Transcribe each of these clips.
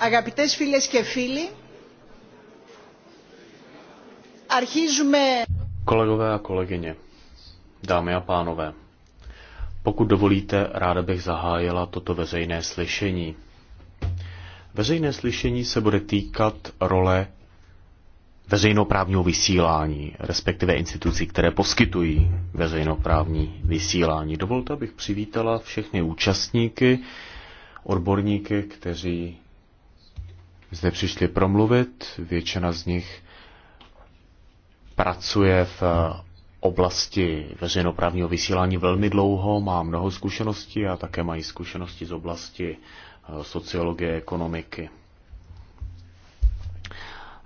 Αγαπητές φίλες και φίλοι, αρχίζουμε... Kolegové a kolegyně, dámy a pánové, pokud dovolíte, ráda bych zahájila toto veřejné slyšení. Veřejné slyšení se bude týkat role veřejnoprávního vysílání, respektive institucí, které poskytují veřejnoprávní vysílání. Dovolte, abych přivítala všechny účastníky, odborníky, kteří zde přišli promluvit. Většina z nich pracuje v eh, oblasti veřejnoprávního vysílání velmi dlouho, má mnoho zkušeností a také mají zkušenosti z oblasti eh, sociologie, ekonomiky.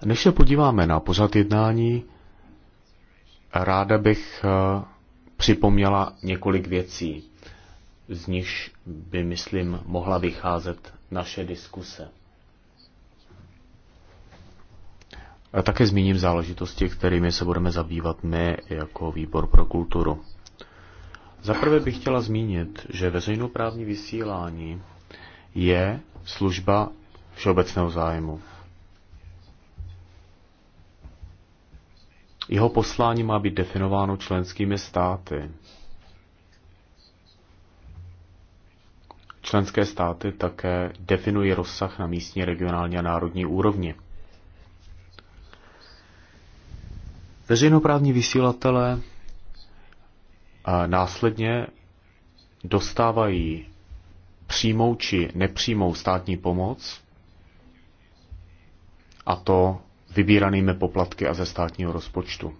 Než se podíváme na pořad jednání, ráda bych eh, připomněla několik věcí, z nichž by, myslím, mohla vycházet naše diskuse. A také zmíním záležitosti, kterými se budeme zabývat my jako výbor pro kulturu. Zaprvé bych chtěla zmínit, že veřejnoprávní vysílání je služba všeobecného zájmu. Jeho poslání má být definováno členskými státy. Členské státy také definují rozsah na místní, regionální a národní úrovni. Veřejnoprávní vysílatele následně dostávají přímou či nepřímou státní pomoc, a to vybíranými poplatky a ze státního rozpočtu.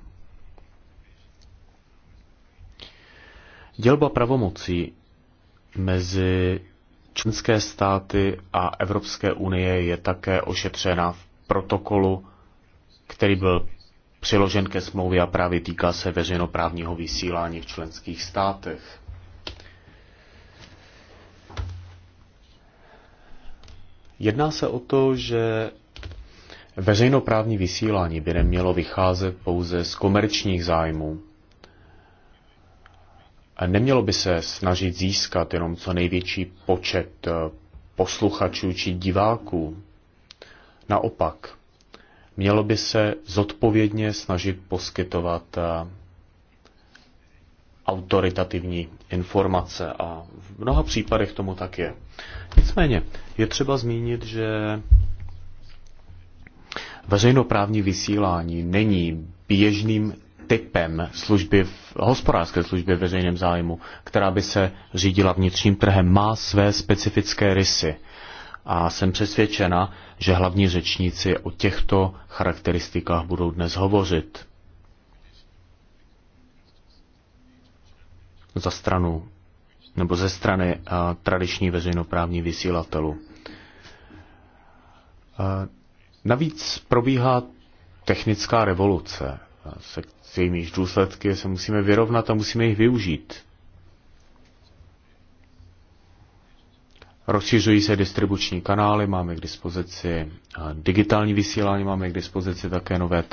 Dělba pravomocí mezi členské státy a Evropské unie je také ošetřena v protokolu, který byl přiložen ke smlouvě a právě týká se veřejnoprávního vysílání v členských státech. Jedná se o to, že veřejnoprávní vysílání by nemělo vycházet pouze z komerčních zájmů. Nemělo by se snažit získat jenom co největší počet eh, posluchačů či diváků. Naopak, Mělo by se zodpovědně snažit poskytovat eh, autoritativní informace a v mnoha případech tomu tak je. Nicméně je třeba zmínit, že veřejnoprávní vysílání není běžným typem služby, hospodářské služby v veřejném zájmu, která by se řídila vnitřním trhem, má své specifické rysy a jsem přesvědčena, že hlavní řečníci o těchto charakteristikách budou dnes hovořit. Za stranu nebo ze strany a, eh, tradiční veřejnoprávní vysílatelů. A, eh, navíc probíhá technická revoluce, eh, se jejímiž důsledky se musíme vyrovnat a musíme jich využít. Rozšiřují se distribuční kanály, máme k dispozici digitální vysílání, máme k dispozici také nové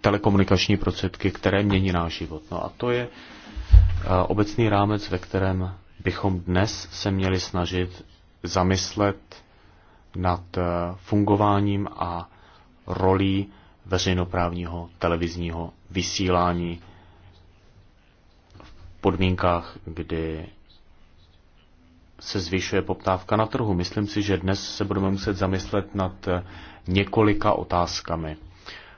telekomunikační prostředky, které mění náš život. No a to je obecný rámec, ve kterém bychom dnes se měli snažit zamyslet nad e, fungováním a rolí veřejnoprávního televizního vysílání v podmínkách, kdy se zvyšuje poptávka na trhu. Myslím si, že dnes se budeme muset zamyslet nad eh, několika otázkami.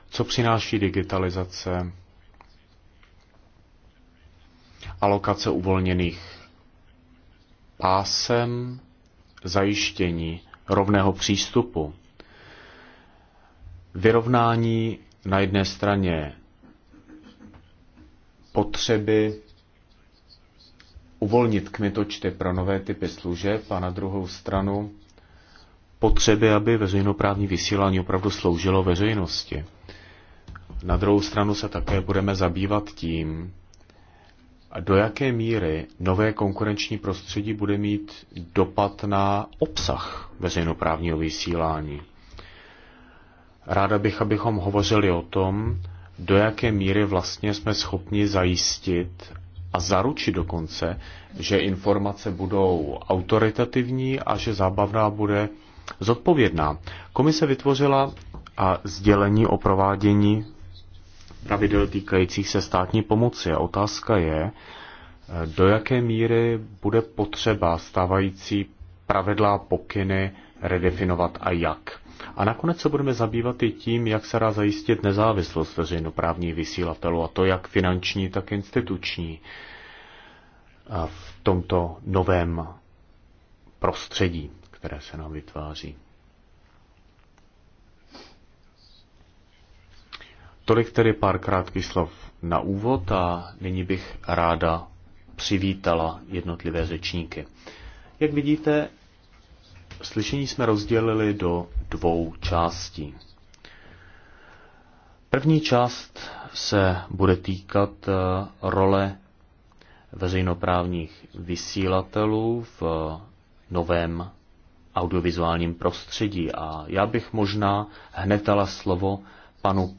Co přináší digitalizace, alokace uvolněných pásem, zajištění rovného přístupu, vyrovnání na jedné straně potřeby uvolnit kmitočty pro nové typy služeb a na druhou stranu potřeby, aby veřejnoprávní vysílání opravdu sloužilo veřejnosti. Na druhou stranu se také budeme zabývat tím, do jaké míry nové konkurenční prostředí bude mít dopad na obsah veřejnoprávního vysílání. Ráda bych, abychom hovořili o tom, do jaké míry vlastně jsme schopni zajistit, a zaručit dokonce, že informace budou autoritativní a že zábavná bude zodpovědná. Komise vytvořila a sdělení o provádění pravidel týkajících se státní pomoci. A otázka je, do jaké míry bude potřeba stávající pravidla pokyny redefinovat a jak. A nakonec se budeme zabývat i tím, jak se dá zajistit nezávislost veřejnoprávních vysílatelů, a to jak finanční, tak instituční a v tomto novém prostředí, které se nám vytváří. Tolik tedy pár krátkých slov na úvod a nyní bych ráda přivítala jednotlivé řečníky. Jak vidíte, Slyšení jsme rozdělili do dvou částí. První část se bude týkat eh, role veřejnoprávních vysílatelů v eh, novém audiovizuálním prostředí. A já bych možná hned dala slovo panu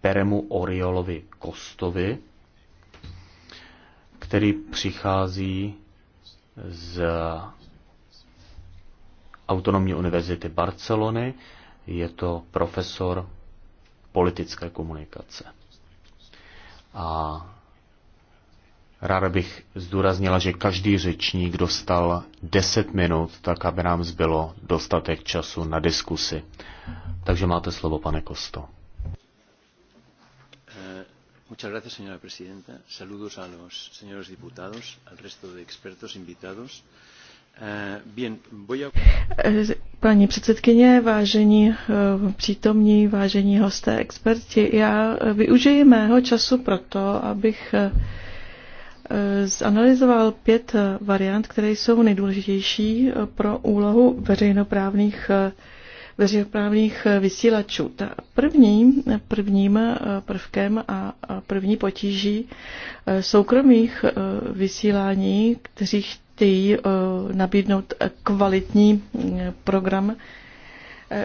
Peremu Oriolovi Kostovi, který přichází z Autonomní univerzity Barcelony. Je to profesor politické komunikace. A ráda bych zdůraznila, že každý řečník dostal 10 minut, tak aby nám zbylo dostatek času na diskusi. Takže máte slovo, pane Kosto. Eh, muchas gracias, señora presidenta. Saludos a los señores diputados, al resto de expertos invitados. Eh, Paní předsedkyně, vážení eh, přítomní, vážení hosté, experti, já eh, využiji mého času proto, abych zanalizoval pět variant, které jsou nejdůležitější pro úlohu veřejnoprávních veřejnoprávních eh, vysílačů. Ta první, prvním eh, prvkem a první potíží eh, soukromých vysílání, kteří chtějí nabídnout kvalitní program,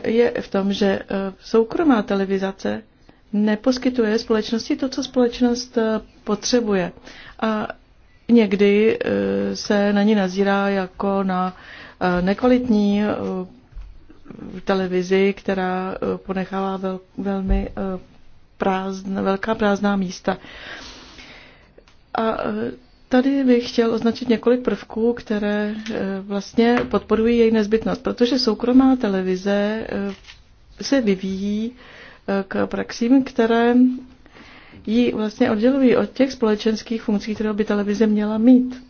je v tom, že soukromá televizace neposkytuje společnosti to, co společnost potřebuje. A někdy se na ní nazírá jako na nekvalitní televizi, která eh, ponechala vel, velmi eh, prázdn, velká prázdná místa. A eh, tady bych chtěl označit několik prvků, které vlastně podporují její nezbytnost, protože soukromá televize se vyvíjí k praxím, které ji vlastně oddělují od těch společenských funkcí, které by televize měla mít.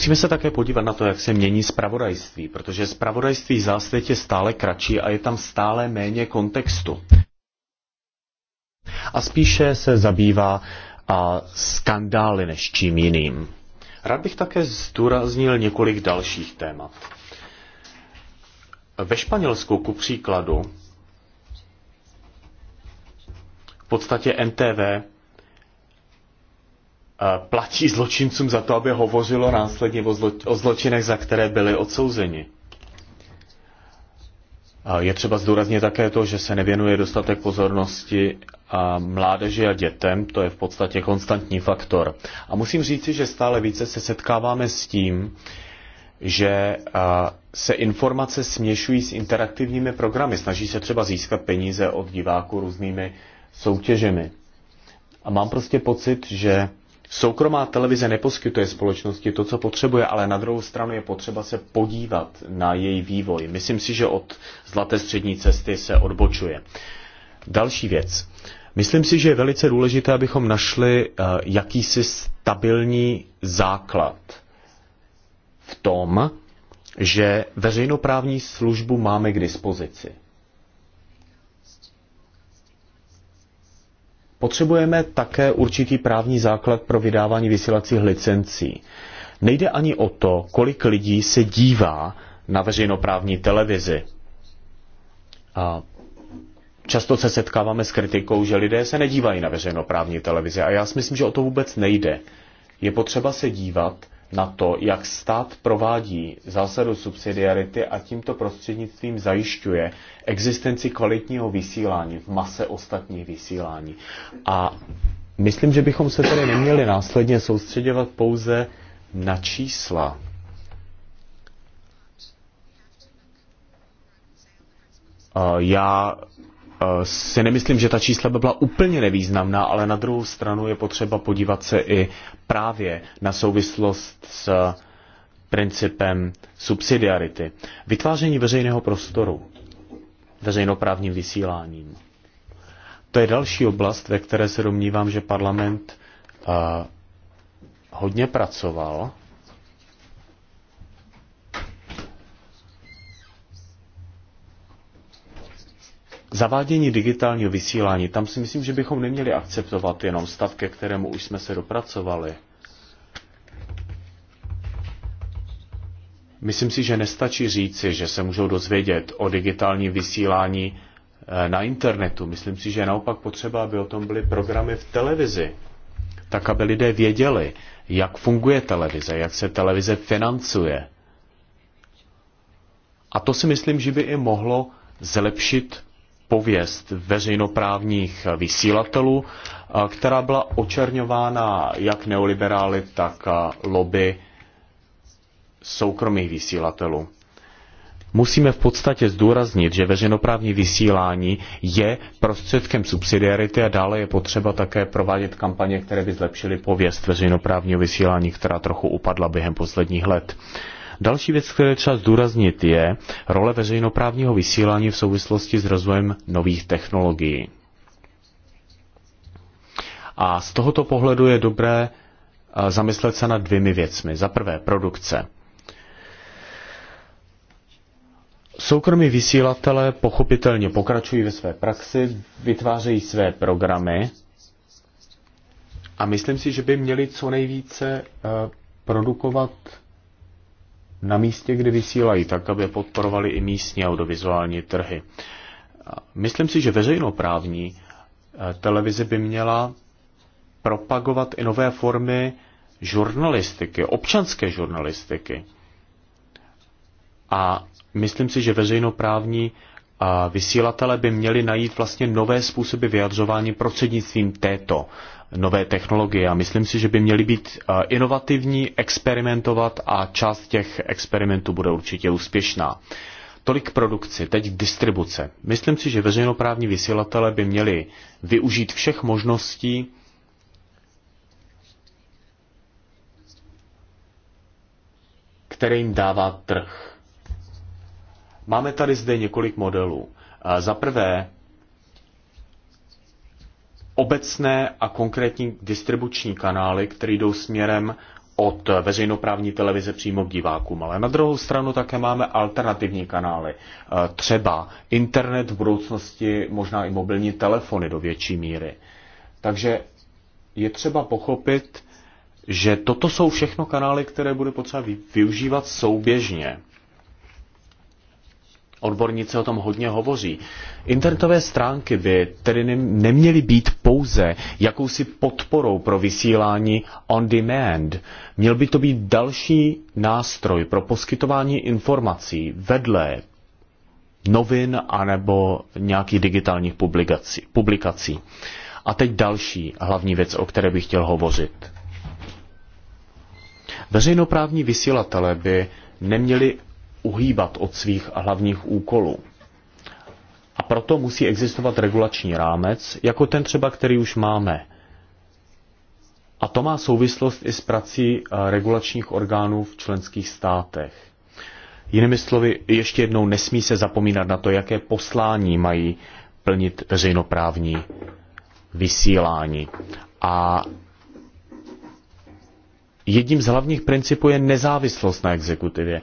Musíme se také podívat na to, jak se mění zpravodajství, protože zpravodajství v je stále kratší a je tam stále méně kontextu. A spíše se zabývá a skandály než čím jiným. Rád bych také zdůraznil několik dalších témat. Ve Španělsku, ku příkladu, v podstatě NTV platí zločincům za to, aby hovořilo následně o, zlo, o zločinech, za které byli odsouzeni. Je třeba zdůraznit také to, že se nevěnuje dostatek pozornosti a mládeži a dětem, to je v podstatě konstantní faktor. A musím říci, že stále více se setkáváme s tím, že se informace směšují s interaktivními programy. Snaží se třeba získat peníze od diváků různými soutěžemi. A mám prostě pocit, že Soukromá televize neposkytuje společnosti to, co potřebuje, ale na druhou stranu je potřeba se podívat na její vývoj. Myslím si, že od zlaté střední cesty se odbočuje. Další věc. Myslím si, že je velice důležité, abychom našli eh, jakýsi stabilní základ v tom, že veřejnoprávní službu máme k dispozici. Potřebujeme také určitý právní základ pro vydávání vysílacích licencí. Nejde ani o to, kolik lidí se dívá na veřejnoprávní televizi. A často se setkáváme s kritikou, že lidé se nedívají na veřejnoprávní televizi a já si myslím, že o to vůbec nejde. Je potřeba se dívat na to, jak stát provádí zásadu subsidiarity a tímto prostřednictvím zajišťuje existenci kvalitního vysílání v mase ostatních vysílání. A myslím, že bychom se tedy neměli následně soustředěvat pouze na čísla. Já Eh, si nemyslím, že ta čísla by byla úplně nevýznamná, ale na druhou stranu je potřeba podívat se i právě na souvislost s principem subsidiarity. Vytváření veřejného prostoru veřejnoprávním vysíláním. To je další oblast, ve které se domnívám, že parlament eh, hodně pracoval Zavádění digitálního vysílání, tam si myslím, že bychom neměli akceptovat jenom stav, ke kterému už jsme se dopracovali. Myslím si, že nestačí říci, že se můžou dozvědět o digitální vysílání eh, na internetu. Myslím si, že je naopak potřeba, aby o tom byly programy v televizi, tak aby lidé věděli, jak funguje televize, jak se televize financuje. A to si myslím, že by i mohlo zlepšit pověst veřejnoprávních vysílatelů, eh, která byla očerňována jak neoliberály, tak eh, lobby soukromých vysílatelů. Musíme v podstatě zdůraznit, že veřejnoprávní vysílání je prostředkem subsidiarity a dále je potřeba také provádět kampaně, které by zlepšily pověst veřejnoprávního vysílání, která trochu upadla během posledních let. Další věc, kterou je třeba zdůraznit, je role veřejnoprávního vysílání v souvislosti s rozvojem nových technologií. A z tohoto pohledu je dobré eh, zamyslet se nad dvěmi věcmi. Za prvé, produkce. Soukromí vysílatelé pochopitelně pokračují ve své praxi, vytvářejí své programy a myslím si, že by měli co nejvíce eh, produkovat na místě, kde vysílají, tak, aby podporovali i místní audiovizuální trhy. Myslím si, že veřejnoprávní eh, televize by měla propagovat i nové formy žurnalistiky, občanské žurnalistiky. A myslím si, že veřejnoprávní a vysílatele by měli najít vlastně nové způsoby vyjadřování prostřednictvím této nové technologie. A myslím si, že by měli být inovativní, experimentovat a část těch experimentů bude určitě úspěšná. Tolik produkci, teď distribuce. Myslím si, že veřejnoprávní vysílatele by měli využít všech možností, které jim dává trh. Máme tady zde několik modelů. Za prvé, obecné a konkrétní distribuční kanály, které jdou směrem od veřejnoprávní televize přímo k divákům. Ale na druhou stranu také máme alternativní kanály. E, třeba internet v budoucnosti, možná i mobilní telefony do větší míry. Takže je třeba pochopit, že toto jsou všechno kanály, které bude potřeba využívat souběžně. Odborníci o tom hodně hovoří. Internetové stránky by tedy neměly být pouze jakousi podporou pro vysílání on demand. Měl by to být další nástroj pro poskytování informací vedle novin anebo nějakých digitálních publikací. publikací. A teď další hlavní věc, o které bych chtěl hovořit. Veřejnoprávní vysílatele by neměli uhýbat od svých hlavních úkolů. A proto musí existovat regulační rámec, jako ten třeba, který už máme. A to má souvislost i s prací eh, regulačních orgánů v členských státech. Jinými slovy, ještě jednou nesmí se zapomínat na to, jaké poslání mají plnit veřejnoprávní vysílání. A jedním z hlavních principů je nezávislost na exekutivě.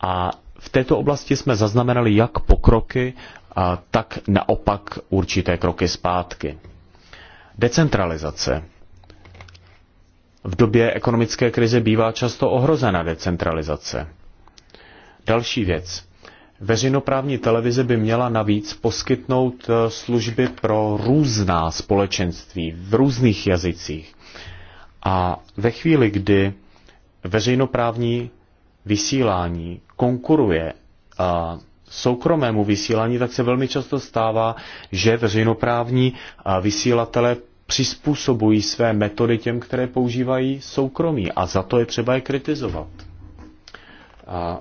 A v této oblasti jsme zaznamenali jak pokroky, a tak naopak určité kroky zpátky. Decentralizace. V době ekonomické krize bývá často ohrozena decentralizace. Další věc. Veřejnoprávní televize by měla navíc poskytnout e, služby pro různá společenství v různých jazycích. A ve chvíli, kdy veřejnoprávní vysílání konkuruje soukromému vysílání, tak se velmi často stává, že veřejnoprávní vysílatele přizpůsobují své metody těm, které používají soukromí a za to je třeba je kritizovat. A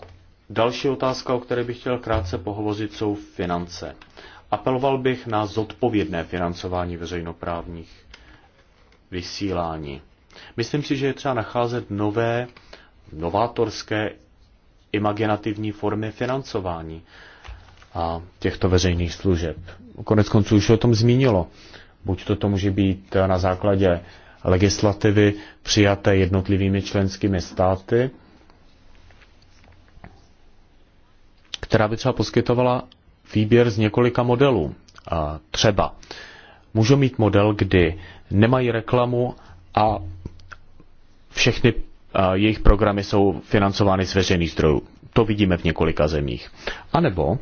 další otázka, o které bych chtěl krátce pohovořit, jsou finance. Apeloval bych na zodpovědné financování veřejnoprávních vysílání. Myslím si, že je třeba nacházet nové, novátorské imaginativní formy financování a těchto veřejných služeb. Konec konců už o tom zmínilo. Buď to, to může být na základě legislativy přijaté jednotlivými členskými státy, která by třeba poskytovala výběr z několika modelů. A třeba můžou mít model, kdy nemají reklamu a všechny jejich programy jsou financovány z veřejných zdrojů. To vidíme v několika zemích. A nebo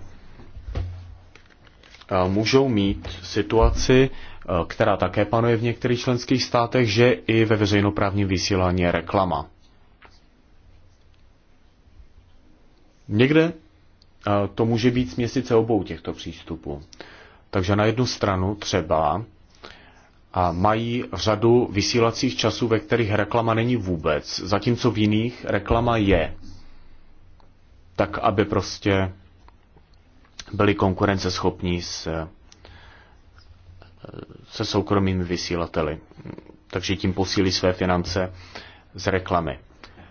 můžou mít situaci, která také panuje v některých členských státech, že i ve veřejnoprávním vysílání je reklama. Někde to může být směsice obou těchto přístupů. Takže na jednu stranu třeba a mají řadu vysílacích časů, ve kterých reklama není vůbec, zatímco v jiných reklama je. Tak, aby prostě byli konkurenceschopní s, se soukromými vysílateli. Takže tím posílí své finance z reklamy.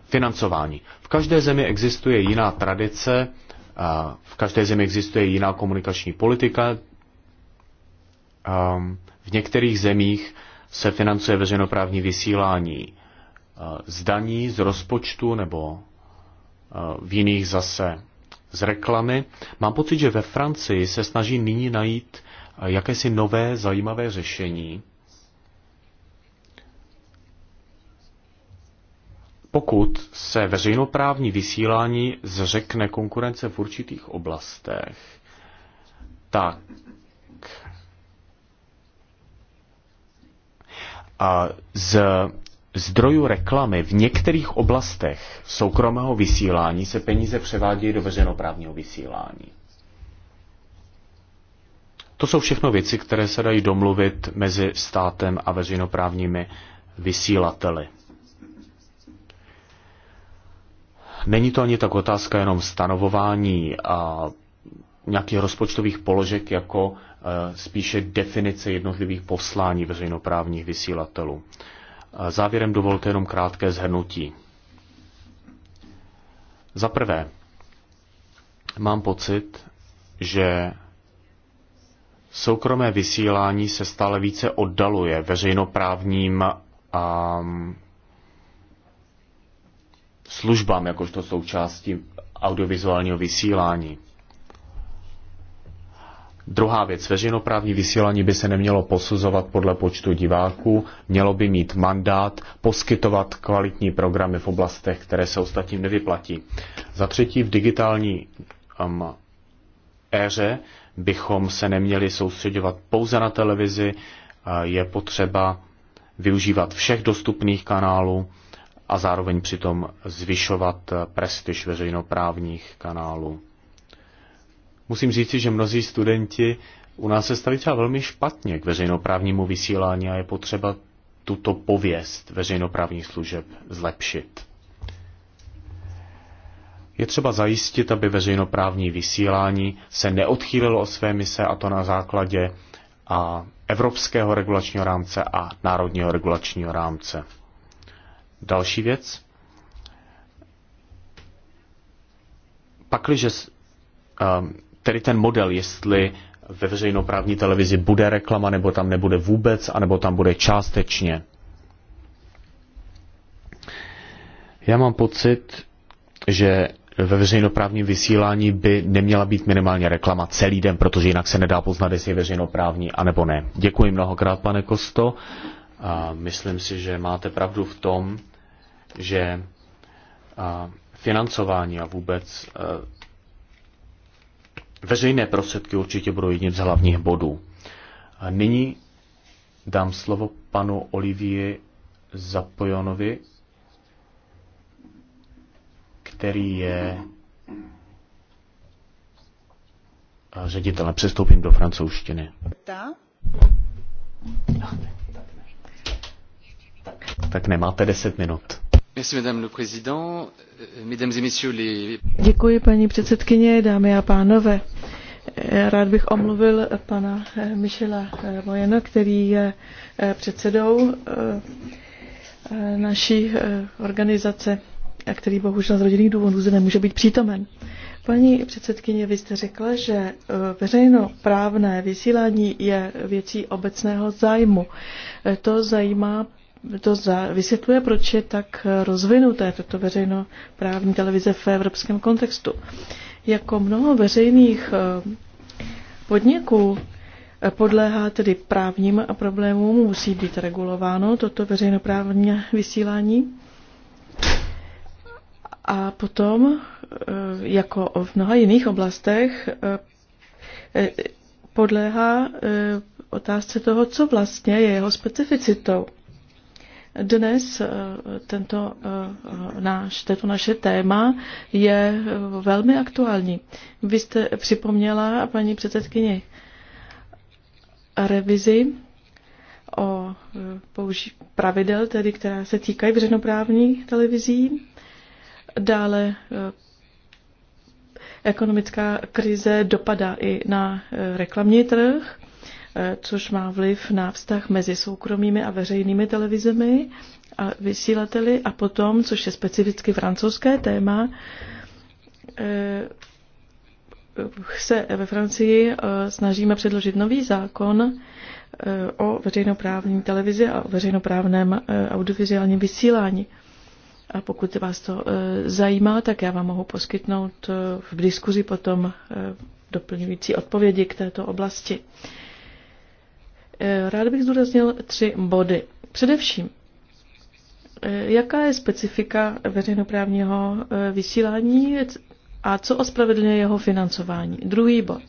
Financování. V každé zemi existuje jiná tradice, v každé zemi existuje jiná komunikační politika, Ehm, v některých zemích se financuje veřejnoprávní vysílání eh, z daní, z rozpočtu nebo eh, v jiných zase z reklamy. Mám pocit, že ve Francii se snaží nyní najít eh, jakési nové zajímavé řešení. Pokud se veřejnoprávní vysílání zřekne konkurence v určitých oblastech, tak z zdrojů reklamy v některých oblastech soukromého vysílání se peníze převádějí do veřejnoprávního vysílání. To jsou všechno věci, které se dají domluvit mezi státem a veřejnoprávními vysílateli. Není to ani tak otázka jenom stanovování a nějakých rozpočtových položek jako Eh, spíše definice jednotlivých poslání veřejnoprávních vysílatelů. Eh, závěrem dovolte jenom krátké zhrnutí. Za prvé, mám pocit, že soukromé vysílání se stále více oddaluje veřejnoprávním a ehm, službám, jakožto součástí audiovizuálního vysílání. Druhá věc, veřejnoprávní vysílání by se nemělo posuzovat podle počtu diváků, mělo by mít mandát poskytovat kvalitní programy v oblastech, které se ostatním nevyplatí. Za třetí, v digitální um, éře bychom se neměli soustředovat pouze na televizi, je potřeba využívat všech dostupných kanálů a zároveň přitom zvyšovat eh, prestiž veřejnoprávních kanálů. Musím říci, že mnozí studenti u nás se staví třeba velmi špatně k veřejnoprávnímu vysílání a je potřeba tuto pověst veřejnoprávních služeb zlepšit. Je třeba zajistit, aby veřejnoprávní vysílání se neodchýlilo o své mise a to na základě a evropského regulačního rámce a národního regulačního rámce. Další věc. Pakliže um, tedy ten model, jestli ve veřejnoprávní televizi bude reklama, nebo tam nebude vůbec, anebo tam bude částečně. Já mám pocit, že ve veřejnoprávním vysílání by neměla být minimálně reklama celý den, protože jinak se nedá poznat, jestli je veřejnoprávní, anebo ne. Děkuji mnohokrát, pane Kosto. A myslím si, že máte pravdu v tom, že financování a vůbec Veřejné prostředky určitě budou jedním z hlavních bodů. A nyní dám slovo panu Olivii Zapojonovi, který je ředitelem. Přestoupím do francouzštiny. Tak nemáte 10 minut. Euh, Děkuji, paní předsedkyně, dámy a pánové. Eh, rád bych omluvil pana eh, Michela eh, Mojena, který je předsedou naší organizace a který bohužel z rodinných důvodů zde nemůže být přítomen. Paní předsedkyně, vy jste řekla, že veřejnoprávní vysílání je věcí obecného zájmu. To zajímá to za, vysvětluje, proč je tak rozvinuté toto veřejnoprávní televize v evropském kontextu. Jako mnoho veřejných eh, podniků eh, podléhá tedy právním problémům, musí být regulováno toto veřejnoprávní vysílání. A potom, eh, jako v mnoha jiných oblastech, podléhá otázce toho, co vlastně je jeho specificitou. Dnes eh, tento eh, náš, tento naše téma je eh, velmi aktuální. Vy jste připomněla, paní předsedkyni, revizi o použi- pravidel, tedy, která se týkají veřejnoprávních televizí. Dále ekonomická krize dopadá i na reklamní trh Eh, což má vliv na vztah mezi soukromými a veřejnými televizemi a vysílateli a potom, což je specificky francouzské téma, eh, se ve Francii eh, snažíme předložit nový zákon o veřejnoprávní televizi a o veřejnoprávném audiovizuálním vysílání. A pokud vás to zajímá, tak já vám mohu poskytnout v diskuzi potom doplňující odpovědi k této oblasti. Eh, rád bych zdůraznil tři body. Především, eh, jaká je specifika veřejnoprávního eh, vysílání a co ospravedlňuje jeho financování? Druhý bod.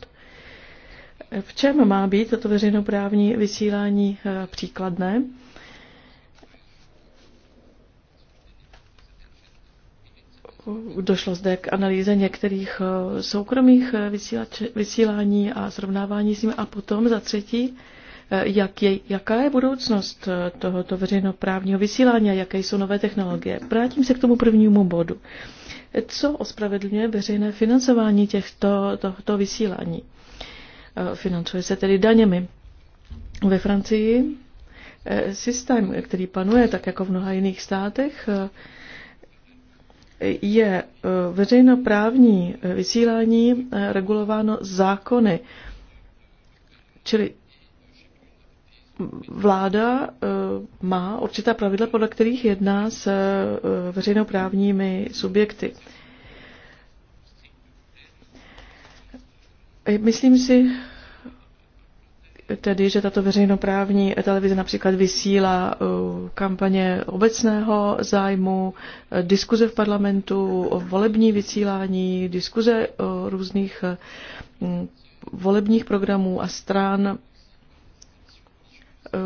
V čem má být toto veřejnoprávní vysílání příkladné? Došlo zde k analýze některých soukromých vysílání a srovnávání s nimi. A potom za třetí, Eh, jak je, jaká je budoucnost eh, tohoto veřejnoprávního vysílání a jaké jsou nové technologie. Vrátím se k tomu prvnímu bodu. Eh, co ospravedlňuje veřejné financování těchto, tohoto vysílání? Financuje se tedy daněmi. Ve Francii systém, který panuje, tak jako v mnoha jiných státech, je veřejnoprávní vysílání regulováno zákony. Čili vláda eh, má určitá pravidla, podle kterých jedná s eh, veřejnoprávními subjekty. Eh, myslím si tedy, že tato veřejnoprávní televize například vysílá kampaně obecného zájmu, diskuze v parlamentu, volební vysílání, diskuze o různých volebních programů a stran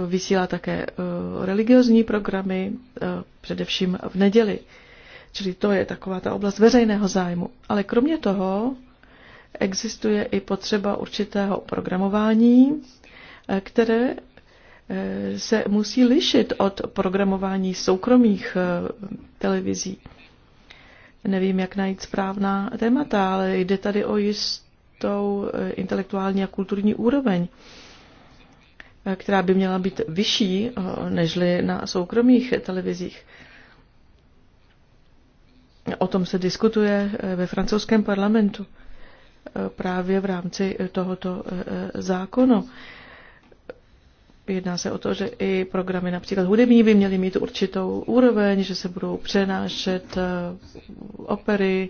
vysílá také eh, religiozní programy, eh, především v neděli. Čili to je taková ta oblast veřejného zájmu. Ale kromě toho existuje i potřeba určitého programování, eh, které se musí lišit od programování soukromých televizí. Nevím, jak najít správná témata, ale jde tady o jistou intelektuální a kulturní úroveň. Eh, která by měla být vyšší eh, nežli na soukromých televizích. O tom se diskutuje eh, ve francouzském parlamentu právě v rámci tohoto zákonu. Jedná se o to, že i programy například hudební by měly mít určitou úroveň, že se budou přenášet opery,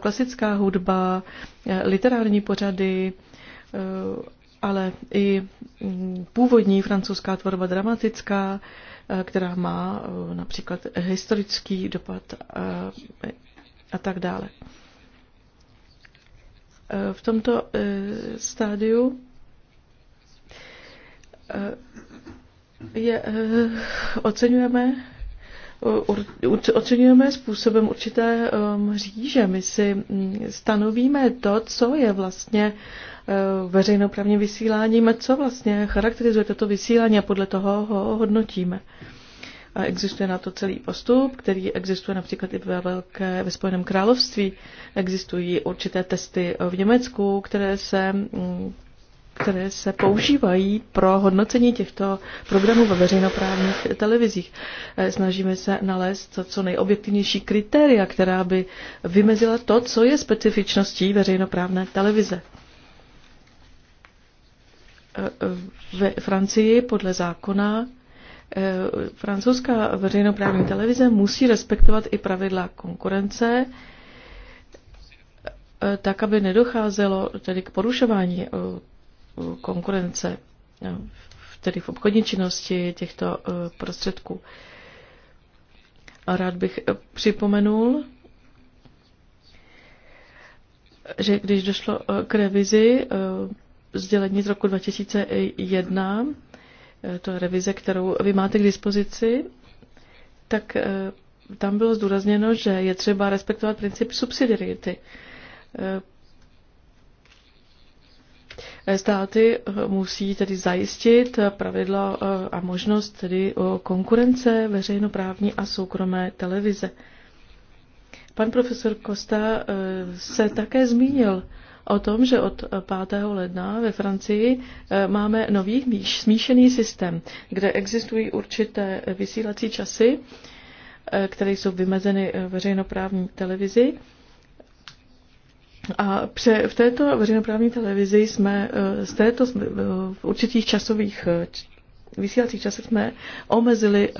klasická hudba, literární pořady ale i mm, původní francouzská tvorba dramatická, eh, která má eh, například historický dopad a, eh, a tak dále. V tomto stádiu je, oceňujeme oceňujeme způsobem určité říže. My si mm, stanovíme to, co je vlastně veřejnoprávním vysíláním, co vlastně charakterizuje toto vysílání a podle toho ho hodnotíme. A existuje na to celý postup, který existuje například i ve, Velké, ve Spojeném království. Existují určité testy v Německu, které se, mm, které se používají pro hodnocení těchto programů ve veřejnoprávních televizích. Eh, snažíme se nalézt co nejobjektivnější kritéria, která by vymezila to, co je specifičností veřejnoprávné televize. Eh, ve Francii podle zákona eh, francouzská veřejnoprávní televize musí respektovat i pravidla konkurence, eh, tak, aby nedocházelo tedy k porušování konkurence, tedy v obchodní činnosti těchto prostředků. A rád bych připomenul, že když došlo k revizi sdělení z roku 2001, eh, to je revize, kterou vy máte k dispozici, tak eh, tam bylo zdůrazněno, že je třeba respektovat princip subsidiarity. Eh, státy musí tedy zajistit pravidla a možnost tedy o konkurence veřejnoprávní a soukromé televize. Pan profesor Kosta se také zmínil o tom, že od 5. ledna ve Francii eh, máme nový smíšený systém, kde existují určité vysílací časy, eh, které jsou vymezeny eh, veřejnoprávní televizi. A pře, v této veřejnoprávní televizi jsme z této v určitých časových vysílacích časech jsme omezili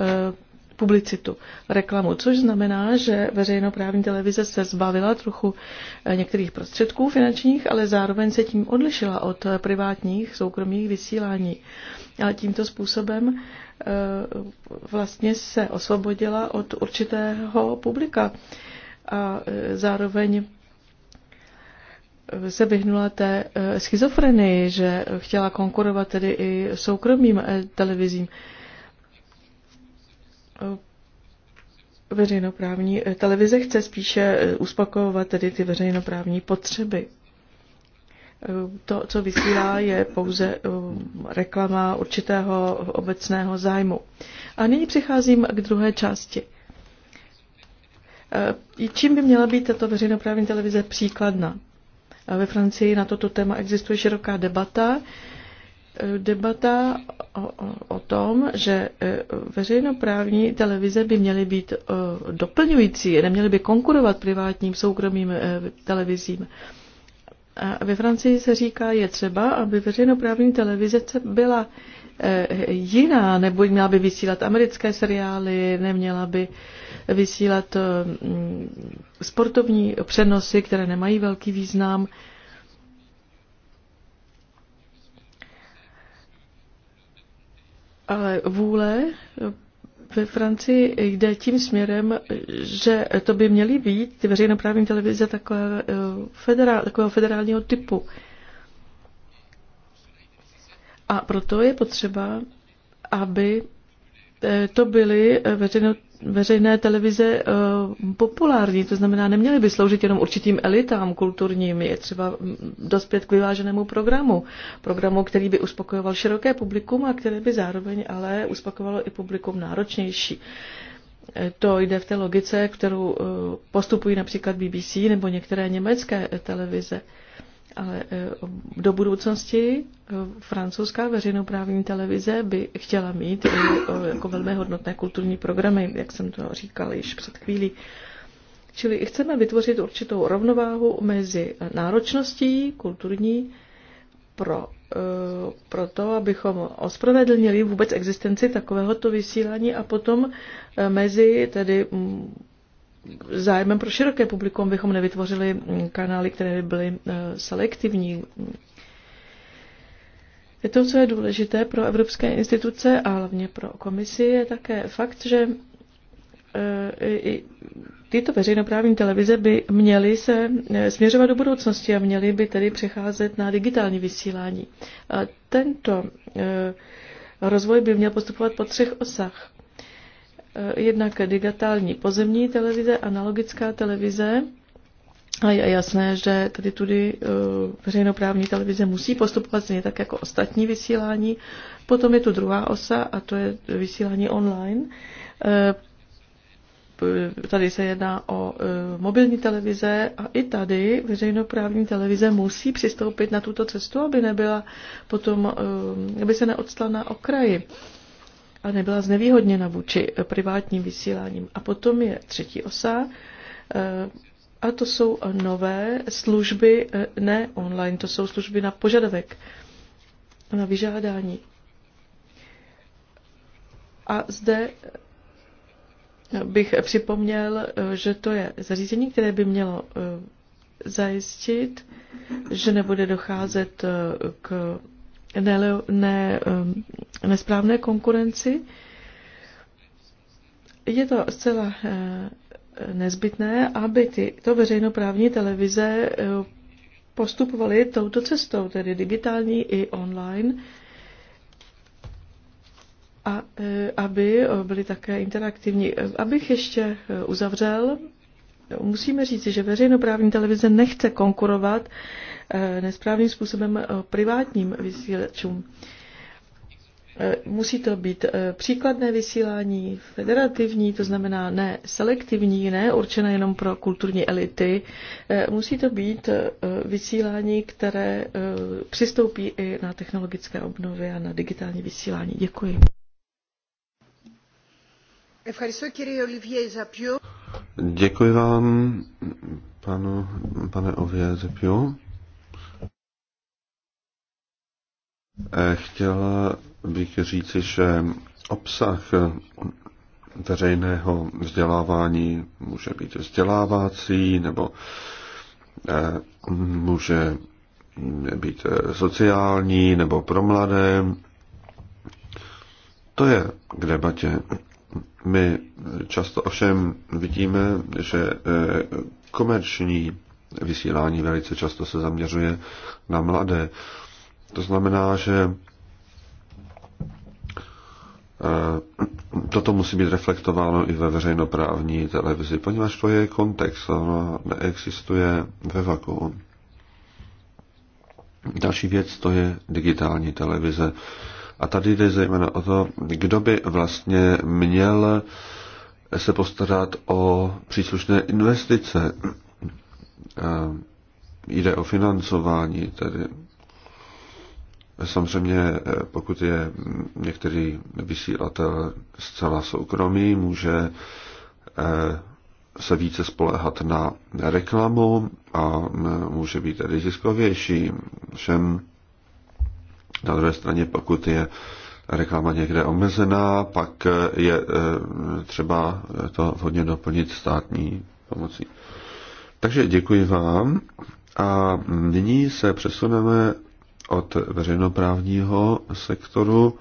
publicitu, reklamu, což znamená, že veřejnoprávní televize se zbavila trochu eh, některých prostředků finančních, ale zároveň se tím odlišila od eh, privátních soukromých vysílání. Ale tímto způsobem eh, vlastně se osvobodila od určitého publika a zároveň se vyhnula té schizofrenii, že chtěla konkurovat tedy i soukromým televizím. Eh, veřejnoprávní eh, televize chce spíše eh, uspokojovat tedy ty veřejnoprávní potřeby. To, co vysílá, je pouze reklama určitého obecného zájmu. A nyní přicházím k druhé části. Čím by měla být tato veřejnoprávní televize příkladná? Ve Francii na toto téma existuje široká debata debata o, o, o tom, že e, veřejnoprávní televize by měly být e, doplňující, neměly by konkurovat privátním soukromým e, televizím. A ve Francii se říká, je třeba, aby veřejnoprávní televize byla jiná, nebo měla by vysílat americké seriály, neměla by vysílat mm, sportovní přenosy, které nemají velký význam. ale vůle ve Francii jde tím směrem, že to by měly být ty veřejnoprávní televize takové, eh, federál, takového federálního typu. A proto je potřeba, aby Eh, to byly eh, veřejno, veřejné televize eh, populární, to znamená, neměly by sloužit jenom určitým elitám kulturním, je třeba mm, dospět k vyváženému programu, programu, který by uspokojoval široké publikum a který by zároveň ale uspokojovalo i publikum náročnější. To jde v té logice, kterou postupují například BBC nebo některé německé televize ale e, do budoucnosti e, francouzská veřejnoprávní televize by chtěla mít e, jako velmi hodnotné kulturní programy, jak jsem to říkal již před chvílí. Čili chceme vytvořit určitou rovnováhu mezi náročností kulturní pro, pro to, abychom ospravedlnili vůbec existenci takovéhoto vysílání a potom mezi tedy zájmem pro široké publikum bychom nevytvořili mm, kanály, které by byly eh, selektivní. To, co je důležité pro evropské instituce a hlavně pro komisi, je také fakt, že eh, tyto veřejnoprávní televize by měly se eh, směřovat do budoucnosti a měly by tedy přecházet na digitální vysílání. A tento rozvoj by měl postupovat po třech osách. Eh, jednak digitální pozemní televize, analogická televize. A je jasné, že tady tudy eh, veřejnoprávní televize musí postupovat stejně tak jako ostatní vysílání. Potom je tu druhá osa a to je vysílání online. Eh, tady se jedná o mobilní televize a i tady veřejnoprávní televize musí přistoupit na tuto cestu, aby nebyla potom, aby se neodstala na okraji a nebyla znevýhodněna vůči privátním vysíláním. A potom je třetí osa, eh, a to jsou nové služby, eh, ne online, to jsou služby na požadavek, na vyžádání. A zde eh, bych připomněl, že to je zařízení, které by mělo zajistit, že nebude docházet k ne, ne, um, nesprávné konkurenci. Je to zcela eh, nezbytné, aby tyto veřejnoprávní televize eh, postupovaly touto cestou, tedy digitální i online, a eh, aby byly také interaktivní. Abych ještě uzavřel, musíme říci, že veřejnoprávní televize nechce konkurovat Eh, nesprávným způsobem eh, privátním vysílačům. Eh, musí to být příkladné vysílání, federativní, to znamená ne selektivní, ne určené jenom pro kulturní elity. Musí to být vysílání, které přistoupí i na technologické obnovy a na digitální vysílání. Děkuji. Děkuji vám, panu, pane Ově Zepiu. Eh, chtěl bych říci, že obsah veřejného vzdělávání může být vzdělávací nebo eh, může být sociální nebo pro mladé. To je k debatě. My často ovšem vidíme, že eh, komerční vysílání velice často se zaměřuje na mladé. To znamená, že eh, toto musí být reflektováno i ve veřejnoprávní televizi, poněvadž to je kontext, ono neexistuje ve vakuum. Další věc to je digitální televize. A tady jde zejména o to, kdo by vlastně měl se postarat o příslušné investice. Eh, jde o financování tedy Samozřejmě, eh, pokud je mm, některý vysílatel zcela soukromý, může eh, se více spolehat na reklamu a mm, může být tedy ziskovější. Všem na druhé straně, pokud je reklama někde omezená, pak eh, je třeba to hodně doplnit státní pomocí. Takže děkuji vám a nyní se přesuneme od veřejnoprávního sektoru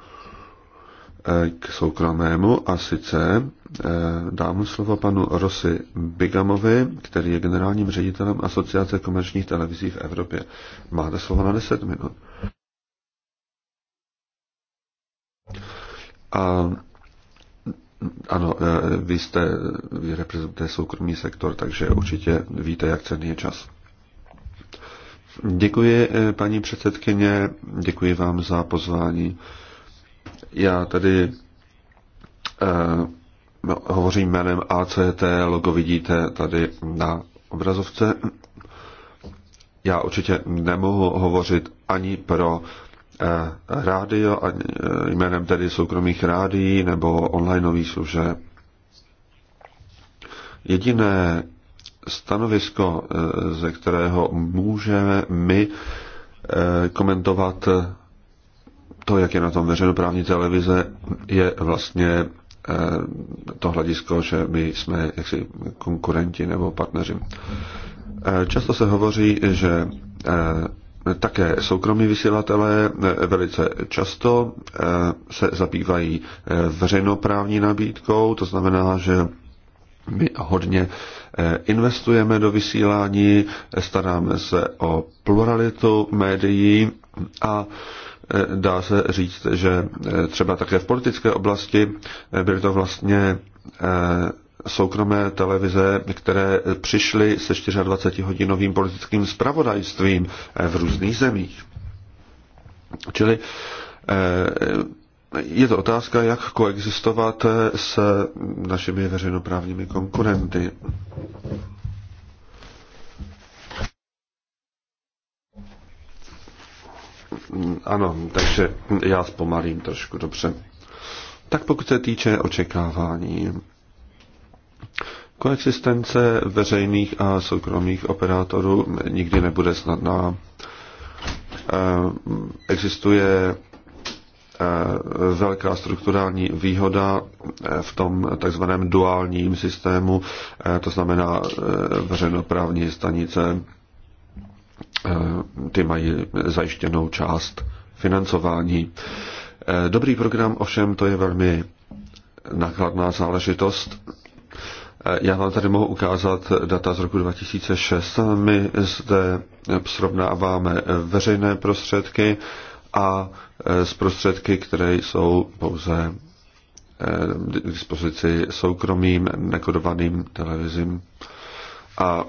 eh, k soukromému a sice eh, dám slovo panu Rosy Bigamovi, který je generálním ředitelem Asociace komerčních televizí v Evropě. Máte slovo na 10 minut. A ano, eh, vy jste, vy reprezentujete soukromý sektor, takže určitě víte, jak cený je čas. Děkuji, eh, paní předsedkyně, děkuji vám za pozvání. Já tady eh, hovořím jménem ACT, logo vidíte tady na obrazovce. Já určitě nemohu hovořit ani pro eh, rádio, ani, eh, jménem tedy soukromých rádií nebo onlineových služeb. Jediné, stanovisko, eh, ze kterého můžeme my eh, komentovat eh, to, jak je na tom veřejnoprávní televize, je vlastně to hledisko, že my jsme jaksi konkurenti nebo partneři. Často se hovoří, že také soukromí vysílatelé velice často se zabývají veřejnoprávní nabídkou, to znamená, že my hodně eh, investujeme do vysílání, staráme se o pluralitu médií a eh, dá se říct, že eh, třeba také v politické oblasti byly to vlastně soukromé televize, které přišly se 24-hodinovým politickým spravodajstvím v různých zemích. Čili je to otázka, jak koexistovat s našimi veřejnoprávními konkurenty. Ano, takže já zpomalím trošku, dobře. Tak pokud se týče očekávání, koexistence veřejných a soukromých operátorů nikdy nebude snadná. Ehm, existuje Eh, velká strukturální výhoda eh, v tom takzvaném duálním systému, eh, to znamená veřejnoprávní stanice, ty mají zajištěnou část financování. Dobrý program ovšem to je velmi nákladná záležitost. Já vám tady mohu ukázat data z roku 2006. My zde srovnáváme veřejné prostředky a e, z prostředky, které jsou pouze e, k dispozici soukromým nekodovaným televizím. A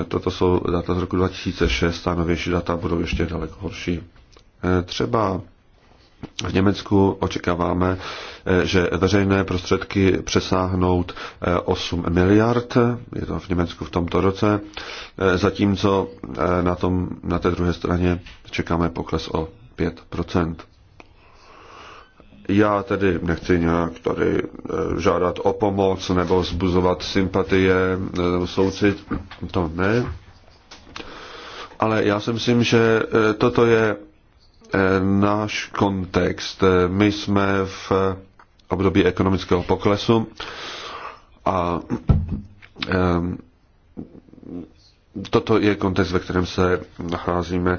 e, toto jsou data z roku 2006 a novější data budou ještě daleko horší. Třeba v Německu očekáváme, že veřejné prostředky přesáhnou 8 miliard, je to v Německu v tomto roce, zatímco na, tom, na té druhé straně čekáme pokles o 5 Já tedy nechci nějak tady e, žádat o pomoc nebo zbuzovat sympatie e, nebo soucit, to ne. Ale já si myslím, že e, toto je náš kontext. My jsme v období ekonomického poklesu a toto je kontext, ve kterém se nacházíme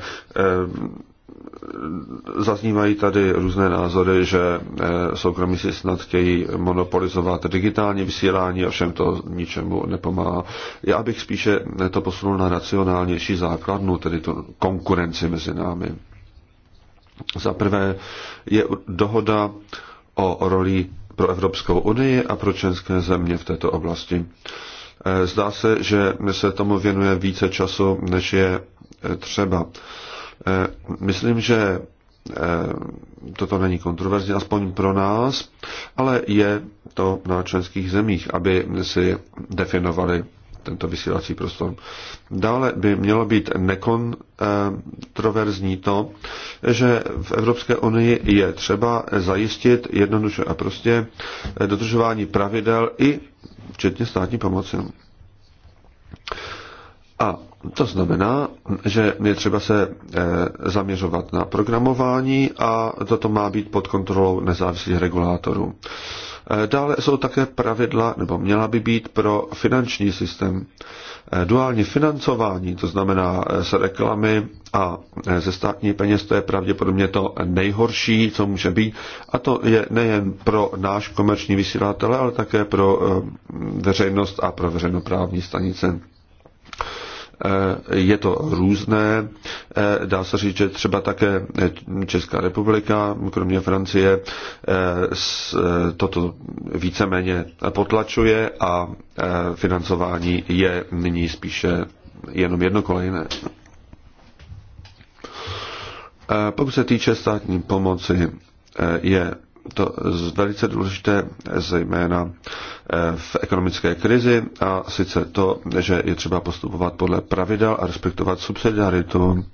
zaznívají tady různé názory, že eh, soukromí si snad chtějí monopolizovat digitální vysílání, a všem to ničemu nepomáhá. Já bych spíše eh, to posunul na racionálnější základnu, tedy tu konkurenci mezi námi. Za prvé je dohoda o roli pro Evropskou unii a pro členské země v této oblasti. Eh, zdá se, že se tomu věnuje více času, než je třeba. Eh, myslím, že eh, toto není kontroverzní, aspoň pro nás, ale je to na členských zemích, aby si definovali tento vysílací prostor. Dále by mělo být nekontroverzní to, že v Evropské unii je třeba zajistit jednoduše a prostě dodržování pravidel i včetně státní pomoci. A to znamená, že je třeba se eh, zaměřovat na programování a toto má být pod kontrolou nezávislých regulátorů. Eh, dále jsou také pravidla, nebo měla by být pro finanční systém eh, duální financování, to znamená z reklamy a ze státní peněz, to je pravděpodobně to nejhorší, co může být. A to je nejen pro náš komerční vysílatele, ale také pro veřejnost a pro veřejnoprávní stanice. Eh, je to různé. Eh, dá se říct, že třeba také eh, Česká republika, kromě Francie, toto víceméně potlačuje a financování je nyní spíše jenom jednokolejné. Pokud se týče státní pomoci, je to velice důležité zejména eh, v ekonomické krizi a sice to, že je třeba postupovat podle pravidel a respektovat subsidiaritu.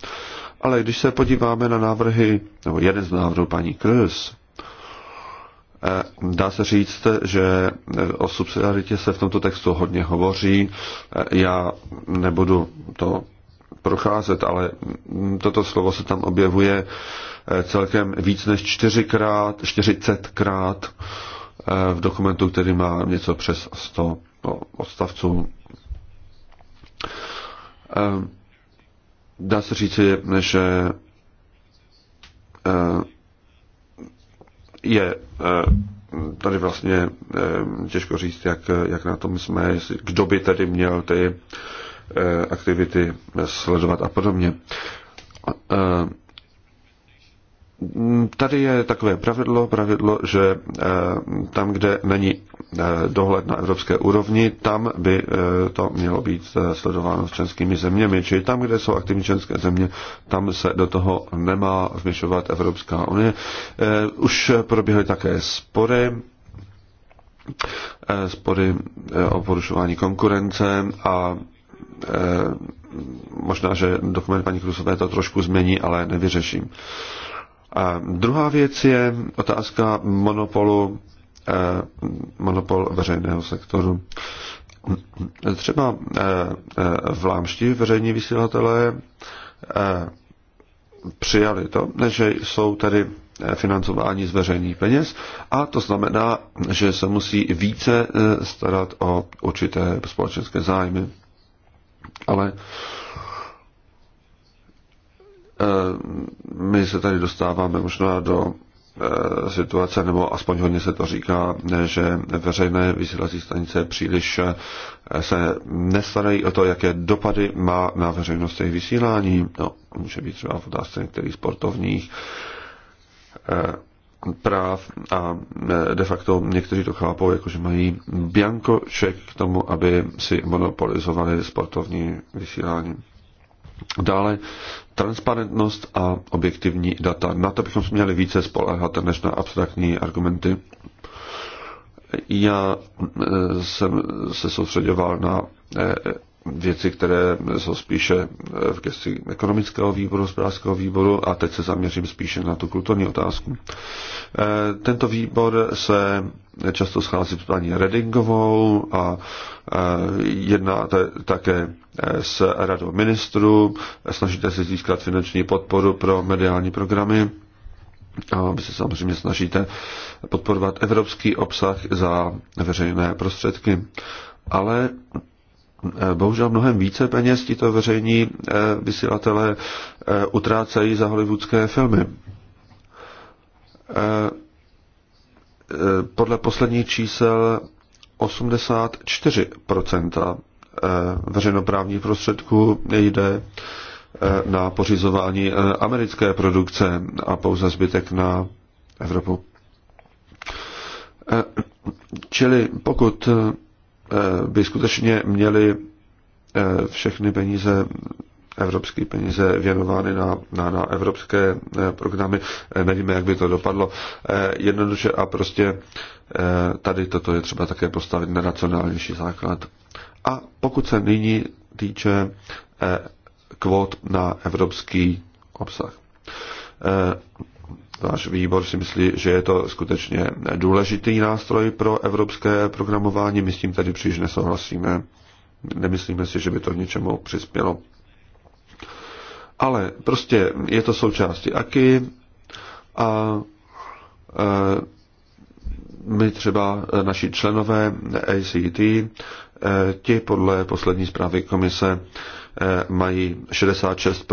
Ale když se podíváme na návrhy, nebo jeden z návrhů paní Krys, eh, Dá se říct, že eh, o subsidiaritě se v tomto textu hodně hovoří. Já nebudu to procházet, ale mm, toto slovo se tam objevuje Eh, celkem víc než čtyřikrát, čtyřicetkrát eh, v dokumentu, který má něco přes 100 no, odstavců. Eh, dá se říci, že je tady vlastně těžko říct, jak, jak na tom jsme, kdo by tady měl ty aktivity sledovat a podobně. Mm, tady je takové pravidlo, pravidlo, že eh, tam, kde není eh, dohled na evropské úrovni, tam by eh, to mělo být sledováno s členskými zeměmi. Čili tam, kde jsou aktivní členské země, tam se do toho nemá vměšovat Evropská unie. Už proběhly také spory spory o porušování konkurence a možná, že dokument paní Krusové to trošku změní, ale nevyřeším. A druhá věc je otázka monopolu, eh, monopol veřejného sektoru. Třeba eh, eh, v Lámští veřejní vysílatelé přijali to, že jsou tedy financování z veřejných peněz a to znamená, že se musí více starat o určité společenské zájmy. Ale Eh, my se tady dostáváme možná do eh, situace, nebo aspoň hodně se to říká, že veřejné vysílací stanice příliš eh, se nestarají o to, jaké dopady má na veřejnost jejich vysílání. No, může být třeba v otázce některých sportovních práv a de facto někteří to chápou, jakože mají biankoček k tomu, aby si monopolizovali sportovní vysílání. Dále transparentnost a objektivní data. Na to bychom měli více spolehat než na abstraktní argumenty. Já eh, jsem se soustředoval na eh, věci, které jsou spíše eh, v gesti ekonomického výboru, hospodářského výboru a teď se zaměřím spíše na tu kulturní otázku. Eh, tento výbor se často schází s paní Redingovou a eh, jedná také s radou ministrů, snažíte se získat finanční podporu pro mediální programy a vy se samozřejmě snažíte podporovat evropský obsah za veřejné prostředky. Ale Eh, bohužel mnohem více peněz tito veřejní eh, vysílatelé eh, utrácejí za hollywoodské filmy. Podle posledních čísel 84% veřejnoprávních prostředků jde na pořizování americké produkce a pouze zbytek na Evropu. Čili pokud Eh, by skutečně měly eh, všechny peníze, evropské peníze věnovány na, na, na evropské eh, programy. Nevíme, jak by to dopadlo. Jednoduše a prostě tady toto je třeba také postavit na racionálnější základ. A pokud se nyní týče kvót na evropský obsah. Náš výbor si myslí, že je to skutečně důležitý nástroj pro evropské programování. My s tím tady příliš nesouhlasíme. Nemyslíme si, že by to něčemu přispělo. Ale prostě je to součástí AKI a e, my třeba e, naši členové ACT, e, ti podle poslední zprávy komise mají 66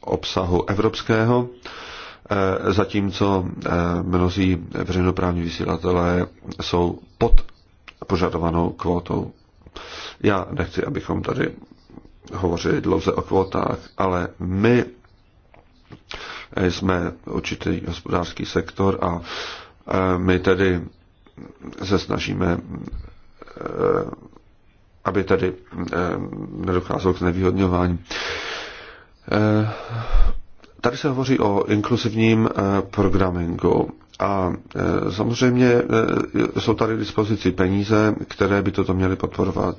obsahu evropského Eh, zatímco eh, mnozí veřejnoprávní vysílatelé jsou pod požadovanou kvótou. Já nechci, abychom tady hovořili dlouze o kvótách, ale my jsme určitý hospodářský sektor a eh, my tedy se snažíme, aby tady nedocházelo k nevýhodňování. Tady se hovoří o inkluzivním eh, programingu a eh, samozřejmě eh, jsou tady k dispozici peníze, které by toto měly podporovat.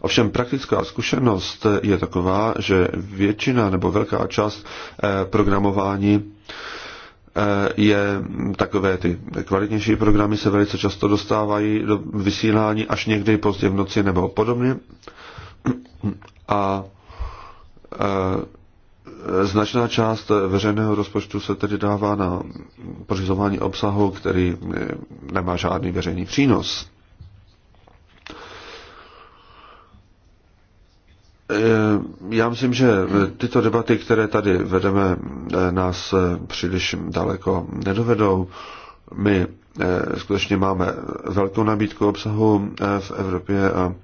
Ovšem praktická zkušenost je taková, že většina nebo velká část programování je takové ty kvalitnější programy se velice často dostávají do vysílání až někdy pozdě v noci nebo podobně. A Značná část veřejného rozpočtu se tedy dává na pořizování obsahu, který eh, nemá žádný veřejný přínos. Eh, já myslím, že tyto debaty, které tady vedeme, eh, nás příliš daleko nedovedou. My skutečně máme velkou nabídku obsahu v Evropě a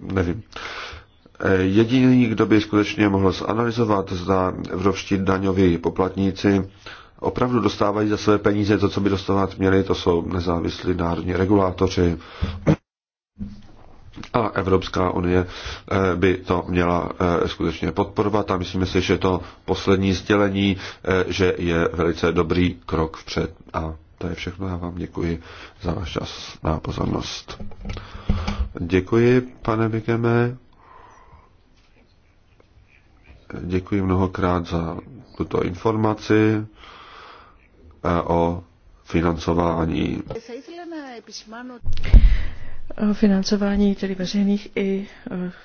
nevím. Jediný, kdo by skutečně mohl zanalizovat, zda evropští daňoví poplatníci opravdu dostávají za své peníze to, co by dostávat měli, to jsou nezávislí národní regulátoři. A Evropská unie eh, by to měla eh, skutečně podporovat a myslíme si, že to poslední sdělení, eh, že je velice dobrý krok vpřed. A to je všechno. Já vám děkuji za váš čas na pozornost. Děkuji, pane Vigeme. Děkuji mnohokrát za tuto informaci eh, o financování. financování tedy veřejných i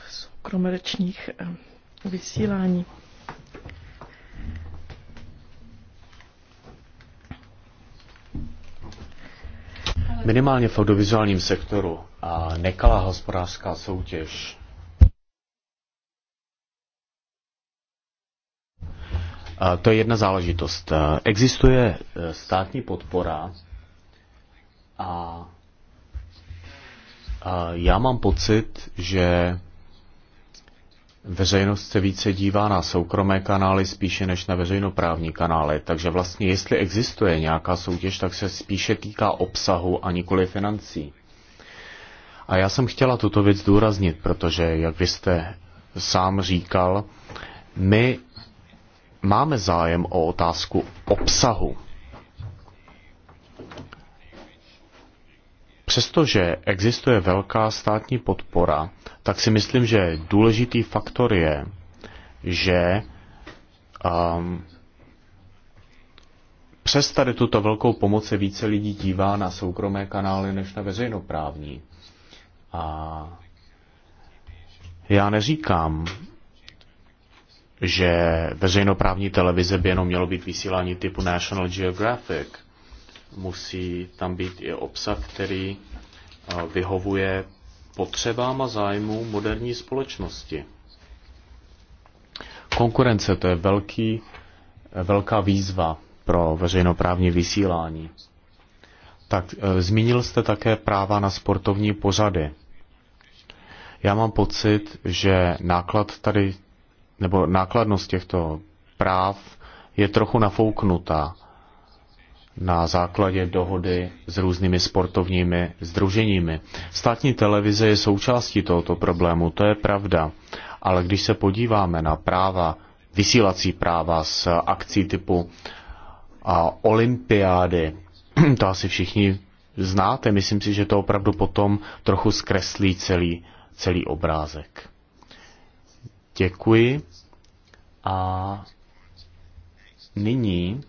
soukromerečních eh, eh, vysílání. Minimálně v audiovizuálním sektoru a nekalá hospodářská soutěž To je jedna záležitost. Existuje e, státní podpora a, já mám pocit, že veřejnost se více dívá na soukromé kanály spíše než na veřejnoprávní kanály. Takže vlastně jestli existuje nějaká soutěž, tak se spíše týká obsahu a nikoli financí. A já jsem chtěla tuto věc zdůraznit, protože, jak vy jste sám říkal, my máme zájem o otázku obsahu. Přestože existuje velká státní podpora, tak si myslím, že důležitý faktor je, že um, přes tady tuto velkou pomoc se více lidí dívá na soukromé kanály než na veřejnoprávní. A já neříkám, že veřejnoprávní televize by jenom mělo být vysílání typu National Geographic. Musí tam být i obsah, který eh, vyhovuje potřebám a zájmu moderní společnosti. Konkurence to je velký, eh, velká výzva pro veřejnoprávní vysílání. Tak eh, zmínil jste také práva na sportovní pořady. Já mám pocit, že náklad tady nebo nákladnost těchto práv je trochu nafouknutá na základě dohody s různými sportovními združeními. Státní televize je součástí tohoto problému, to je pravda. Ale když se podíváme na práva, vysílací práva z akcí typu a, olympiády, to asi všichni znáte, myslím si, že to opravdu potom trochu zkreslí celý, celý obrázek. Děkuji. A nyní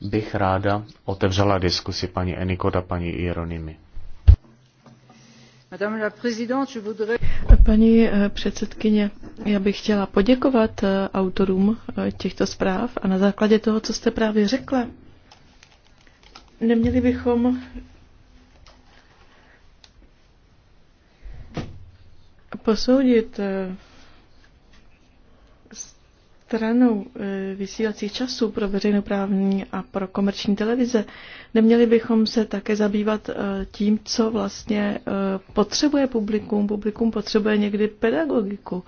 bych ráda otevřela diskusi paní Enikoda a paní Hieronymy. Paní eh, předsedkyně, já bych chtěla poděkovat eh, autorům eh, těchto zpráv a na základě toho, co jste právě řekla, neměli bychom posoudit eh, stranou eh, vysílacích časů pro veřejnoprávní a pro komerční televize, neměli bychom se také zabývat eh, tím, co vlastně potřebuje publikum. Publikum potřebuje někdy pedagogiku.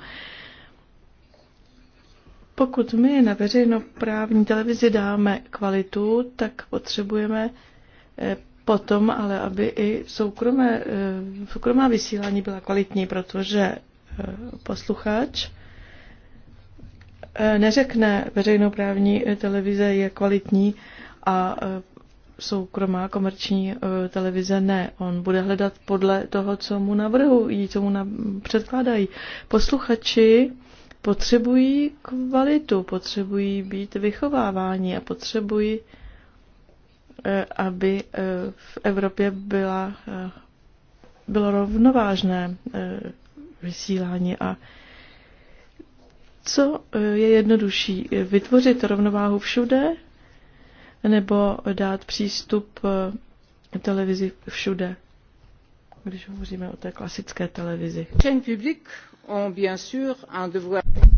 Pokud my na veřejnoprávní televizi dáme kvalitu, tak potřebujeme potom, ale aby i soukromé, eh, soukromá vysílání byla kvalitní, protože eh, posluchač eh, neřekne veřejnoprávní televize je kvalitní a soukromá komerční televize ne. On bude hledat podle toho, co mu navrhují, co mu na... předkládají. Posluchači potřebují kvalitu, potřebují být vychováváni a potřebují Eh, aby eh, v Evropě byla, eh, bylo rovnovážné vysílání a co je jednodušší? Vytvořit rovnováhu všude nebo dát přístup televizi všude, když hovoříme o té klasické televizi?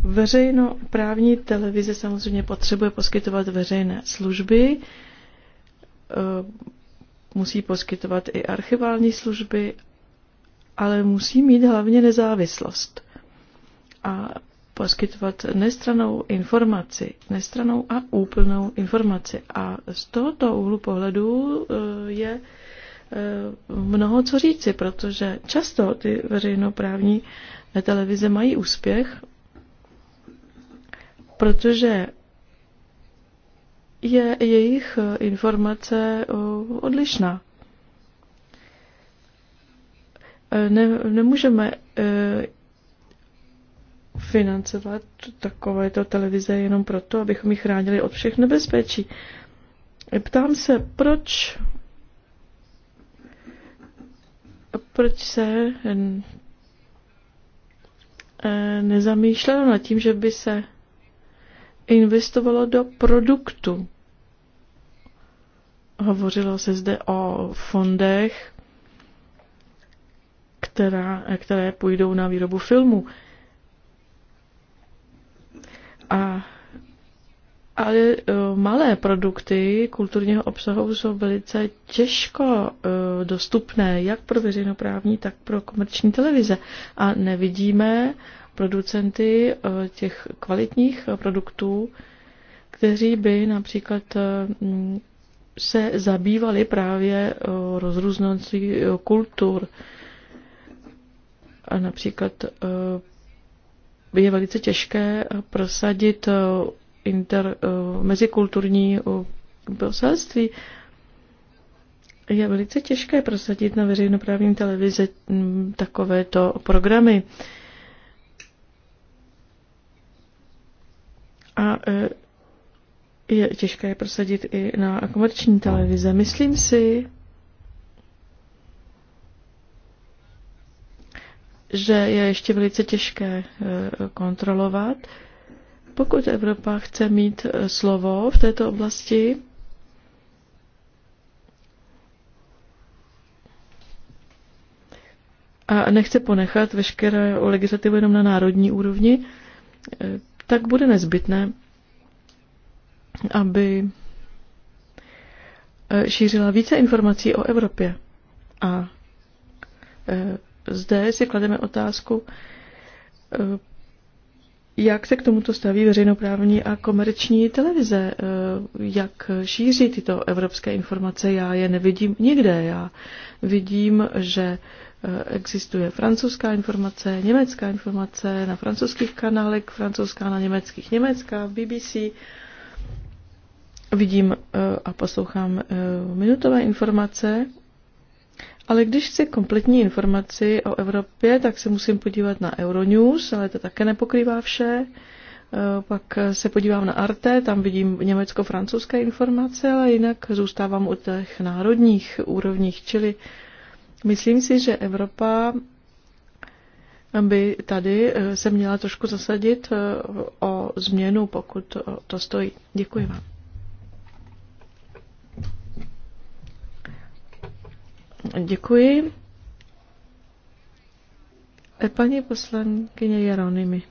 Veřejnoprávní televize samozřejmě potřebuje poskytovat veřejné služby, Eh, musí poskytovat i archivální služby, ale musí mít hlavně nezávislost a poskytovat nestranou informaci, nestranou a úplnou informaci. A z tohoto úhlu pohledu eh, je eh, mnoho co říci, protože často ty veřejnoprávní televize mají úspěch, protože je jejich eh, informace eh, odlišná. Eh, ne, nemůžeme financovat takovéto televize jenom proto, abychom ji chránili od všech nebezpečí. Ptám se, proč, proč se nezamýšlelo nad tím, že by se investovalo do produktu. Hovořilo se zde o fondech, která, které půjdou na výrobu filmu. A, ale eh, malé produkty kulturního obsahu jsou velice těžko eh, dostupné, jak pro veřejnoprávní, tak pro komerční televize. A nevidíme producenty eh, těch kvalitních produktů, kteří by například se zabývali právě rozrůznoucí kultur. A například je velice těžké prosadit inter, mezikulturní poselství. Je velice těžké prosadit na veřejnoprávní televizi takovéto programy. A e, je těžké je prosadit i na komerční televize. Myslím si, že je ještě velice těžké eh, kontrolovat. Pokud Evropa chce mít eh, slovo v této oblasti, a nechce ponechat veškeré legislativu jenom na národní úrovni, eh, tak bude nezbytné aby eh, šířila více informací o Evropě. A eh, zde si klademe otázku, eh, jak se k tomuto staví veřejnoprávní a komerční televize? Jak šíří tyto evropské informace? Já je nevidím nikde. Já vidím, že existuje francouzská informace, německá informace na francouzských kanálech, francouzská na německých, německá, BBC vidím eh, a poslouchám eh, minutové informace, ale když chci kompletní informaci o Evropě, tak se musím podívat na Euronews, ale to také nepokrývá vše. Eh, pak se podívám na Arte, tam vidím německo-francouzské informace, ale jinak zůstávám u těch národních úrovních. Čili myslím si, že Evropa by tady se měla trošku zasadit o změnu, pokud to stojí. Děkuji vám. Děkuji. E, paní poslankyně Jeronimi.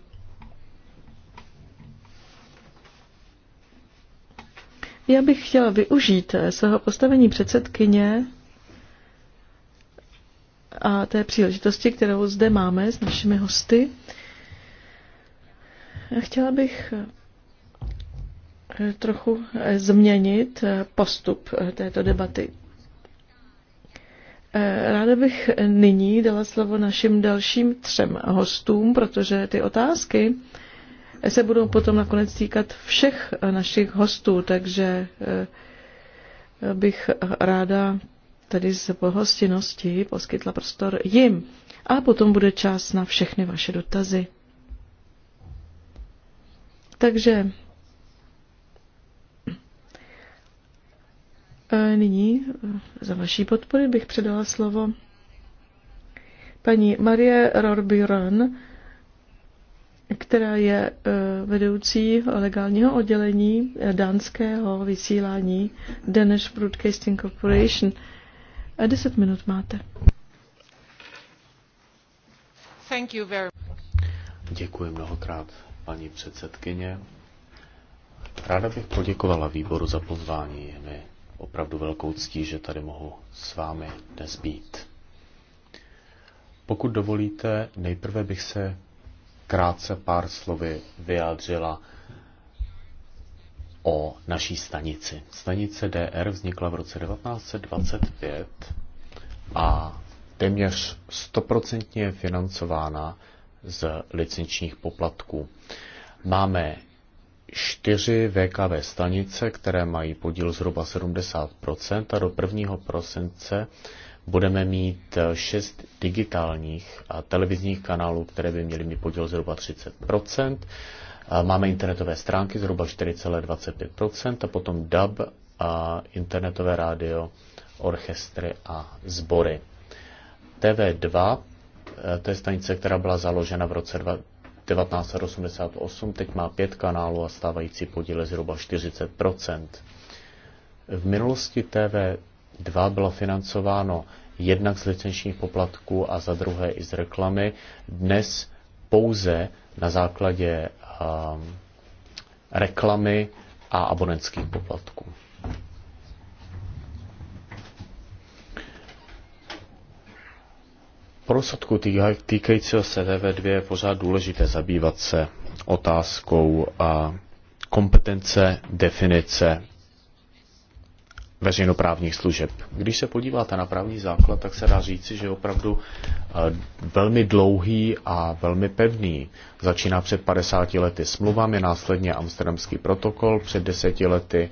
Já bych chtěla využít eh, svého postavení předsedkyně a té příležitosti, kterou zde máme s našimi hosty. Eh, chtěla bych eh, trochu změnit postup této debaty. Eh, ráda bych nyní dala slovo našim dalším třem hostům, protože ty otázky se budou potom nakonec týkat všech našich hostů, takže eh, bych ráda tedy z pohostinnosti poskytla prostor jim. A potom bude čas na všechny vaše dotazy. Takže E, nyní e, za vaší podpory bych předala slovo paní Marie Rorbiron, která je e, vedoucí legálního oddělení dánského vysílání Danish Broadcasting Corporation. A minut máte. Thank you very much. Děkuji mnohokrát, paní předsedkyně. Ráda bych poděkovala výboru za pozvání. My opravdu velkou ctí, že tady mohu s vámi dnes být. Pokud dovolíte, nejprve bych se krátce pár slovy vyjádřila o naší stanici. Stanice DR vznikla v roce 1925 a téměř stoprocentně je financována z licenčních poplatků. Máme čtyři VKV stanice, které mají podíl zhruba 70% a do 1. prosince budeme mít eh, šest digitálních a televizních kanálů, které by měly mít podíl zhruba 30%. Máme internetové stránky zhruba 4,25% a potom DAB a internetové rádio, orchestry a sbory. TV2, eh, to je stanice, která byla založena v roce 1988, teď má pět kanálů a stávající podíl je zhruba 40 V minulosti TV2 bylo financováno jednak z licenčních poplatků a za druhé i z reklamy. Dnes pouze na základě um, reklamy a abonentských poplatků. prosadku týkajícího se TV2 je pořád důležité zabývat se otázkou a kompetence, definice veřejnoprávních služeb. Když se podíváte na právní základ, tak se dá říci, že je opravdu velmi dlouhý a velmi pevný. Začíná před 50 lety smluvami, následně amsterdamský protokol před 10 lety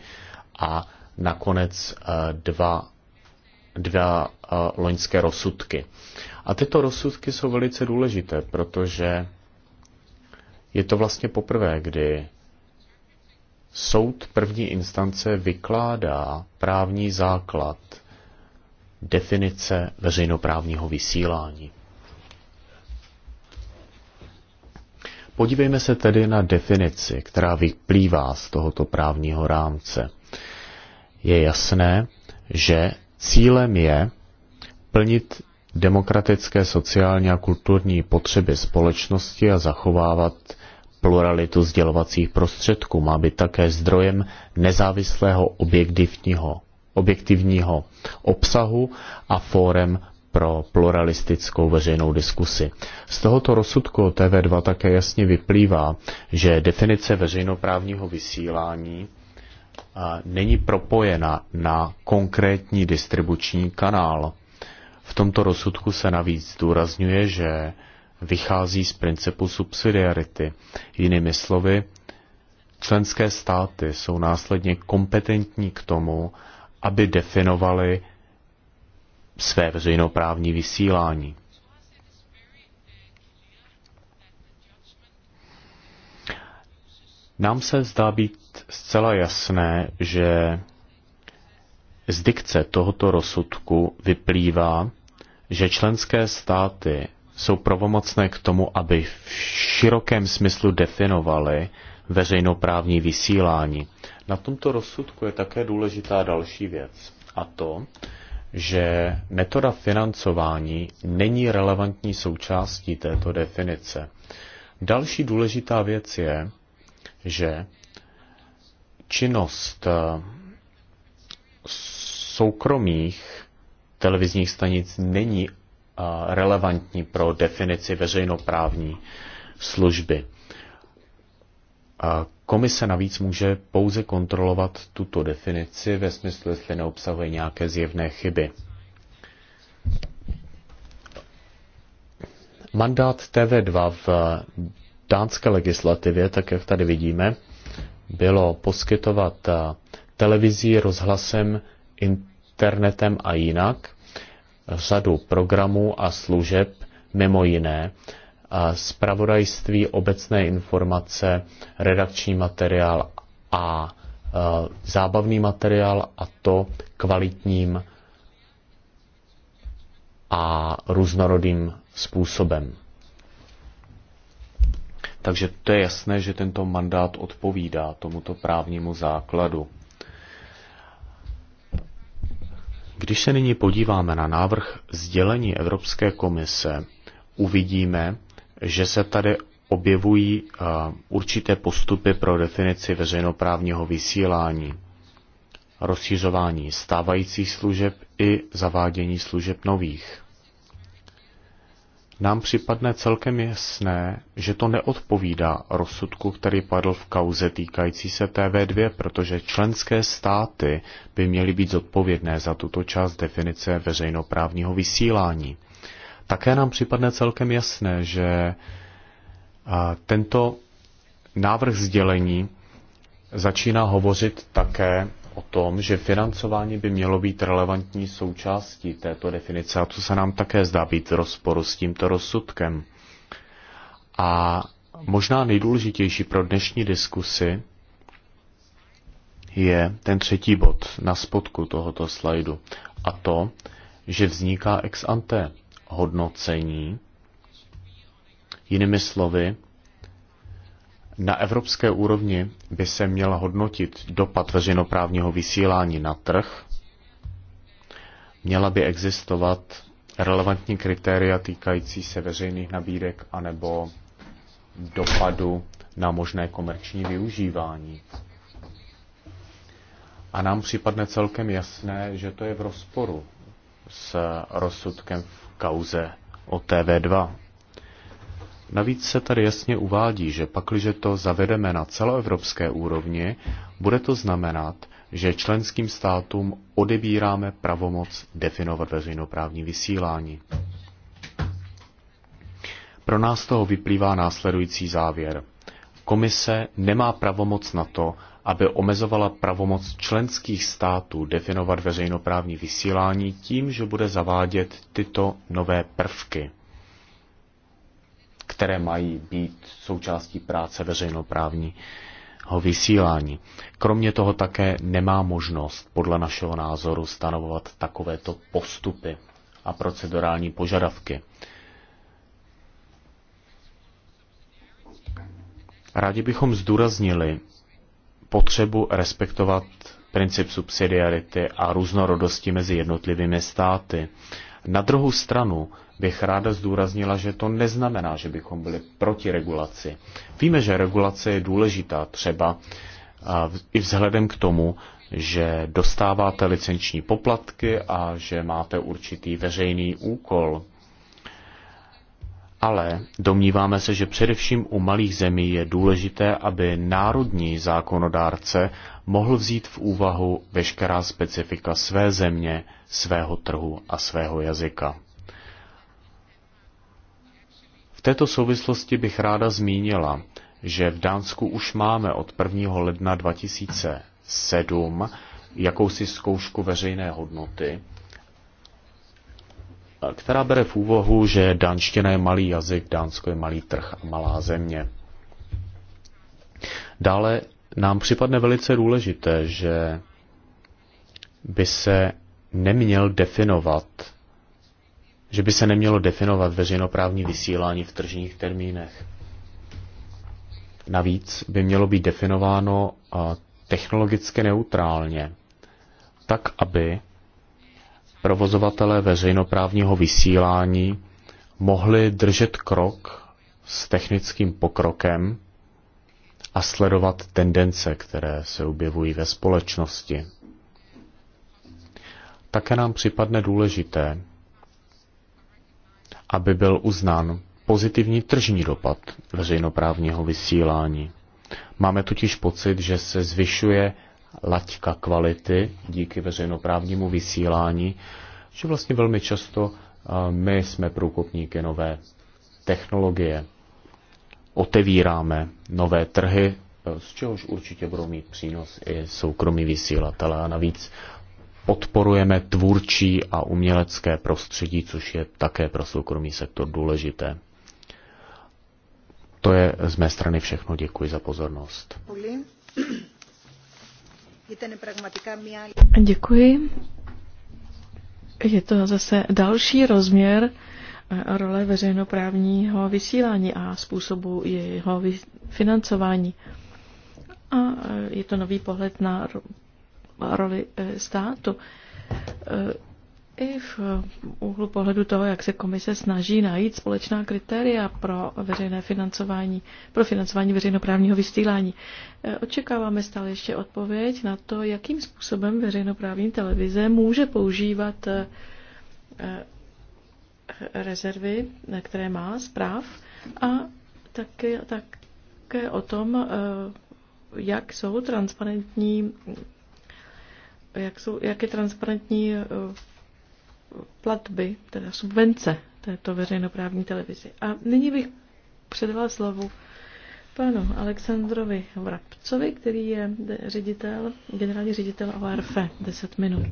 a nakonec dva, dva loňské rozsudky. A tyto rozsudky jsou velice důležité, protože je to vlastně poprvé, kdy soud první instance vykládá právní základ definice veřejnoprávního vysílání. Podívejme se tedy na definici, která vyplývá z tohoto právního rámce. Je jasné, že cílem je plnit demokratické, sociální a kulturní potřeby společnosti a zachovávat pluralitu sdělovacích prostředků. Má být také zdrojem nezávislého objektivního, objektivního obsahu a fórem pro pluralistickou veřejnou diskusi. Z tohoto rozsudku TV2 také jasně vyplývá, že definice veřejnoprávního vysílání není propojena na konkrétní distribuční kanál. V tomto rozsudku se navíc zdůrazňuje, že vychází z principu subsidiarity. Jinými slovy, členské státy jsou následně kompetentní k tomu, aby definovali své veřejnoprávní vysílání. Nám se zdá být zcela jasné, že z dikce tohoto rozsudku vyplývá, že členské státy jsou pravomocné k tomu, aby v širokém smyslu definovaly veřejnoprávní vysílání. Na tomto rozsudku je také důležitá další věc, a to, že metoda financování není relevantní součástí této definice. Další důležitá věc je, že činnost soukromých televizních stanic není relevantní pro definici veřejnoprávní služby. Komise navíc může pouze kontrolovat tuto definici ve smyslu, jestli neobsahuje nějaké zjevné chyby. Mandát TV2 v dánské legislativě, tak jak tady vidíme, bylo poskytovat televizí rozhlasem internetem a jinak řadu programů a služeb, mimo jiné, zpravodajství, obecné informace, redakční materiál a zábavný materiál a to kvalitním a různorodým způsobem. Takže to je jasné, že tento mandát odpovídá tomuto právnímu základu. Když se nyní podíváme na návrh sdělení Evropské komise, uvidíme, že se tady objevují eh, určité postupy pro definici veřejnoprávního vysílání, rozšířování stávajících služeb i zavádění služeb nových nám připadne celkem jasné, že to neodpovídá rozsudku, který padl v kauze týkající se TV2, protože členské státy by měly být zodpovědné za tuto část definice veřejnoprávního vysílání. Také nám připadne celkem jasné, že tento návrh sdělení začíná hovořit také o tom, že financování by mělo být relevantní součástí této definice a co se nám také zdá být v rozporu s tímto rozsudkem. A možná nejdůležitější pro dnešní diskusi je ten třetí bod na spodku tohoto slajdu a to, že vzniká ex ante hodnocení. Jinými slovy, na evropské úrovni by se měl hodnotit dopad veřejnoprávního vysílání na trh. Měla by existovat relevantní kritéria týkající se veřejných nabídek anebo dopadu na možné komerční využívání. A nám připadne celkem jasné, že to je v rozporu s rozsudkem v kauze o TV2. Navíc se tady jasně uvádí, že pakliže to zavedeme na celoevropské úrovni, bude to znamenat, že členským státům odebíráme pravomoc definovat veřejnoprávní vysílání. Pro nás toho vyplývá následující závěr. Komise nemá pravomoc na to, aby omezovala pravomoc členských států definovat veřejnoprávní vysílání tím, že bude zavádět tyto nové prvky které mají být součástí práce veřejnoprávního vysílání. Kromě toho také nemá možnost podle našeho názoru stanovovat takovéto postupy a procedurální požadavky. Rádi bychom zdůraznili potřebu respektovat princip subsidiarity a různorodosti mezi jednotlivými státy na druhou stranu bych ráda zdůraznila, že to neznamená, že bychom byli proti regulaci. Víme, že regulace je důležitá třeba i vzhledem k tomu, že dostáváte licenční poplatky a že máte určitý veřejný úkol. Ale domníváme se, že především u malých zemí je důležité, aby národní zákonodárce mohl vzít v úvahu veškerá specifika své země, svého trhu a svého jazyka. V této souvislosti bych ráda zmínila, že v Dánsku už máme od 1. ledna 2007 jakousi zkoušku veřejné hodnoty, která bere v úvahu, že dánština je malý jazyk, Dánsko je malý trh a malá země. Dále nám připadne velice důležité, že by se neměl definovat, že by se nemělo definovat veřejnoprávní vysílání v tržních termínech. Navíc by mělo být definováno technologicky neutrálně, tak aby provozovatelé veřejnoprávního vysílání mohli držet krok s technickým pokrokem a sledovat tendence, které se objevují ve společnosti. Také nám připadne důležité, aby byl uznán pozitivní tržní dopad veřejnoprávního vysílání. Máme totiž pocit, že se zvyšuje laťka kvality díky veřejnoprávnímu vysílání, že vlastně velmi často my jsme průkopníky nové technologie otevíráme nové trhy, z čehož určitě budou mít přínos i soukromí vysílatelé. A navíc podporujeme tvůrčí a umělecké prostředí, což je také pro soukromý sektor důležité. To je z mé strany všechno. Děkuji za pozornost. Děkuji. Je to zase další rozměr role veřejnoprávního vysílání a způsobu jeho financování. A eh, je to nový pohled na roli eh, státu. Eh, I v úhlu pohledu toho, jak se komise snaží najít společná kritéria pro veřejné financování, pro financování veřejnoprávního vysílání. Očekáváme stále ještě odpověď na to, jakým způsobem veřejnoprávní televize může používat rezervy, které má zpráv a také, také o tom, eh, jak jsou transparentní, jak, jsou, jak je transparentní eh, platby, teda subvence této veřejnoprávní televizi. A nyní bych předala slovu panu Alexandrovi Vrabcovi, který je ředitel, generální ředitel ORF. 10 minut.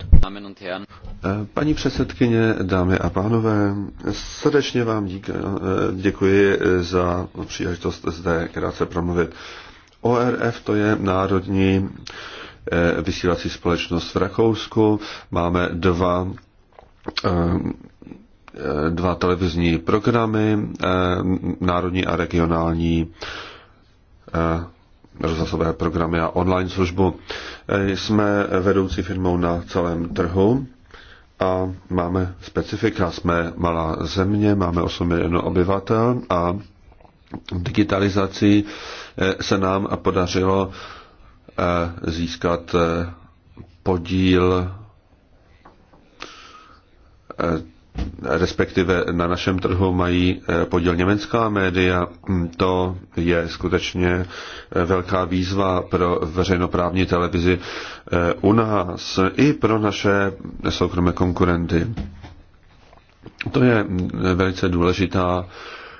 Paní předsedkyně, dámy a pánové, srdečně vám dík, děkuji za příležitost zde krátce promluvit. ORF to je národní eh, vysílací společnost v Rakousku. Máme dva eh, eh, dva televizní programy, národní a regionální Eh, rozhlasové programy a online službu. Eh, jsme vedoucí firmou na celém trhu a máme specifika. Jsme malá země, máme 8 milionů obyvatel a digitalizací eh, se nám podařilo získat podíl respektive na našem trhu mají eh, podíl německá média. Mm, to je skutečně eh, velká výzva pro veřejnoprávní televizi eh, u nás i pro naše soukromé konkurenty. To je mm, velice důležitá,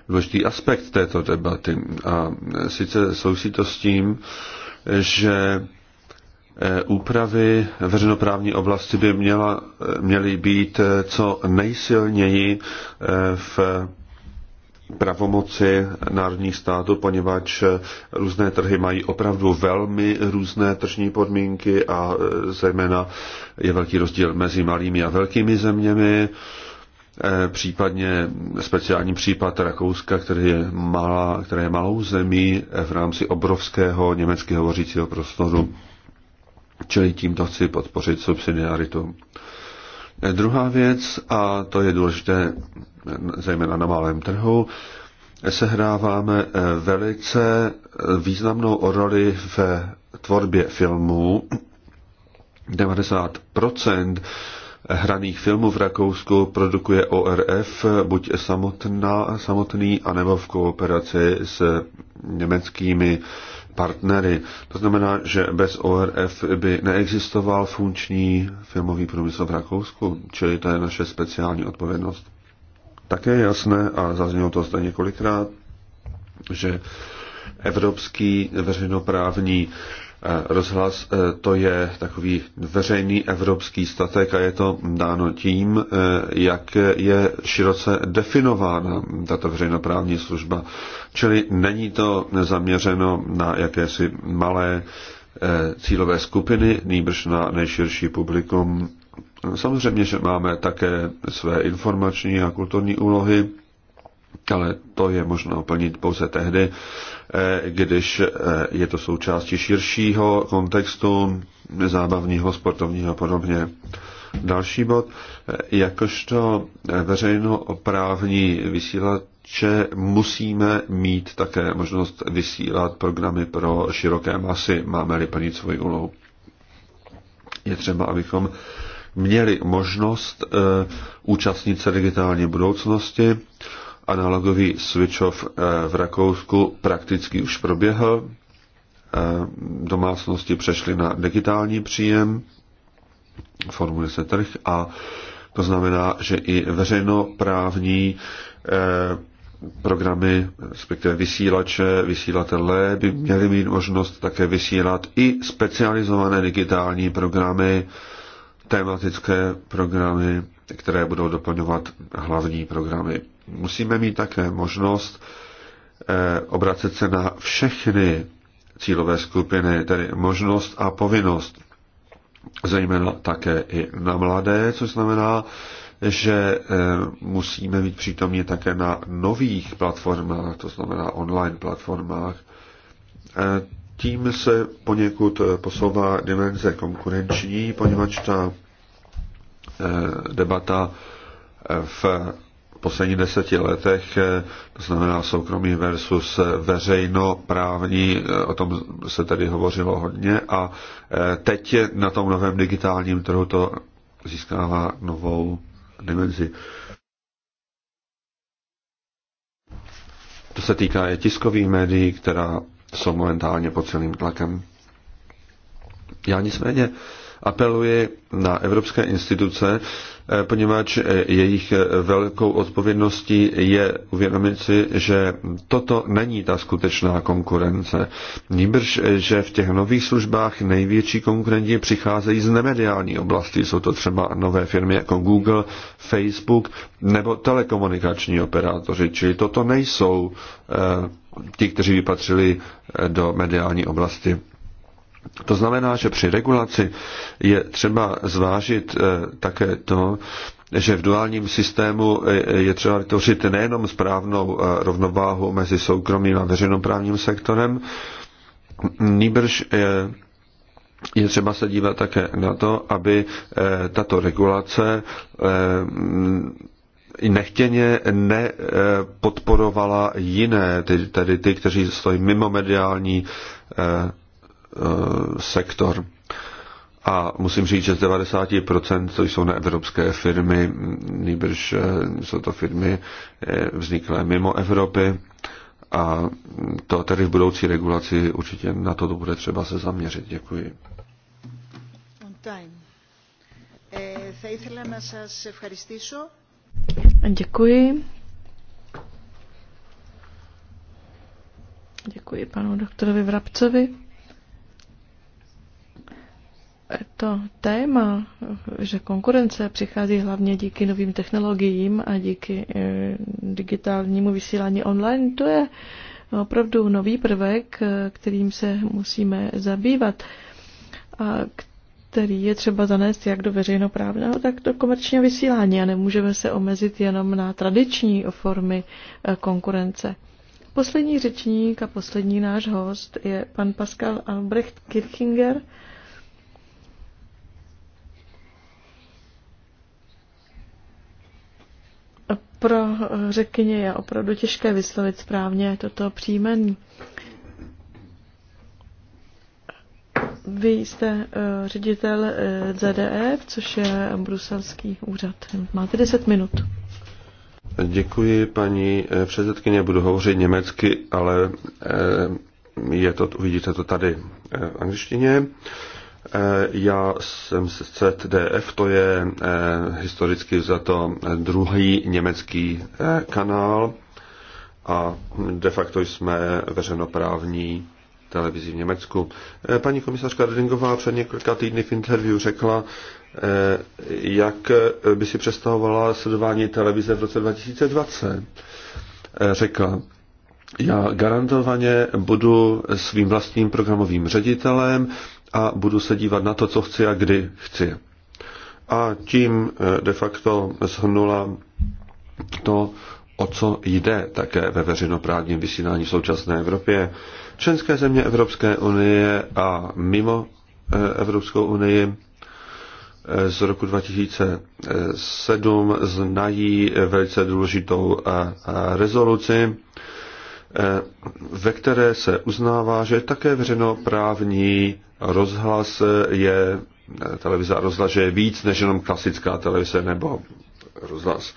důležitý aspekt této debaty. A sice souvisí to s tím, že Eh, úpravy veřejnoprávní oblasti by měla, eh, měly být eh, co nejsilněji v pravomoci národních států, poněvadž různé trhy mají opravdu velmi různé tržní podmínky a zejména je velký rozdíl mezi malými a velkými zeměmi, případně speciální případ Rakouska, který je malá, které je malou zemí v rámci obrovského německy hovořícího prostoru. Čili tímto chci podpořit subsidiaritu. Druhá věc, a to je důležité zejména na malém trhu, sehráváme eh, velice eh, významnou roli v tvorbě filmů. 90 hraných filmů v Rakousku produkuje ORF buď samotná, samotný, anebo v kooperaci s německými partnery. To znamená, že bez ORF by neexistoval funkční filmový průmysl v Rakousku, čili to je naše speciální odpovědnost. Také je jasné, a zaznělo to zde několikrát, že evropský veřejnoprávní rozhlas e, to je takový veřejný evropský statek a je to dáno tím, e, jak je široce definována tato veřejnoprávní služba. Čili není to zaměřeno na jakési malé e, cílové skupiny, nýbrž na nejširší publikum. Samozřejmě, že máme také své informační a kulturní úlohy, ale to je možno plnit pouze tehdy, eh, když eh, je to součástí širšího kontextu zábavního, sportovního a podobně. Další bod, eh, jakožto veřejnoprávní vysílače musíme mít také možnost vysílat programy pro široké masy, máme-li plnit svoji úlohu. Je třeba, abychom měli možnost účastnit se digitální budoucnosti analogový switch-off eh, v Rakousku prakticky už proběhl. Eh, domácnosti přešly na digitální příjem, formuje se trh a to znamená, že i veřejnoprávní eh, programy, respektive vysílače, vysílatelé by měli mít možnost také vysílat i specializované digitální programy, tematické programy, které budou doplňovat hlavní programy musíme mít také možnost eh, obracet se na všechny cílové skupiny, tedy možnost a povinnost, zejména také i na mladé, což znamená, že eh, musíme být přítomně také na nových platformách, to znamená online platformách. Eh, tím se poněkud posouvá dimenze konkurenční, poněvadž ta debata v posledních deseti letech, eh, to znamená soukromý versus eh, veřejnoprávní, eh, o tom se tady hovořilo hodně a teď na tom novém digitálním trhu to získává novou dimenzi. To se týká i tiskových médií, která jsou momentálně pod celým tlakem. Já nicméně apeluji na evropské instituce, eh, poněvadž eh, jejich eh, velkou odpovědností je uvědomit si, že toto není ta skutečná konkurence. Níbrž, že v těch nových službách největší konkurenti přicházejí z nemediální oblasti. Jsou to třeba nové firmy jako Google, Facebook nebo telekomunikační operátoři. Čili toto nejsou ti, kteří vypatřili do mediální oblasti. To znamená, že při regulaci je třeba zvážit eh, také to, že v duálním systému eh, je třeba vytvořit nejenom správnou eh, rovnováhu mezi soukromým a veřejnoprávním sektorem, nýbrž je třeba se dívat také na to, aby tato regulace nechtěně nepodporovala jiné, tedy ty, kteří stojí mimo mediální Eh, sektor. A musím říct, že z 90% to jsou neevropské firmy, nejbrž eh, jsou to firmy eh, vzniklé mimo Evropy a to tedy v budoucí regulaci určitě na to, to bude třeba se zaměřit. Děkuji. Děkuji. Děkuji panu doktorovi Vrabcovi to téma, že konkurence přichází hlavně díky novým technologiím a díky eh, digitálnímu vysílání online, to je opravdu nový prvek, eh, kterým se musíme zabývat a který je třeba zanést jak do veřejnoprávného, tak do komerčního vysílání a nemůžeme se omezit jenom na tradiční formy eh, konkurence. Poslední řečník a poslední náš host je pan Pascal Albrecht Kirchinger, pro řekyně je opravdu těžké vyslovit správně toto příjmení. Vy jste eh, ředitel eh, ZDF, e, což je bruselský úřad. Máte 10 minut. Děkuji, paní eh, předsedkyně. Budu hovořit německy, ale je to, uvidíte to tady v angličtině. Eh, já jsem z ZDF, to je eh, historicky za to eh, druhý německý kanál a de facto jsme veřejnoprávní televizi v Německu. Paní komisařka Redingová před několika týdny v interview řekla, jak by si představovala sledování televize v roce 2020. Řekla, já garantovaně budu svým vlastním programovým ředitelem, a budu se dívat na to, co chci a kdy chci. A tím eh, de facto shrnula to, o co jde také ve veřejnoprávním vysílání v současné Evropě. Členské země Evropské unie a mimo eh, Evropskou unii eh, z roku 2007 znají velice důležitou rezoluci ve které se uznává, že také veřejnoprávní rozhlas je televize a rozhlas, že je víc než jenom klasická televize nebo rozhlas.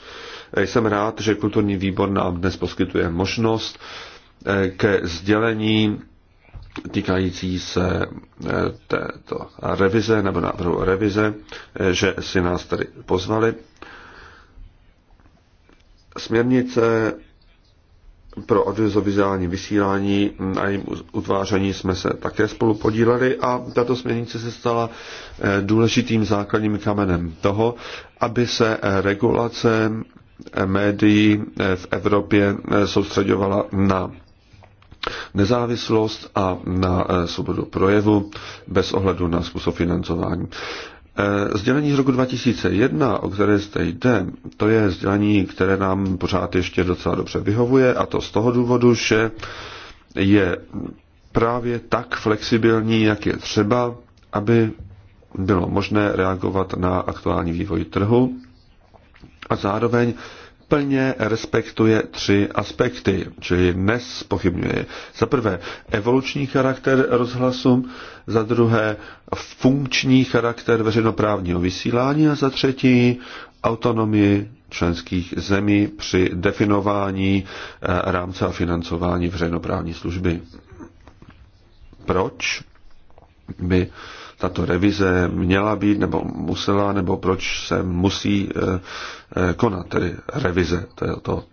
Jsem rád, že kulturní výbor nám dnes poskytuje možnost eh, ke sdělení týkající se eh, této revize nebo návrhu revize, eh, že si nás tady pozvali. Směrnice pro audiovizuální vysílání a jejím utváření jsme se také spolu podíleli a tato směrnice se stala eh, důležitým základním kamenem toho, aby se eh, regulace eh, médií v Evropě soustředovala na nezávislost a na svobodu projevu bez ohledu na způsob financování. Eh, sdělení z roku 2001, o které zde jde, to je sdělení, které nám pořád ještě docela dobře vyhovuje a to z toho důvodu, že je právě tak flexibilní, jak je třeba, aby bylo možné reagovat na aktuální vývoj trhu a zároveň plně respektuje tři aspekty, čili nespochybňuje. Za prvé evoluční charakter rozhlasu, za druhé funkční charakter veřejnoprávního vysílání a za třetí autonomii členských zemí při definování eh, rámce a financování veřejnoprávní služby. Proč by tato revize měla být nebo musela, nebo proč se musí eh, eh, konat, tedy revize, to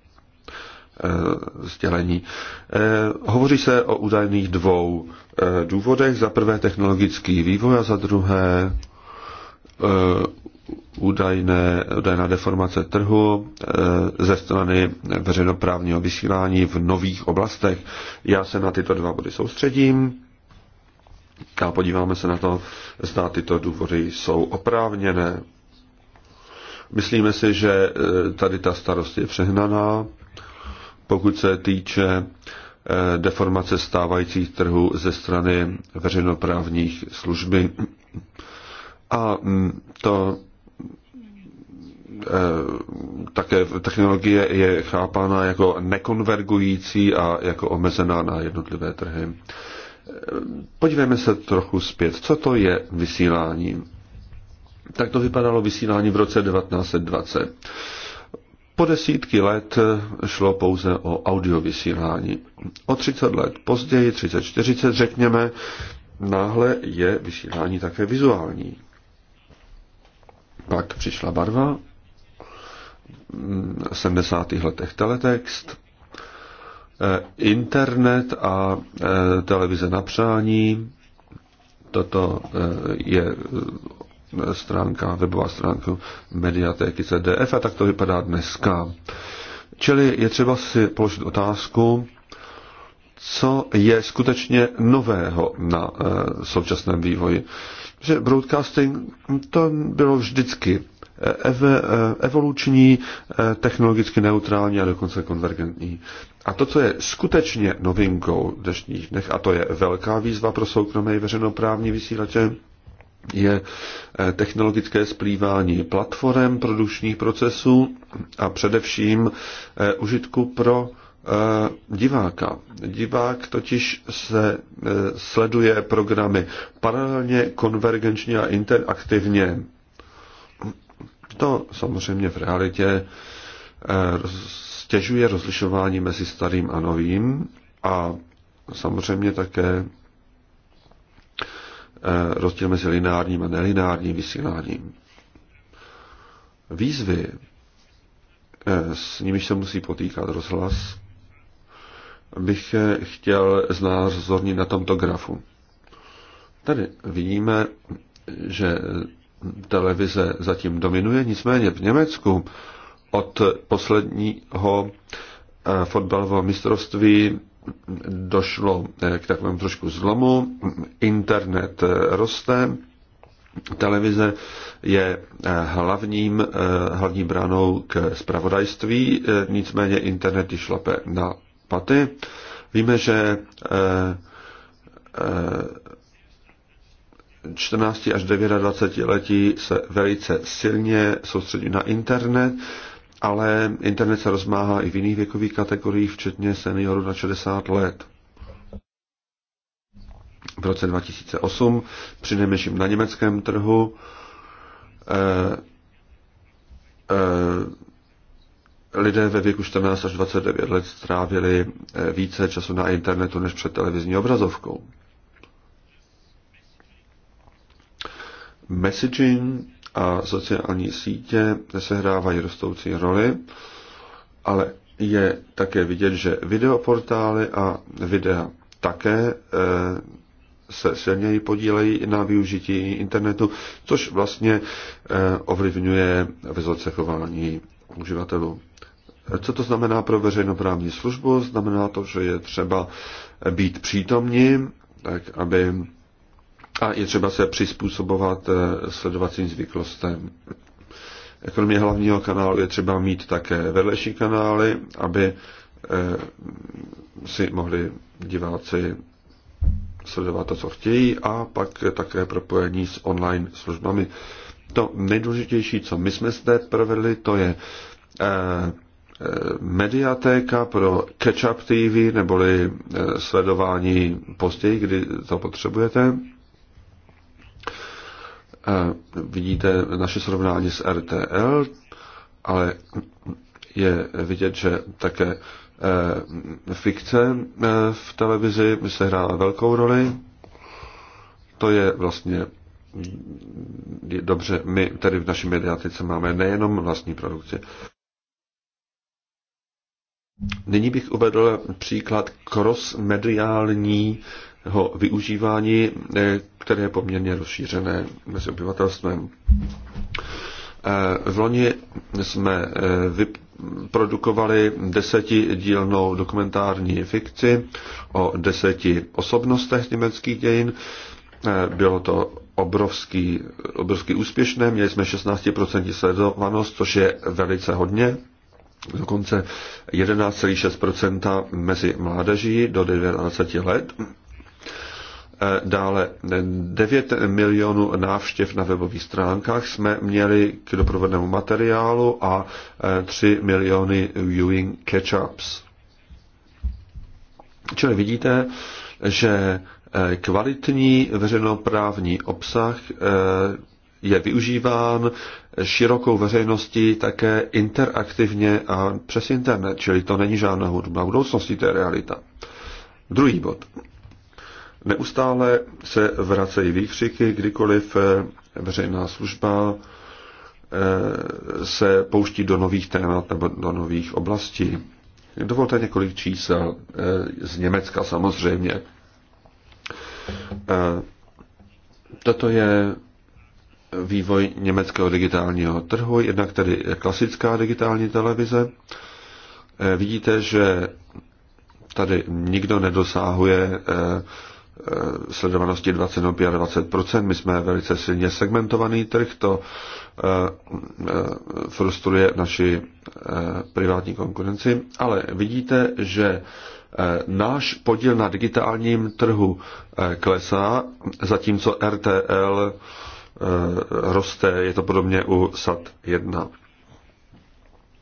eh, sdělení. Hovoří se o údajných dvou důvodech. Za prvé technologický vývoj a za druhé údajné, údajná deformace trhu ze strany veřejnoprávního vysílání v nových oblastech. Já se na tyto dva body soustředím a podíváme se na to, zda tyto důvody jsou oprávněné. Myslíme si, že eh, tady ta starost je přehnaná. Pokud se týče eh, deformace stávajících trhů ze strany veřejnoprávních služby. A mm, to eh, také technologie je chápána jako nekonvergující a jako omezená na jednotlivé trhy podívejme se trochu zpět. Co to je vysílání? Tak to vypadalo vysílání v roce 1920. Po desítky let šlo pouze o audiovysílání. O 30 let později, 30-40 řekněme, náhle je vysílání také vizuální. Pak přišla barva, v 70. letech teletext, Eh, internet a eh, televize na přání, toto eh, je stránka, webová stránka mediatéky CDF a tak to vypadá dneska. Čili je třeba si položit otázku, co je skutečně nového na současném vývoji. Že broadcasting to bylo vždycky ev, eh, evoluční, eh, technologicky neutrální a dokonce konvergentní. A to, co je skutečně novinkou v dnešních dnech, a to je velká výzva pro soukromé i veřejnoprávní vysílače, je eh, technologické splývání platform produkčních procesů a především užitku pro diváka. Divák totiž se sleduje programy paralelně, konvergenčně a interaktivně. To samozřejmě v realitě eh, stěžuje rozlišování mezi starým a novým a samozřejmě také eh, rozdíl mezi lineárním a nelineárním vysíláním. Výzvy, eh, s nimiž se musí potýkat rozhlas, bych chtěl znázornit na tomto grafu. Tady vidíme, že televize zatím dominuje, nicméně v Německu od posledního eh, fotbalového mistrovství došlo eh, k takovému trošku zlomu. Internet eh, roste, televize je hlavním, hlavní branou k spravodajství, nicméně internet ji šlape na paty. Víme, že 14 až 29 letí se velice silně soustředí na internet, ale internet se rozmáhá i v jiných věkových kategoriích, včetně seniorů na 60 let. V roce 2008, při nejmenším na německém trhu, e, e, lidé ve věku 14 až 29 let strávili eh, více času na internetu než před televizní obrazovkou. Messaging a sociální sítě sehrávají rostoucí roli, ale je také vidět, že videoportály a videa také eh, se silněji podílejí na využití internetu, což vlastně eh, ovlivňuje vysoce chování uživatelů. Co to znamená pro veřejnoprávní službu? Znamená to, že je třeba být přítomní, tak aby a je třeba se přizpůsobovat eh, sledovacím zvyklostem. Kromě hlavního kanálu je třeba mít také vedlejší kanály, aby eh, si mohli diváci sledovat to, co chtějí, a pak také propojení s online službami. To nejdůležitější, co my jsme zde provedli, to je eh, mediatéka pro catch-up TV, neboli sledování později, kdy to potřebujete. Eh, vidíte naše srovnání s RTL, ale je vidět, že také eh, fikce eh, v televizi se hrála velkou roli. To je vlastně dobře, my tady v naší mediatice máme nejenom vlastní produkci. Nyní bych uvedl příklad crossmediální jeho využívání, eh, které je poměrně rozšířené mezi obyvatelstvem. Eh, v loni jsme eh, produkovali desetidílnou dokumentární fikci o deseti osobnostech německých dějin. Bylo to obrovský, obrovský úspěšné, měli jsme 16% sledovanost, což je velice hodně. Dokonce 11,6% mezi mládeží do 19 let Dále 9 milionů návštěv na webových stránkách jsme měli k doprovodnému materiálu a 3 eh, miliony viewing catch-ups. Čili vidíte, že eh, kvalitní veřejnoprávní obsah eh, je využíván širokou veřejností také interaktivně a přes internet, čili to není žádná hudba budoucnosti, to je realita. Druhý bod. Neustále se vracejí výkřiky, kdykoliv eh, veřejná služba eh, se pouští do nových témat nebo do nových oblastí. Dovolte několik čísel eh, z Německa samozřejmě. Toto je vývoj německého digitálního trhu, jednak tedy klasická digitální televize. Vidíte, že tady nikdo nedosáhuje Eh, sledovanosti 20 nebo 25 My jsme velice silně segmentovaný trh, to eh, eh, frustruje naši privátní konkurenci, ale vidíte, že náš podíl na digitálním trhu klesá, zatímco RTL roste, je to podobně u SAT 1.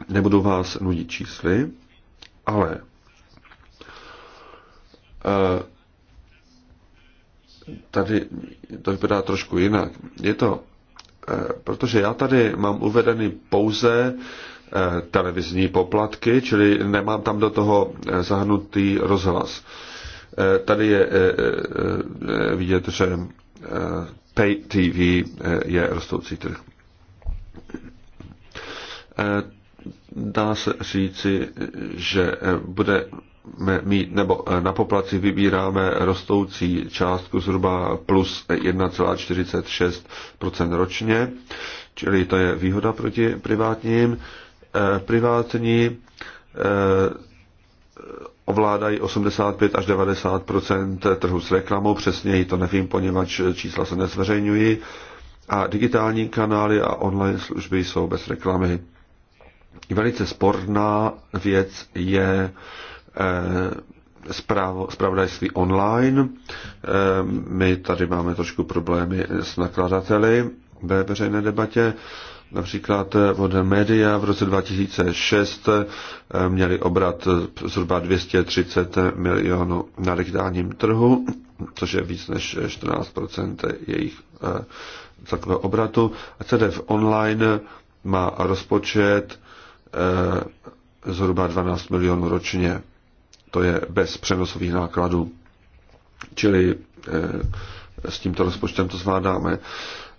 Nebudu vás nudit čísly, ale tady to vypadá trošku jinak. Je to, eh, protože já tady mám uvedeny pouze eh, televizní poplatky, čili nemám tam do toho eh, zahnutý rozhlas. Tady je vidět, že pay TV je rostoucí trh. Dá se říci, že bude mít, nebo eh, na poplaci vybíráme rostoucí částku zhruba plus 1,46 ročně, čili to je výhoda proti privátním. Eh, privátní eh, ovládají 85 až 90 trhu s reklamou, přesněji to nevím, poněvadž čísla se nezveřejňují. A digitální kanály a online služby jsou bez reklamy. Velice sporná věc je Eh, zpravodajství online. Eh, my tady máme trošku problémy s nakladateli ve veřejné debatě. Například eh, od Media v roce 2006 měli obrat zhruba 230 milionů na digitálním trhu, což je víc než 14 jejich celkového obratu. A CDF Online má rozpočet zhruba 12 milionů ročně to je bez přenosových nákladů. Čili eh, s tímto rozpočtem to zvládáme.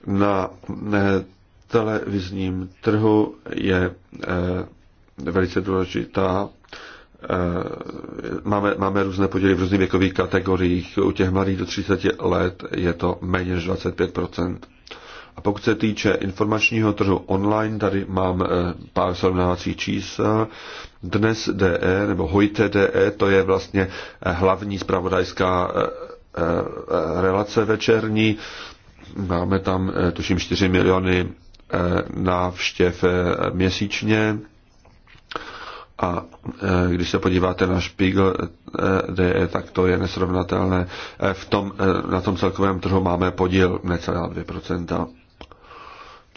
Na eh, televizním trhu je eh, velice důležitá máme, máme různé podíly v různých věkových kategoriích. U těch mladých do 30 let je to méně než 25 a pokud se týče informačního trhu online, tady mám eh, pár srovnávacích čísel. Dnes DE nebo Hojte DE, to je vlastně eh, hlavní spravodajská eh, relace večerní. Máme tam, tuším, 4 miliony návštěv měsíčně. A když se podíváte na Spiegel DE, tak to je nesrovnatelné. V tom, na tom celkovém trhu máme podíl necelá 2%.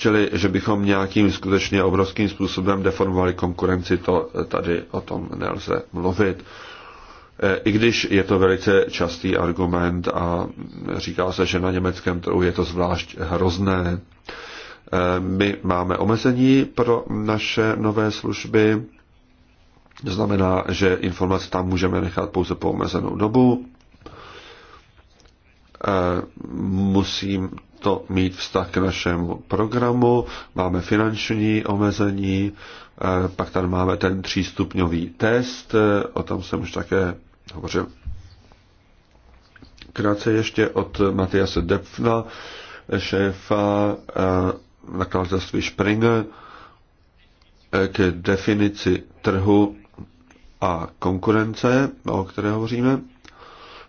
Čili, že bychom nějakým skutečně obrovským způsobem deformovali konkurenci, to tady o tom nelze mluvit. E, I když je to velice častý argument a říká se, že na německém trhu je to zvlášť hrozné. E, my máme omezení pro naše nové služby, to znamená, že informace tam můžeme nechat pouze po omezenou dobu. E, musím to mít vztah k našemu programu. Máme finanční omezení, eh, pak tam máme ten třístupňový test, eh, o tom jsem už také hovořil. Krátce ještě od Matiase Depfna, šéfa eh, nakladatelství Springer, k definici trhu a konkurence, o které hovoříme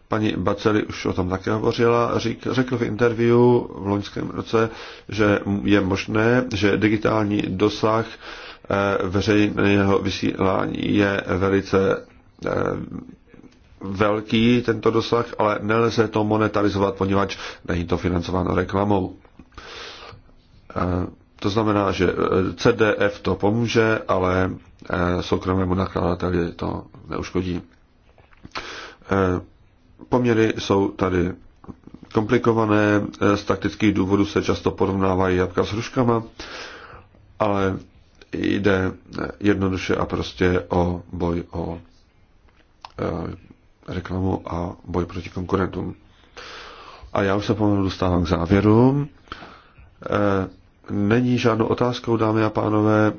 paní Baceli už o tom také hovořila, řík, řekl v interview v loňském roce, že je možné, že digitální dosah eh, veřejného vysílání je velice eh, velký tento dosah, ale nelze to monetarizovat, poněvadž není to financováno reklamou. Eh, to znamená, že CDF to pomůže, ale soukromému nakladateli to neuškodí. Poměry jsou tady komplikované, eh, z taktických důvodů se často porovnávají jabka s hruškama, ale jde eh, jednoduše a prostě o boj o eh, reklamu a boj proti konkurentům. A já už se pomalu dostávám k závěru. Není žádnou otázkou, dámy a pánové,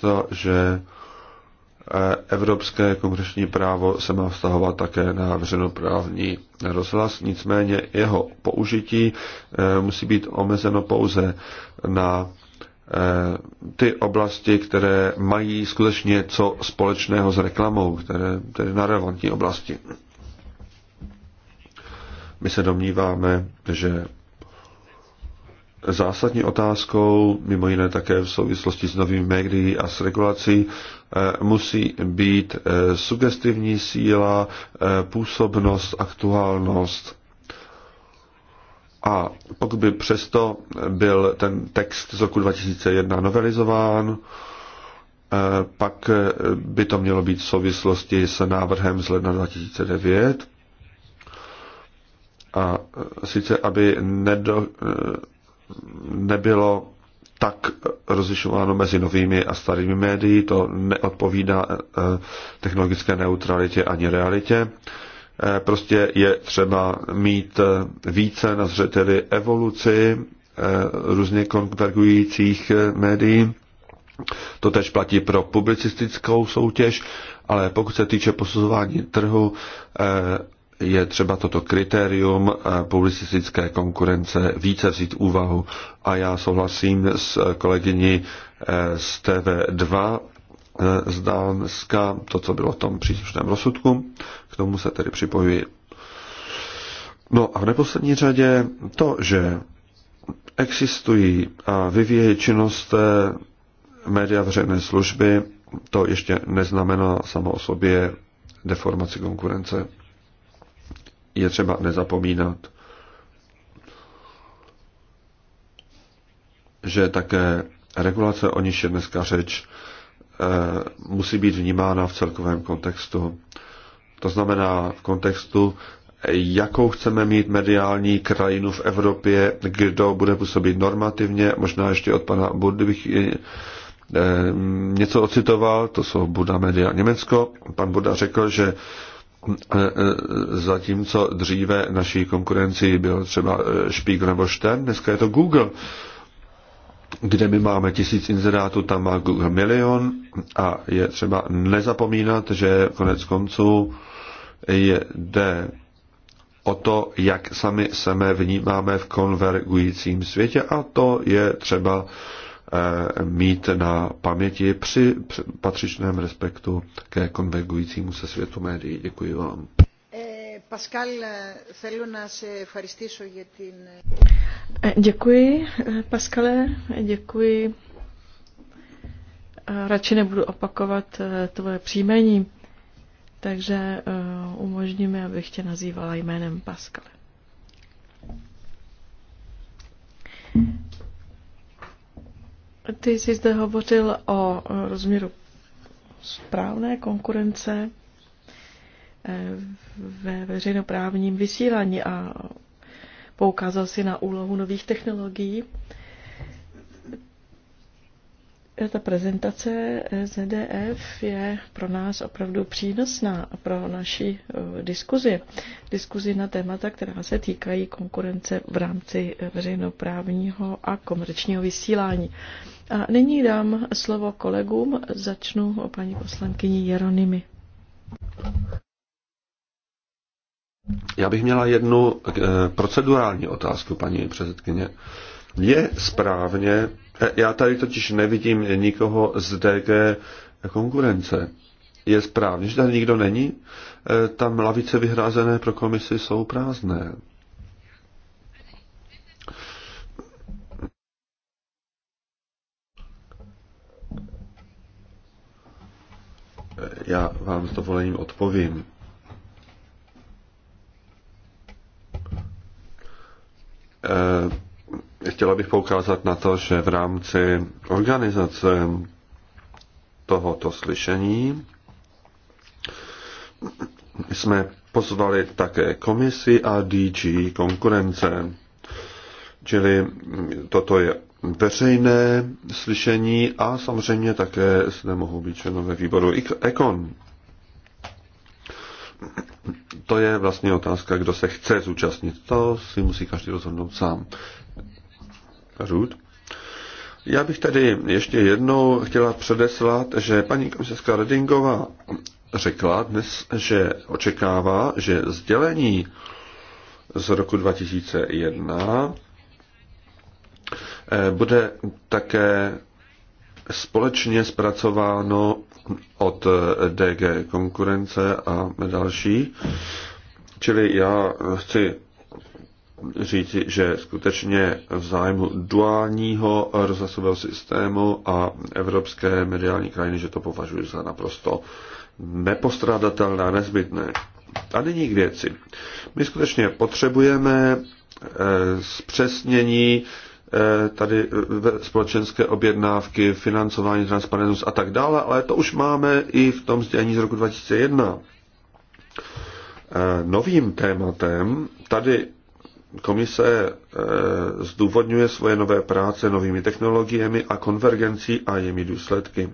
to, že Evropské kongresní právo se má vztahovat také na veřejnoprávní rozhlas, nicméně jeho použití eh, musí být omezeno pouze na eh, ty oblasti, které mají skutečně co společného s reklamou, které, tedy na relevantní oblasti. My se domníváme, že Zásadní otázkou, mimo jiné také v souvislosti s novými médií a s regulací, eh, musí být eh, sugestivní síla, eh, působnost, aktuálnost. A pokud by přesto byl ten text z roku 2001 novelizován, pak by to mělo být v souvislosti s návrhem z ledna 2009. A sice, aby nedo, nebylo tak rozlišováno mezi novými a starými médií, to neodpovídá eh, technologické neutralitě ani realitě. Eh, prostě je třeba mít eh, více na zřeteli evoluci různě konvergujících médií. To tež platí pro publicistickou soutěž, ale pokud se týče posuzování trhu je třeba toto kritérium eh, publicistické konkurence více vzít úvahu. A já souhlasím s kolegyní eh, z TV2 eh, z Dánska, to, co bylo v tom příslušném rozsudku, k tomu se tedy připojuji. No a v neposlední řadě to, že existují a vyvíjejí činnost média veřejné služby, to ještě neznamená samo o sobě deformaci konkurence je třeba nezapomínat, že také regulace, o níž je dneska řeč, eh, musí být vnímána v celkovém kontextu. To znamená v kontextu, jakou chceme mít mediální krajinu v Evropě, kdo bude působit normativně, možná ještě od pana Budy bych eh, eh, něco ocitoval, to jsou Buda Media Německo. Pan Buda řekl, že E, e, zatímco dříve naší konkurenci byl třeba e, Spiegel nebo Stern, dneska je to Google, kde my máme tisíc inzerátů, tam má Google milion a je třeba nezapomínat, že konec konců jde o to, jak sami sebe vnímáme v konvergujícím světě a to je třeba Eh, mít na paměti při patřičném respektu ke konvergujícímu se světu médií. Děkuji vám. Eh, Pascal, eh, Děkuji, Paskale, děkuji. Radši nebudu opakovat tvoje příjmení, takže umožní mi, abych tě nazývala jménem Paskale. Ty jsi zde hovořil o eh, rozměru správné konkurence eh, ve veřejnoprávním vysílání a poukázal si na úlohu nových technologií ta prezentace eh, ZDF je pro nás opravdu přínosná a pro naši eh, diskuzi. Diskuzi na témata, která se týkají konkurence v rámci eh, veřejnoprávního a komerčního vysílání. A nyní dám slovo kolegům. Začnu o paní poslankyni Jeronimy. Já bych měla jednu procedurální otázku, paní předsedkyně. Je správně, já tady totiž nevidím nikoho z DG konkurence. Je správně, že tady nikdo není? E, tam lavice vyhrázené pro komisy jsou prázdné. E, já vám s dovolením odpovím. Uh chtěla bych poukázat na to, že v rámci organizace tohoto slyšení jsme pozvali také komisi a DG konkurence. Čili toto je veřejné slyšení a samozřejmě také zde mohou být členové výboru Econ. To je vlastně otázka, kdo se chce zúčastnit. To si musí každý rozhodnout sám. Rud. Já bych tady ještě jednou chtěla předeslat, že paní komisarka Redingová řekla dnes, že očekává, že sdělení z roku 2001 eh, bude také společně zpracováno od eh, DG Konkurence a další. Čili já chci říci, že skutečně v zájmu duálního rozhlasového systému a evropské mediální krajiny, že to považuji za naprosto nepostradatelné a nezbytné. A nyní k věci. My skutečně potřebujeme eh, zpřesnění eh, tady společenské objednávky, financování, transparentnost a tak dále, ale to už máme i v tom sdělení z roku 2001. Eh, novým tématem tady Komise eh, zdůvodňuje svoje nové práce novými technologiemi a konvergencí a jimi důsledky.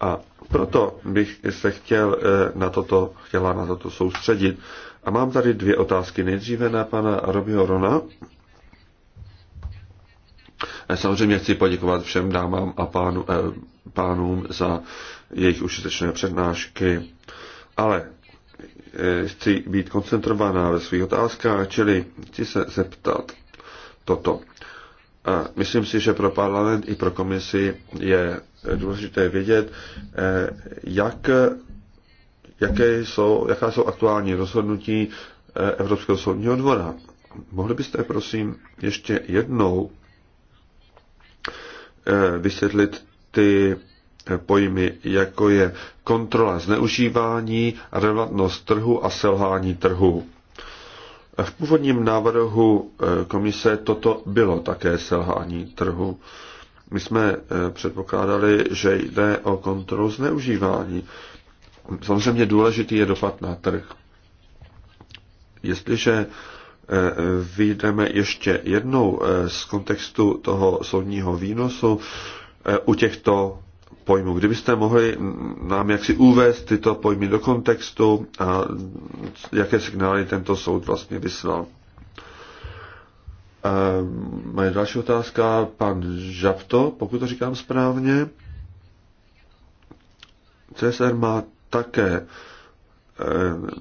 A proto bych se chtěl eh, na toto, chtěla na toto soustředit. A mám tady dvě otázky. Nejdříve na pana Robio Rona. Eh, samozřejmě chci poděkovat všem dámám a pánu, pánům za jejich užitečné přednášky. Ale Eh, chci být koncentrovaná ve svých otázkách, čili chci se zeptat toto. A myslím si, že pro parlament i pro komisi je důležité vědět, eh, jak, jaké jsou, jaká jsou aktuální rozhodnutí eh, Evropského soudního dvora. Mohli byste, prosím, ještě jednou vysvětlit ty pojmy, jako je kontrola zneužívání, relevantnost trhu a selhání trhu. V původním návrhu eh, komise toto bylo také selhání trhu. My jsme eh, předpokládali, že jde o kontrolu zneužívání. Samozřejmě důležitý je dopad na trh. Jestliže eh, vyjdeme ještě jednou z kontextu toho soudního výnosu u těchto pojmů. Kdybyste mohli nám jaksi uvést tyto pojmy do kontextu a jaké signály tento soud vlastně vyslal. Eh, moje další otázka, pan Žapto, pokud to říkám správně. CSR má také eh,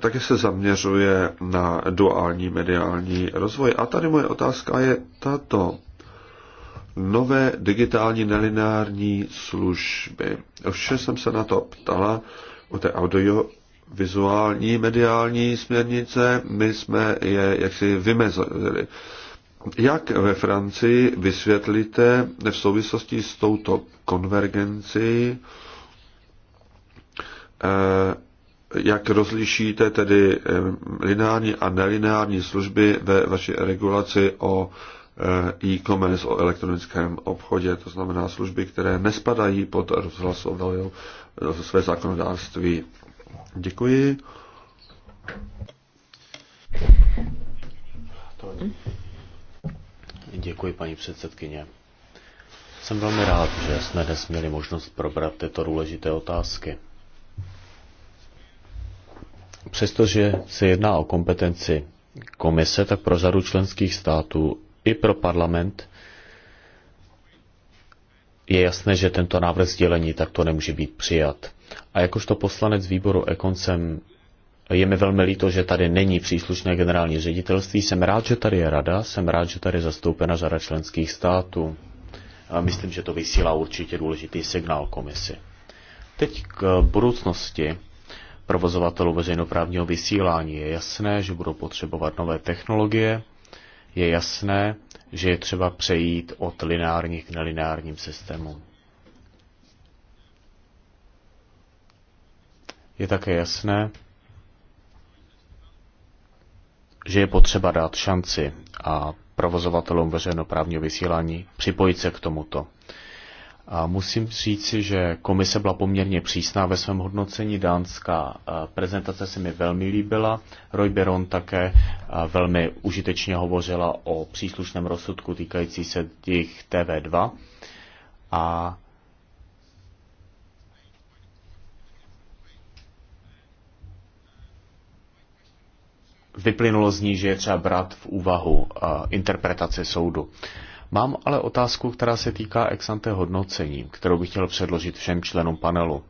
také se zaměřuje na duální mediální rozvoj. A tady moje otázka je tato nové digitální nelineární služby. Vše jsem se na to ptala o té audiovizuální mediální směrnice. My jsme je jaksi vymezili. Jak ve Francii vysvětlíte v souvislosti s touto konvergencí, eh, jak rozlišíte tedy eh, lineární a nelineární služby ve vaší regulaci o Eh, e-commerce, o elektronickém obchodě, to znamená služby, které nespadají pod rozhlasovnou eh, své zákonodárství. Děkuji. Děkuji, paní předsedkyně. Jsem velmi rád, že jsme dnes měli možnost probrat tyto důležité otázky. Přestože se jedná o kompetenci komise, tak pro řadu členských států i pro parlament, je jasné, že tento návrh sdělení takto nemůže být přijat. A jakožto poslanec výboru Ekoncem je mi velmi líto, že tady není příslušné generální ředitelství. Jsem rád, že tady je rada, jsem rád, že tady je zastoupena řada členských států. A myslím, že to vysílá určitě důležitý signál komisi. Teď k budoucnosti provozovatelů veřejnoprávního vysílání. Je jasné, že budou potřebovat nové technologie, je jasné, že je třeba přejít od lineárních k nelineárním systémům. Je také jasné, že je potřeba dát šanci a provozovatelům veřejnoprávního vysílání připojit se k tomuto. A musím říci, že komise byla poměrně přísná ve svém hodnocení. Dánská eh, prezentace se mi velmi líbila. Roy Beron také eh, velmi užitečně hovořila o příslušném rozsudku týkající se těch TV2. A vyplynulo z ní, že je třeba brát v úvahu eh, interpretace soudu. Mám ale otázku, která se týká exanté hodnocení, kterou bych chtěl předložit všem členům panelu.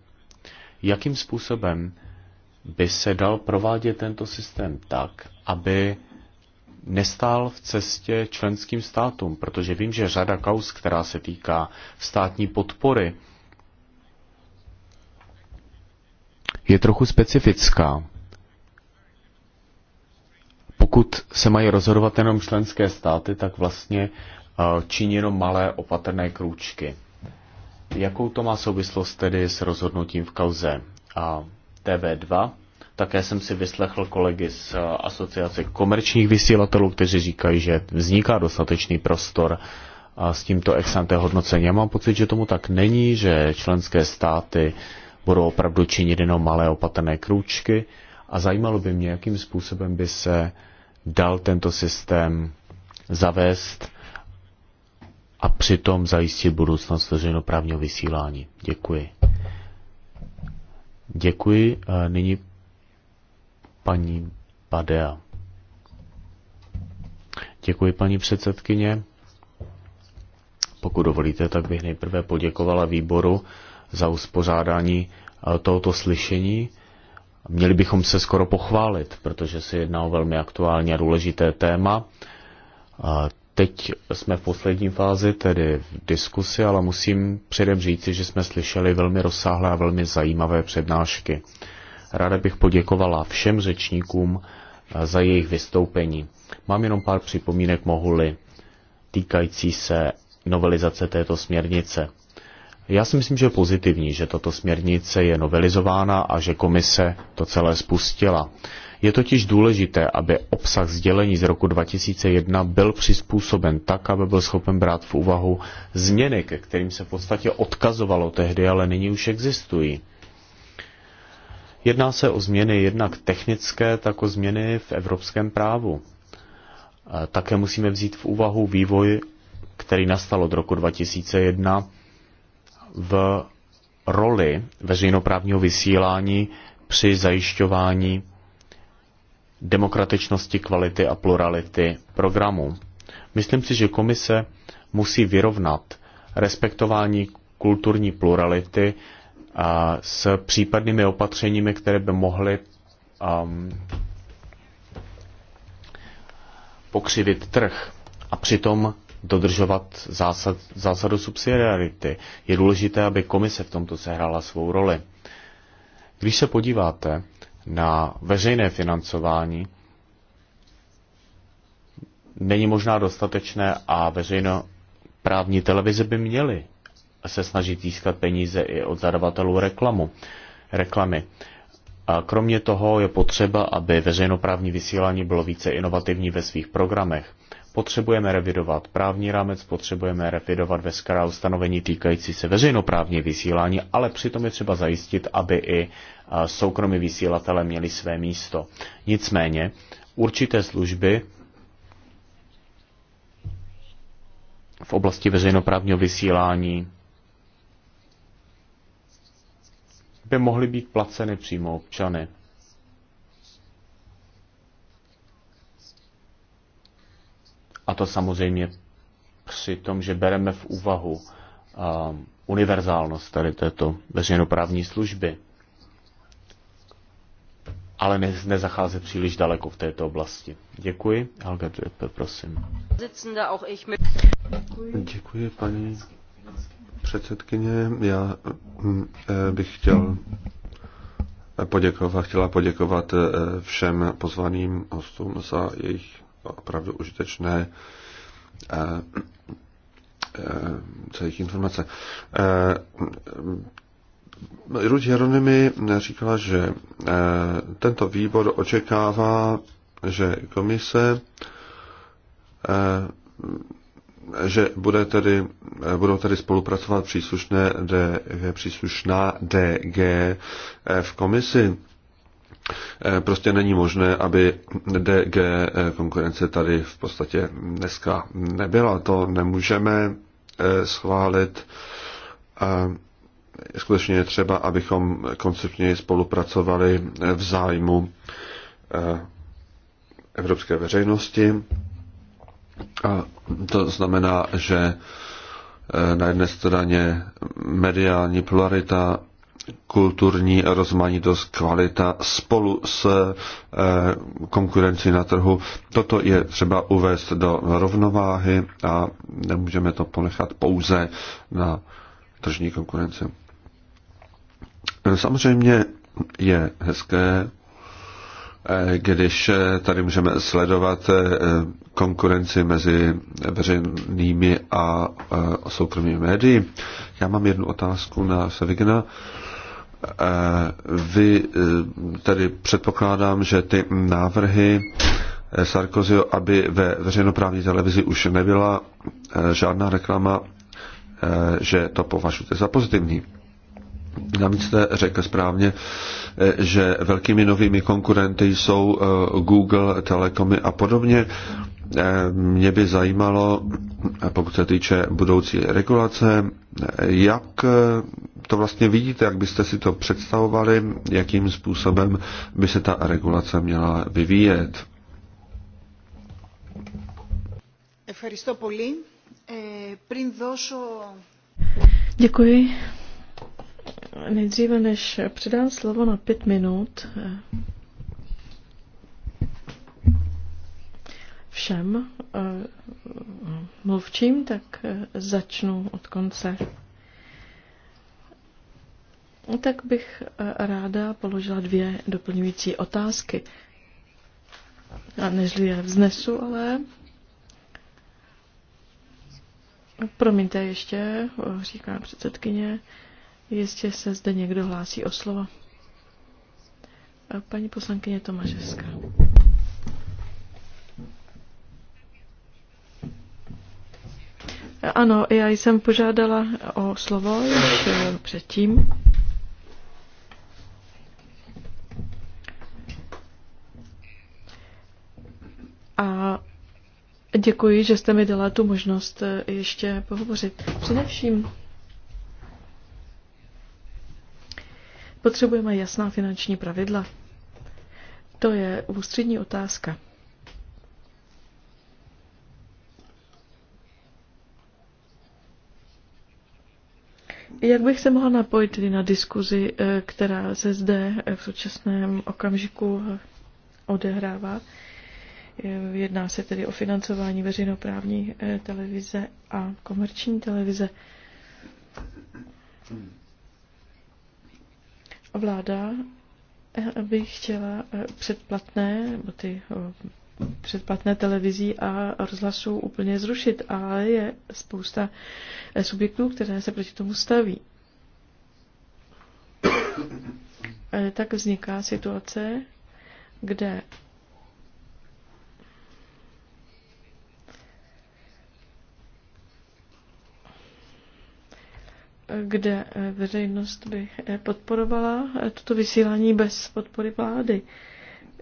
Jakým způsobem by se dal provádět tento systém tak, aby nestál v cestě členským státům, protože vím, že řada kaus, která se týká státní podpory, je trochu specifická. Pokud se mají rozhodovat jenom členské státy, tak vlastně jenom malé opatrné krůčky. Jakou to má souvislost tedy s rozhodnutím v kauze a TV2? Také jsem si vyslechl kolegy z Asociace komerčních vysílatelů, kteří říkají, že vzniká dostatečný prostor a s tímto ex ante hodnocením. Já mám pocit, že tomu tak není, že členské státy budou opravdu činit jenom malé opatrné krůčky a zajímalo by mě, jakým způsobem by se dal tento systém zavést a přitom zajistit budoucnost veřejnoprávního vysílání. Děkuji. Děkuji. Nyní paní Padea. Děkuji, paní předsedkyně. Pokud dovolíte, tak bych nejprve poděkovala výboru za uspořádání e, tohoto slyšení. Měli bychom se skoro pochválit, protože se jedná o velmi aktuální a důležité téma. E, Teď jsme v poslední fázi, tedy v diskusi, ale musím předem říci, že jsme slyšeli velmi rozsáhlé a velmi zajímavé přednášky. Ráda bych poděkovala všem řečníkům eh, za jejich vystoupení. Mám jenom pár připomínek, mohu-li, týkající se novelizace této směrnice. Já si myslím, že je pozitivní, že tato směrnice je novelizována a že komise to celé spustila. Je totiž důležité, aby obsah sdělení z roku 2001 byl přizpůsoben tak, aby byl schopen brát v úvahu změny, ke kterým se v podstatě odkazovalo tehdy, ale nyní už existují. Jedná se o změny jednak technické, tak o změny v evropském právu. E, také musíme vzít v úvahu vývoj, který nastal od roku 2001 v roli veřejnoprávního vysílání při zajišťování demokratičnosti, kvality a plurality programů. Myslím si, že komise musí vyrovnat respektování kulturní plurality a s případnými opatřeními, které by mohly um, pokřivit trh a přitom dodržovat zásad, zásadu subsidiarity. Je důležité, aby komise v tomto sehrála svou roli. Když se podíváte na veřejné financování není možná dostatečné a veřejnoprávní televize by měly se snažit získat peníze i od zadavatelů reklamu, reklamy. A kromě toho je potřeba, aby veřejnoprávní vysílání bylo více inovativní ve svých programech. Potřebujeme revidovat právní rámec, potřebujeme revidovat veškerá ustanovení týkající se veřejnoprávní vysílání, ale přitom je třeba zajistit, aby i soukromí vysílatele měli své místo. Nicméně určité služby v oblasti veřejnoprávního vysílání by mohly být placeny přímo občany. A to samozřejmě při tom, že bereme v úvahu um, univerzálnost tady této veřejnoprávní služby ale ne, nezacházet příliš daleko v této oblasti. Děkuji. Helga prosím. Děkuji, paní předsedkyně. Já mm, eh, bych chtěl poděkovat, chtěla poděkovat eh, všem pozvaným hostům za jejich opravdu užitečné eh, za jejich informace. Ruth Jeronymy říkala, že eh, tento výbor očekává, že komise eh, že bude tedy, eh, budou tedy spolupracovat příslušné DG, příslušná DG v komisi. Prostě není možné, aby DG konkurence tady v podstatě dneska nebyla. To nemůžeme schválit skutečně je třeba, abychom konceptně spolupracovali v zájmu eh, evropské veřejnosti. A to znamená, že eh, na jedné straně mediální pluralita, kulturní rozmanitost, kvalita spolu s eh, konkurencí na trhu. Toto je třeba uvést do rovnováhy a nemůžeme to ponechat pouze na tržní konkurenci. Samozřejmě je hezké, eh, když eh, tady můžeme sledovat eh, konkurenci mezi veřejnými a soukromými médii. Já mám jednu otázku na Sevigna. Vy tady předpokládám, že ty návrhy Sarkozyho, aby ve veřejnoprávní televizi už nebyla žádná reklama, že to považujete za pozitivní. Navíc jste řekl správně, eh, že velkými novými konkurenty jsou eh, Google, Telekomy a podobně. Eh, mě by zajímalo, pokud se týče budoucí regulace, jak to vlastně vidíte, jak byste si to představovali, jakým způsobem by se ta regulace měla vyvíjet. Děkuji. Nejdříve, než předám slovo na pět minut eh, všem eh, mluvčím, tak eh, začnu od konce. Tak bych ráda položila dvě doplňující otázky. A nežli je vznesu, ale Promiňte ještě, říká předsedkyně, Jistě se zde někdo hlásí o slovo. Paní poslankyně Tomaševská. Ano, já jsem požádala o slovo již eh, předtím. A děkuji, že jste mi dala tu možnost eh, ještě pohovořit. Především Potřebujeme jasná finanční pravidla. To je ústřední otázka. Jak bych se mohla napojit tedy na diskuzi, eh, která se zde eh, v současném okamžiku odehrává? Eh, jedná se tedy o financování veřejnoprávní televize a komerční televize. Hmm. Vláda eh, by chtěla eh, předplatné, nebo ty eh, předplatné televizí a rozhlasu úplně zrušit, ale je spousta subjektů, které se proti tomu staví. Tak vzniká situace, kde kde eh, veřejnost by eh, podporovala eh, toto vysílání bez podpory vlády.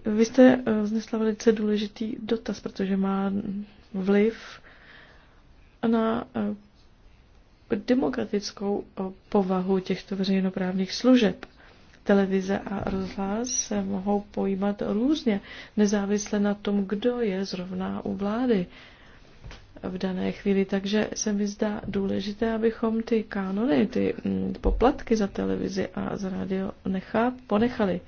Vy jste vznesla velice důležitý dotaz, protože má vliv na demokratickou povahu těchto veřejnoprávních služeb. Televize a rozhlas se mohou pojímat různě, nezávisle na tom, kdo je zrovna u vlády v dané chvíli. Takže se mi zdá důležité, abychom ty kánony, ty mm, poplatky za televizi a za rádio nechá, ponechali.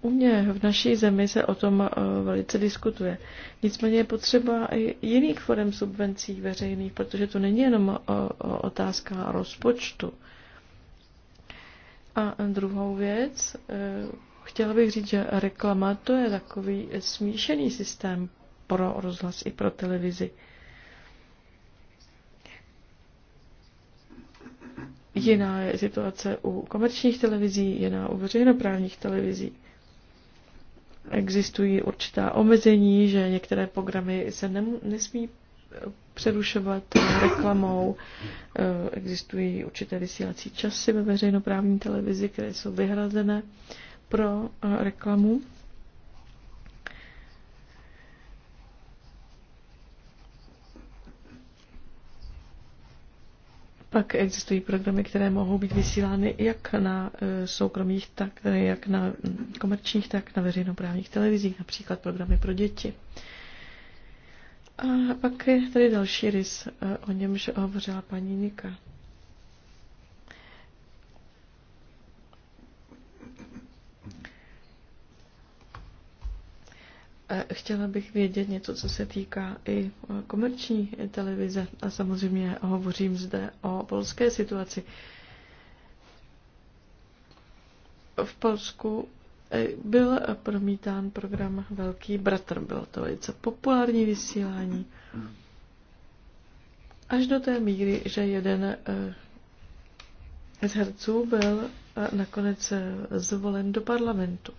U mě v naší zemi se o tom eh, velice diskutuje. Nicméně je potřeba i jiných forem subvencí veřejných, protože to není jenom eh, otázka rozpočtu. A druhou věc, eh, chtěla bych říct, že reklama to je takový smíšený systém pro rozhlas i pro televizi. Jiná je situace u komerčních televizí, jiná u veřejnoprávních televizí. Existují určitá omezení, že některé programy se nem, nesmí eh, přerušovat reklamou. Eh, existují určité vysílací časy ve veřejnoprávní televizi, které jsou vyhrazené pro eh, reklamu. Pak existují programy, které mohou být vysílány jak na e, soukromých, tak e, jak na komerčních, tak na veřejnoprávních televizích, například programy pro děti. A pak je tady další rys, e, o němž hovořila paní Nika. Chtěla bych vědět něco, co se týká i komerční televize a samozřejmě hovořím zde o polské situaci. V Polsku e, byl promítán program Velký bratr. Bylo to velice populární vysílání. Až do té míry, že jeden e, z herců byl e, nakonec zvolen do parlamentu.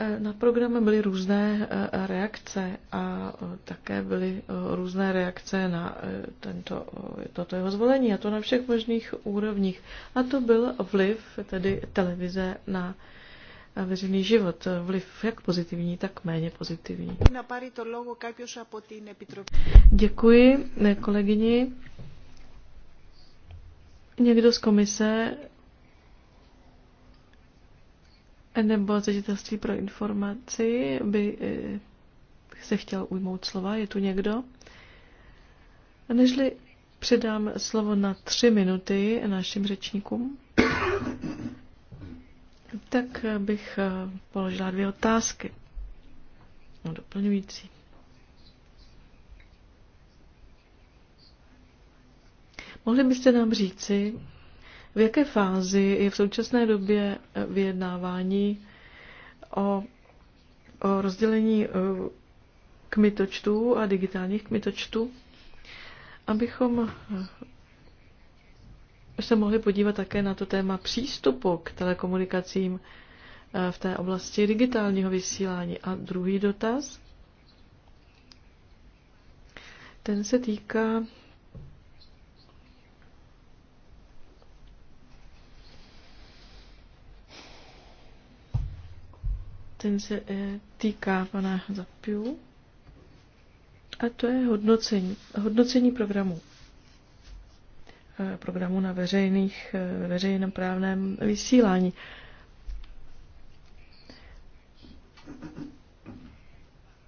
E, na programy byly různé e, reakce a e, také byly různé reakce na tento, toto jeho zvolení a to na všech možných úrovních. A to byl vliv tedy televize na veřejný život. Vliv jak pozitivní, tak méně pozitivní. Děkuji kolegyni. Někdo z komise nebo ředitelství pro informaci by eh, se chtěl ujmout slova. Je tu někdo? Nežli předám slovo na tři minuty našim řečníkům, tak bych eh, položila dvě otázky. No, doplňující. Mohli byste nám říci, v jaké fázi je v současné době eh, vyjednávání o, o rozdělení eh, kmitočtů a digitálních kmitočtů, abychom eh, se mohli podívat také na to téma přístupu k telekomunikacím v té oblasti digitálního vysílání. A druhý dotaz, ten se týká Ten se eh, týká pana Zapiu. A to je hodnocení, hodnocení programu. Eh, programu na veřejných, eh, právném vysílání.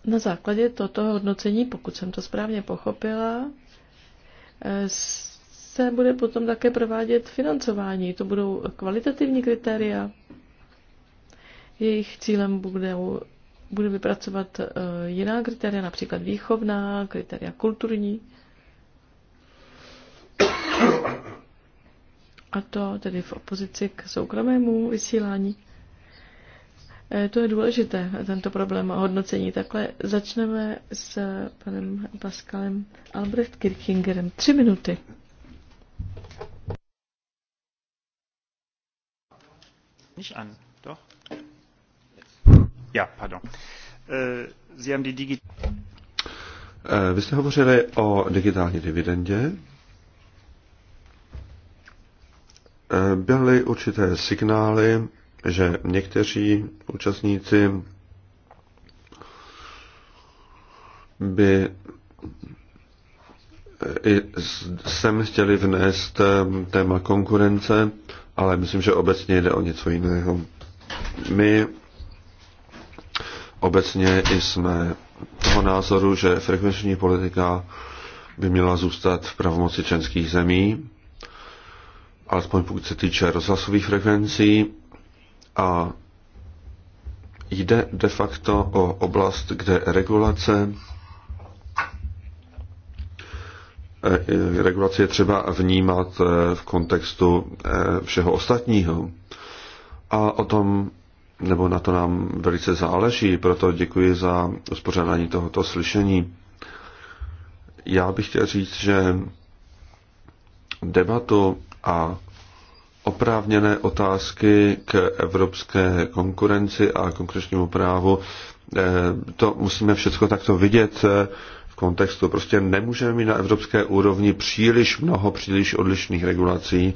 Na základě toto hodnocení, pokud jsem to správně pochopila, se bude potom také provádět financování. To budou kvalitativní kritéria, jejich cílem bude, bude vypracovat eh, jiná kritéria, například výchovná, kritéria kulturní. A to tedy v opozici k soukromému vysílání. Eh, to je důležité, tento problém hodnocení. Takhle začneme s panem Pascalem Albrecht Kirchingerem. Tři minuty. Nicht an, doch. Eh, eh, vy jste hovořili o digitální dividendě. Eh, byly určité signály, že někteří účastníci by i sem chtěli vnést téma konkurence, ale myslím, že obecně jde o něco jiného. My Obecně jsme toho názoru, že frekvenční politika by měla zůstat v pravomoci členských zemí, alespoň pokud se týče rozhlasových frekvencí a jde de facto o oblast, kde regulace eh, regulaci je třeba vnímat eh, v kontextu eh, všeho ostatního. A o tom nebo na to nám velice záleží, proto děkuji za uspořádání tohoto slyšení. Já bych chtěl říct, že debatu a oprávněné otázky k evropské konkurenci a konkrétnímu právu, eh, to musíme všechno takto vidět eh, v kontextu. Prostě nemůžeme mít na evropské úrovni příliš mnoho příliš odlišných regulací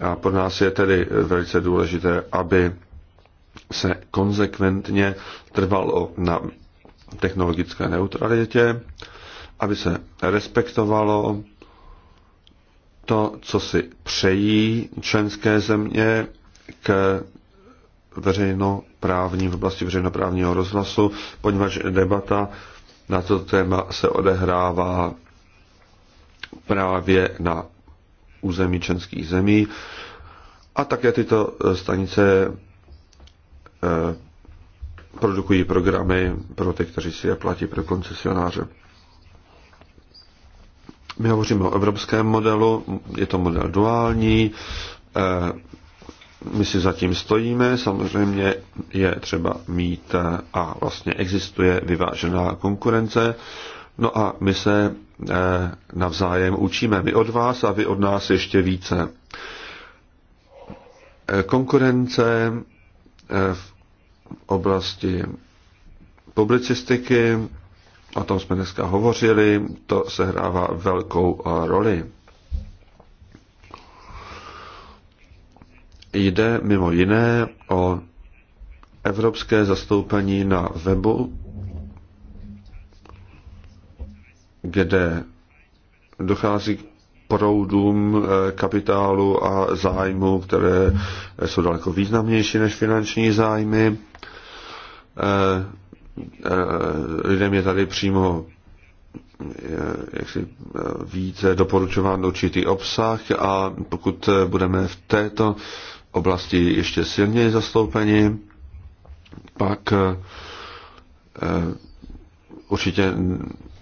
a pro nás je tedy velice důležité, aby se konzekventně trvalo na technologické neutralitě, aby se respektovalo to, co si přejí členské země k veřejnoprávní, v oblasti veřejnoprávního rozhlasu, poněvadž debata na to téma se odehrává právě na území členských zemí. A také tyto stanice Eh, produkují programy pro ty, kteří si je platí pro koncesionáře. My hovoříme o evropském modelu, je to model duální, eh, my si zatím stojíme, samozřejmě je třeba mít eh, a vlastně existuje vyvážená konkurence, no a my se navzájem učíme, my od vás a vy od nás ještě více. Konkurence v oblasti publicistiky, o tom jsme dneska hovořili, to sehrává velkou roli. Jde mimo jiné o evropské zastoupení na webu, kde dochází k proudům eh, kapitálu a zájmu, které jsou daleko významnější než finanční zájmy. Eh, eh, lidem je tady přímo jaksi více doporučován určitý obsah a pokud budeme v této oblasti ještě silněji zastoupeni, pak určitě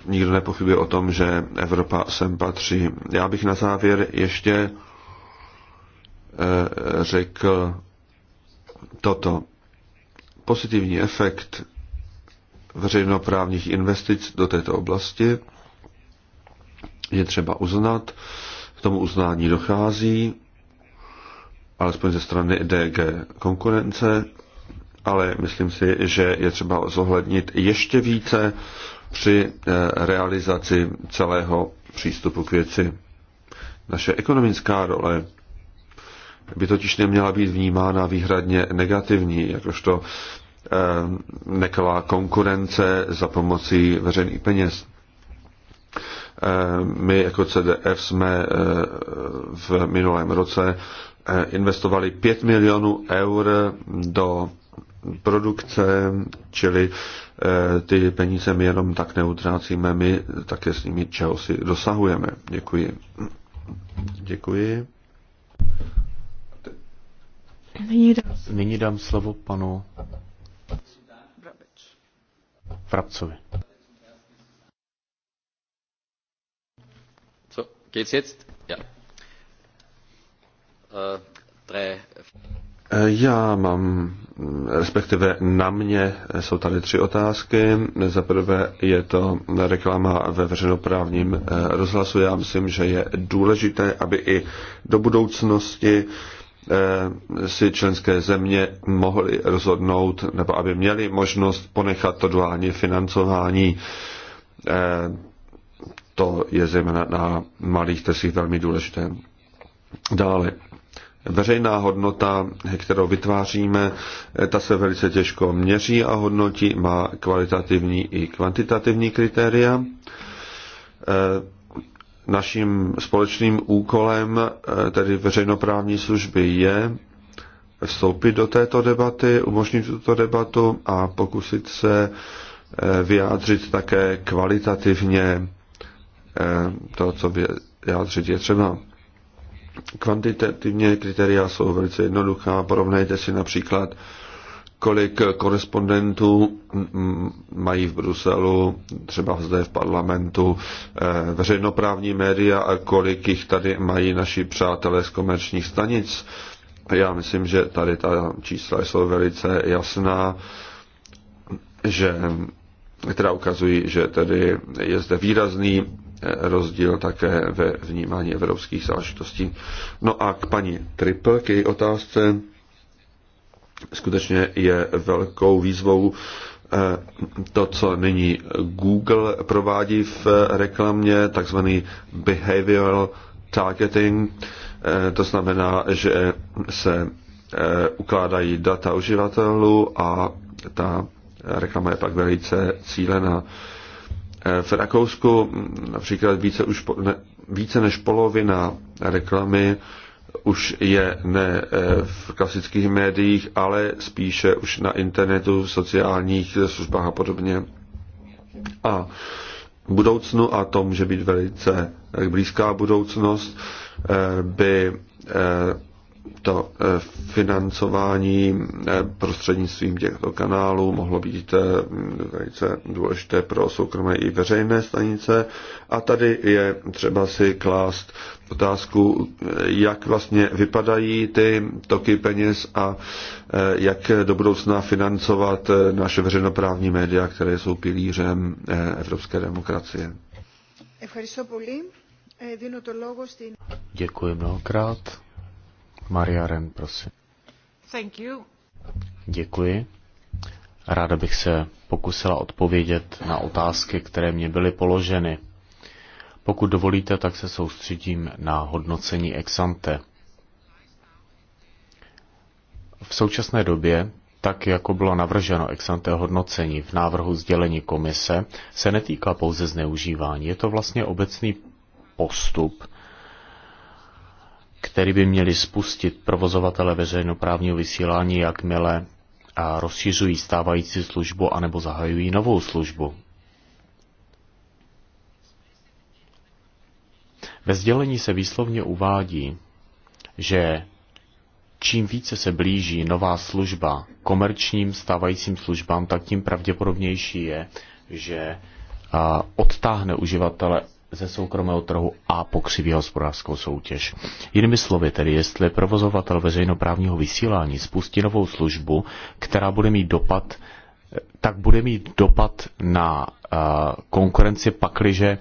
nikdo nepochybuje o tom, že Evropa sem patří. Já bych na závěr ještě eh, řekl toto. Pozitivní efekt veřejnoprávních investic do této oblasti je třeba uznat. K tomu uznání dochází, alespoň ze strany DG konkurence, ale myslím si, že je třeba zohlednit ještě více při eh, realizaci celého přístupu k věci. Naše ekonomická role by totiž neměla být vnímána výhradně negativní, jakožto eh, nekalá konkurence za pomocí veřejných peněz. Eh, my jako CDF jsme v minulém roce investovali 5 milionů eur do produkce, čili Eh, ty peníze my jenom tak neutrácíme, my také s nimi čeho si dosahujeme. Děkuji. Děkuji. Nyní dám, Nyní dám slovo panu Vrabcovi. Co? geht's jetzt? Ja. Uh, drei. Já mám, respektive na mě jsou tady tři otázky. Za prvé je to reklama ve veřejnoprávním eh, rozhlasu. Já myslím, že je důležité, aby i do budoucnosti eh, si členské země mohly rozhodnout, nebo aby měly možnost ponechat to duální financování. Eh, to je zejména na malých trzích velmi důležité. Dále veřejná hodnota, kterou vytváříme, eh, ta se velice těžko měří a hodnotí, má kvalitativní i kvantitativní kritéria. Eh, naším společným úkolem, eh, tedy veřejnoprávní služby, je vstoupit do této debaty, umožnit tuto debatu a pokusit se vyjádřit také kvalitativně to, co vyjádřit je třeba. Kvantitativně kritéria jsou velice jednoduchá. Porovnejte si například, kolik korespondentů mají v Bruselu, třeba zde v parlamentu, eh, veřejnoprávní média a kolik jich tady mají naši přátelé z komerčních stanic. Já myslím, že tady ta čísla jsou velice jasná, že která ukazují, že tedy je zde výrazný rozdíl také ve vnímání evropských záležitostí. No a k paní Triple, k její otázce, skutečně je velkou výzvou eh, to, co nyní Google provádí v reklamě, takzvaný behavioral targeting, eh, to znamená, že se eh, ukládají data uživatelů a ta reklama je pak velice cílená. V Rakousku například více, už, ne, více než polovina reklamy už je ne eh, v klasických médiích, ale spíše už na internetu, v sociálních službách a podobně. A v budoucnu, a to může být velice blízká budoucnost, eh, by eh, to eh, financování eh, prostřednictvím těchto kanálů mohlo být eh, velice důležité pro soukromé i veřejné stanice. A tady je třeba si klást otázku, jak vlastně vypadají ty toky peněz a jak do budoucna financovat naše veřejnoprávní média, které jsou pilířem evropské demokracie. Děkuji mnohokrát. Maria Ren, prosím. Thank you. Děkuji. Ráda bych se pokusila odpovědět na otázky, které mě byly položeny. Pokud dovolíte, tak se soustředím na hodnocení ex ante. V současné době, tak jako bylo navrženo ex ante hodnocení v návrhu sdělení komise, se netýká pouze zneužívání. Je to vlastně obecný postup, který by měli spustit provozovatele veřejnoprávního vysílání, jakmile a rozšiřují stávající službu anebo zahajují novou službu. Ve sdělení se výslovně uvádí, že čím více se blíží nová služba komerčním stávajícím službám, tak tím pravděpodobnější je, že odtáhne uživatele ze soukromého trhu a pokřiví hospodářskou soutěž. Jinými slovy tedy, jestli provozovatel veřejnoprávního vysílání spustí novou službu, která bude mít dopad, tak bude mít dopad na eh, konkurenci pakliže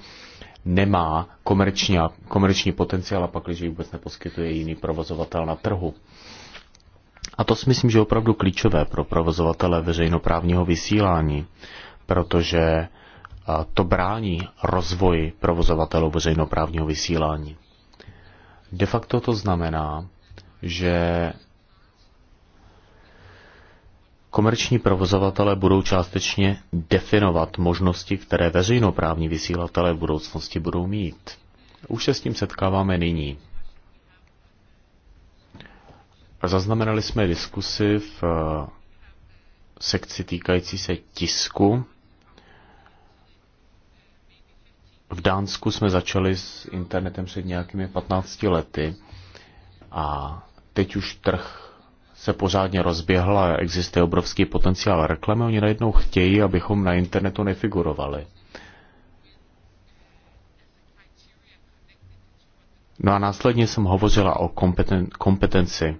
nemá komerční, komerční potenciál a pakliže ji vůbec neposkytuje jiný provozovatel na trhu. A to si myslím, že je opravdu klíčové pro provozovatele veřejnoprávního vysílání, protože to brání rozvoji provozovatelů veřejnoprávního vysílání. De facto to znamená, že komerční provozovatele budou částečně definovat možnosti, které veřejnoprávní vysílatele v budoucnosti budou mít. Už se s tím setkáváme nyní. Zaznamenali jsme diskusi v eh, sekci týkající se tisku v Dánsku jsme začali s internetem před nějakými 15 lety a teď už trh se pořádně rozběhl a existuje obrovský potenciál reklamy. Oni najednou chtějí, abychom na internetu nefigurovali. No a následně jsem hovořila o kompeten- kompetenci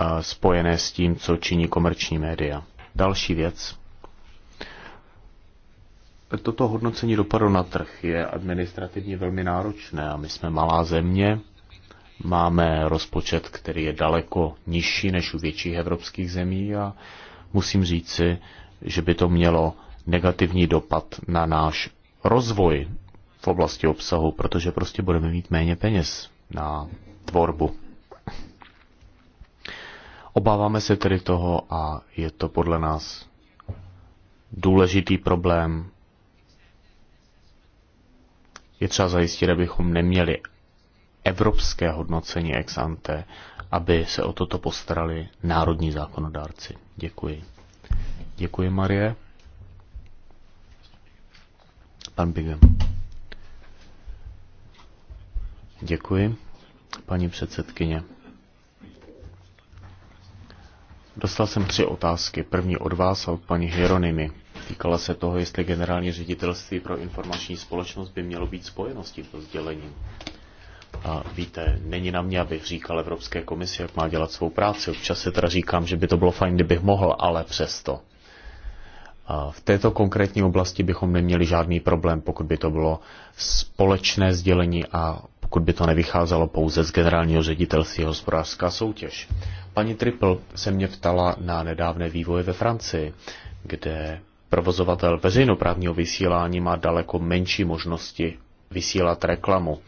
uh, spojené s tím, co činí komerční média. Další věc toto hodnocení dopadu na trh je administrativně velmi náročné a my jsme malá země, máme rozpočet, který je daleko nižší než u větších evropských zemí a musím říci, že by to mělo negativní dopad na náš rozvoj v oblasti obsahu, protože prostě budeme mít méně peněz na tvorbu. Obáváme se tedy toho a je to podle nás důležitý problém, je třeba zajistit, abychom neměli evropské hodnocení ex ante, aby se o toto postarali národní zákonodárci. Děkuji. Děkuji, Marie. Pan Bigem. Děkuji, paní předsedkyně. Dostal jsem tři otázky. První od vás a od paní Hieronymy. Týkala se toho, jestli generální ředitelství pro informační společnost by mělo být spojeno s tímto sdělením. A víte, není na mě, abych říkal Evropské komisi, jak má dělat svou práci. Občas se teda říkám, že by to bylo fajn, kdybych mohl, ale přesto. A v této konkrétní oblasti bychom neměli žádný problém, pokud by to bylo společné sdělení a pokud by to nevycházelo pouze z generálního ředitelství hospodářská soutěž. Paní Triple se mě ptala na nedávné vývoje ve Francii, kde provozovatel veřejnoprávního vysílání má daleko menší možnosti vysílat reklamu.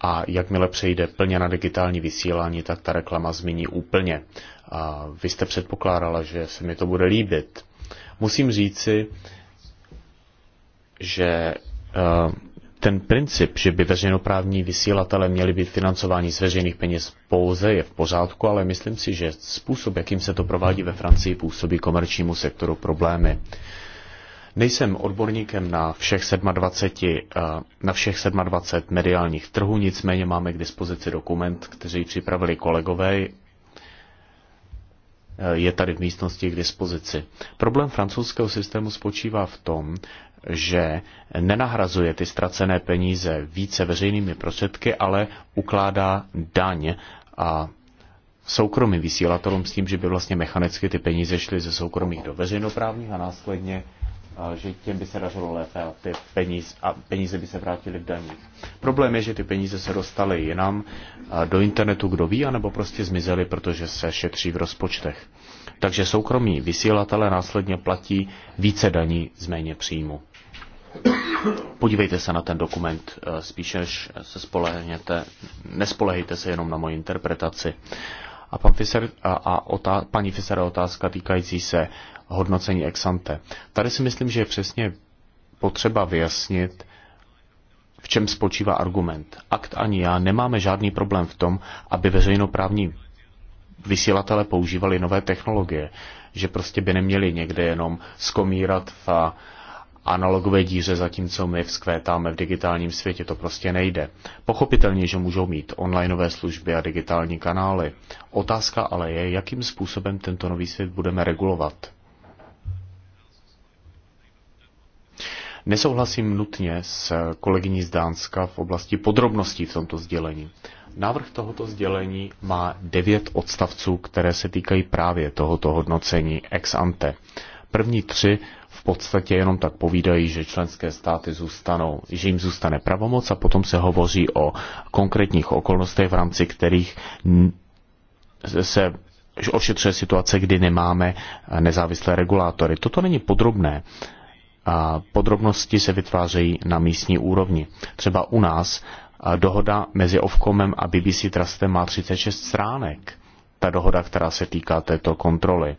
A jakmile přejde plně na digitální vysílání, tak ta reklama zmíní úplně. A vy jste předpokládala, že se mi to bude líbit. Musím říci, že eh, ten princip, že by veřejnoprávní vysílatele měli být financováni z veřejných peněz pouze, je v pořádku, ale myslím si, že způsob, jakým se to provádí ve Francii, působí komerčnímu sektoru problémy. Nejsem odborníkem na všech 27, eh, na všech 27 mediálních trhů, nicméně máme k dispozici dokument, který připravili kolegové. Eh, je tady v místnosti k dispozici. Problém francouzského systému spočívá v tom, že nenahrazuje ty ztracené peníze více veřejnými prostředky, ale ukládá daň a soukromým vysílatelům s tím, že by vlastně mechanicky ty peníze šly ze soukromých do veřejnoprávních a následně že těm by se dařilo lépe a ty peníze, a peníze by se vrátily v daních. Problém je, že ty peníze se dostaly jinam do internetu, kdo ví, anebo prostě zmizely, protože se šetří v rozpočtech takže soukromí vysílatele následně platí více daní z méně příjmu. Podívejte se na ten dokument, eh, spíše než se spolehněte, nespolehejte se jenom na moji interpretaci. A, pan Fischer, a, a otá, paní Fischer otázka týkající se hodnocení ex ante. Tady si myslím, že je přesně potřeba vyjasnit, v čem spočívá argument. Akt ani já nemáme žádný problém v tom, aby veřejnoprávní vysílatele používali nové technologie, že prostě by neměli někde jenom skomírat v analogové díře, zatímco my vzkvétáme v digitálním světě, to prostě nejde. Pochopitelně, že můžou mít onlineové služby a digitální kanály. Otázka ale je, jakým způsobem tento nový svět budeme regulovat. Nesouhlasím nutně s kolegyní z Dánska v oblasti podrobností v tomto sdělení. Návrh tohoto sdělení má devět odstavců, které se týkají právě tohoto hodnocení ex ante. První tři v podstatě jenom tak povídají, že členské státy zůstanou, že jim zůstane pravomoc a potom se hovoří o konkrétních okolnostech, v rámci kterých se ošetřuje situace, kdy nemáme nezávislé regulátory. Toto není podrobné. podrobnosti se vytvářejí na místní úrovni. Třeba u nás dohoda mezi Ovkomem a BBC Trustem má 36 stránek. Ta dohoda, která se týká této kontroly.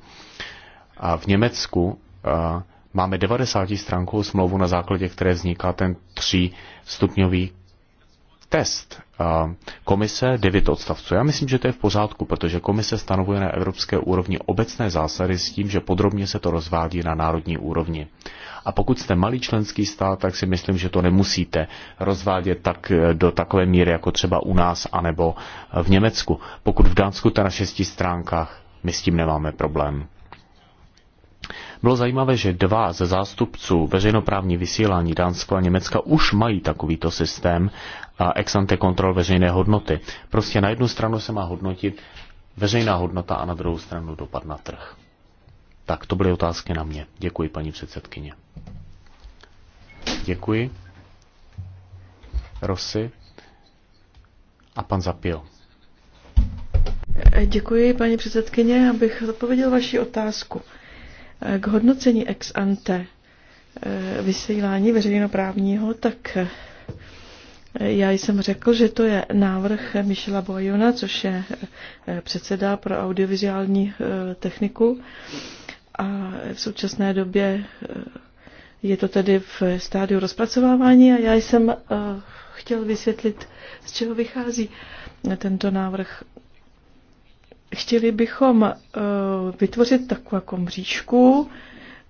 A v Německu eh, máme 90 stránkovou smlouvu, na základě které vzniká ten třístupňový test komise devět odstavců. Já myslím, že to je v pořádku, protože komise stanovuje na evropské úrovni obecné zásady s tím, že podrobně se to rozvádí na národní úrovni. A pokud jste malý členský stát, tak si myslím, že to nemusíte rozvádět tak eh, do takové míry, jako třeba u nás anebo eh, v Německu. Pokud v Dánsku to na šesti stránkách, my s tím nemáme problém. Bylo zajímavé, že dva ze zástupců veřejnoprávní vysílání Dánska a Německa už mají takovýto systém ex ante kontrol veřejné hodnoty. Prostě na jednu stranu se má hodnotit veřejná hodnota a na druhou stranu dopad na trh. Tak to byly otázky na mě. Děkuji, paní předsedkyně. Děkuji. Rosy a pan Zapil. Děkuji, paní předsedkyně, abych odpověděl vaši otázku. K hodnocení ex ante eh, vysílání veřejnoprávního, tak eh, já jsem řekl, že to je návrh Michela Bojona, což je eh, předseda pro audiovizuální eh, techniku. A v současné době eh, je to tedy v stádiu rozpracovávání a já jsem chtěl vysvětlit, z čeho vychází tento návrh. Chtěli bychom vytvořit takovou jako mřížku,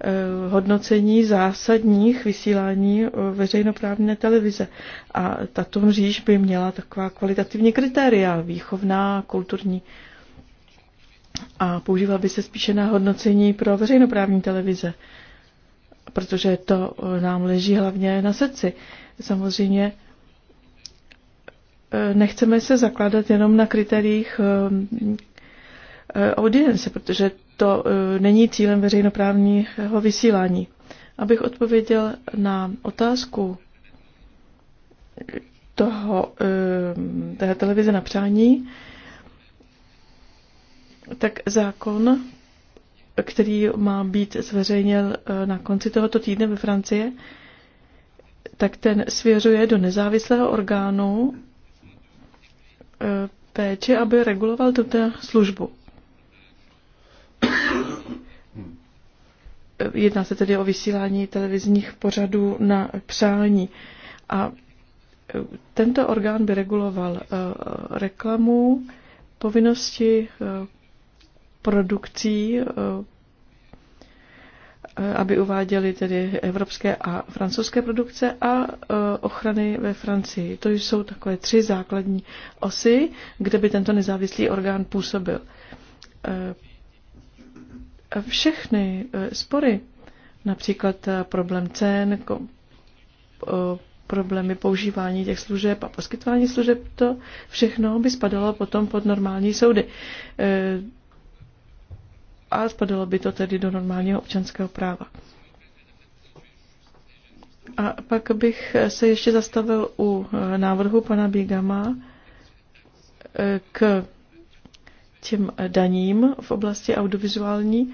Eh, hodnocení zásadních vysílání eh, veřejnoprávné televize. A tato mříž by měla taková kvalitativní kritéria, výchovná, kulturní. A používala by se spíše na hodnocení pro veřejnoprávní televize, protože to eh, nám leží hlavně na srdci. Samozřejmě nechceme se zakládat jenom na kritériích audience, protože to e, není cílem veřejnoprávního vysílání. Abych odpověděl na otázku toho, e, té televize na přání, tak zákon, který má být zveřejněn e, na konci tohoto týdne ve Francii, tak ten svěřuje do nezávislého orgánu péči, aby reguloval tuto službu. Jedná se tedy o vysílání televizních pořadů na přání. A e, tento orgán by reguloval e, reklamu, povinnosti e, produkcí, aby uváděli tedy evropské a francouzské produkce a ochrany ve Francii. To jsou takové tři základní osy, kde by tento nezávislý orgán působil všechny eh, spory, například eh, problém cen, eh, problémy používání těch služeb a poskytování služeb, to všechno by spadalo potom pod normální soudy. A spadalo by to tedy do normálního občanského práva. A pak bych se ještě zastavil u návrhu pana Bigama k těm daním v oblasti audiovizuální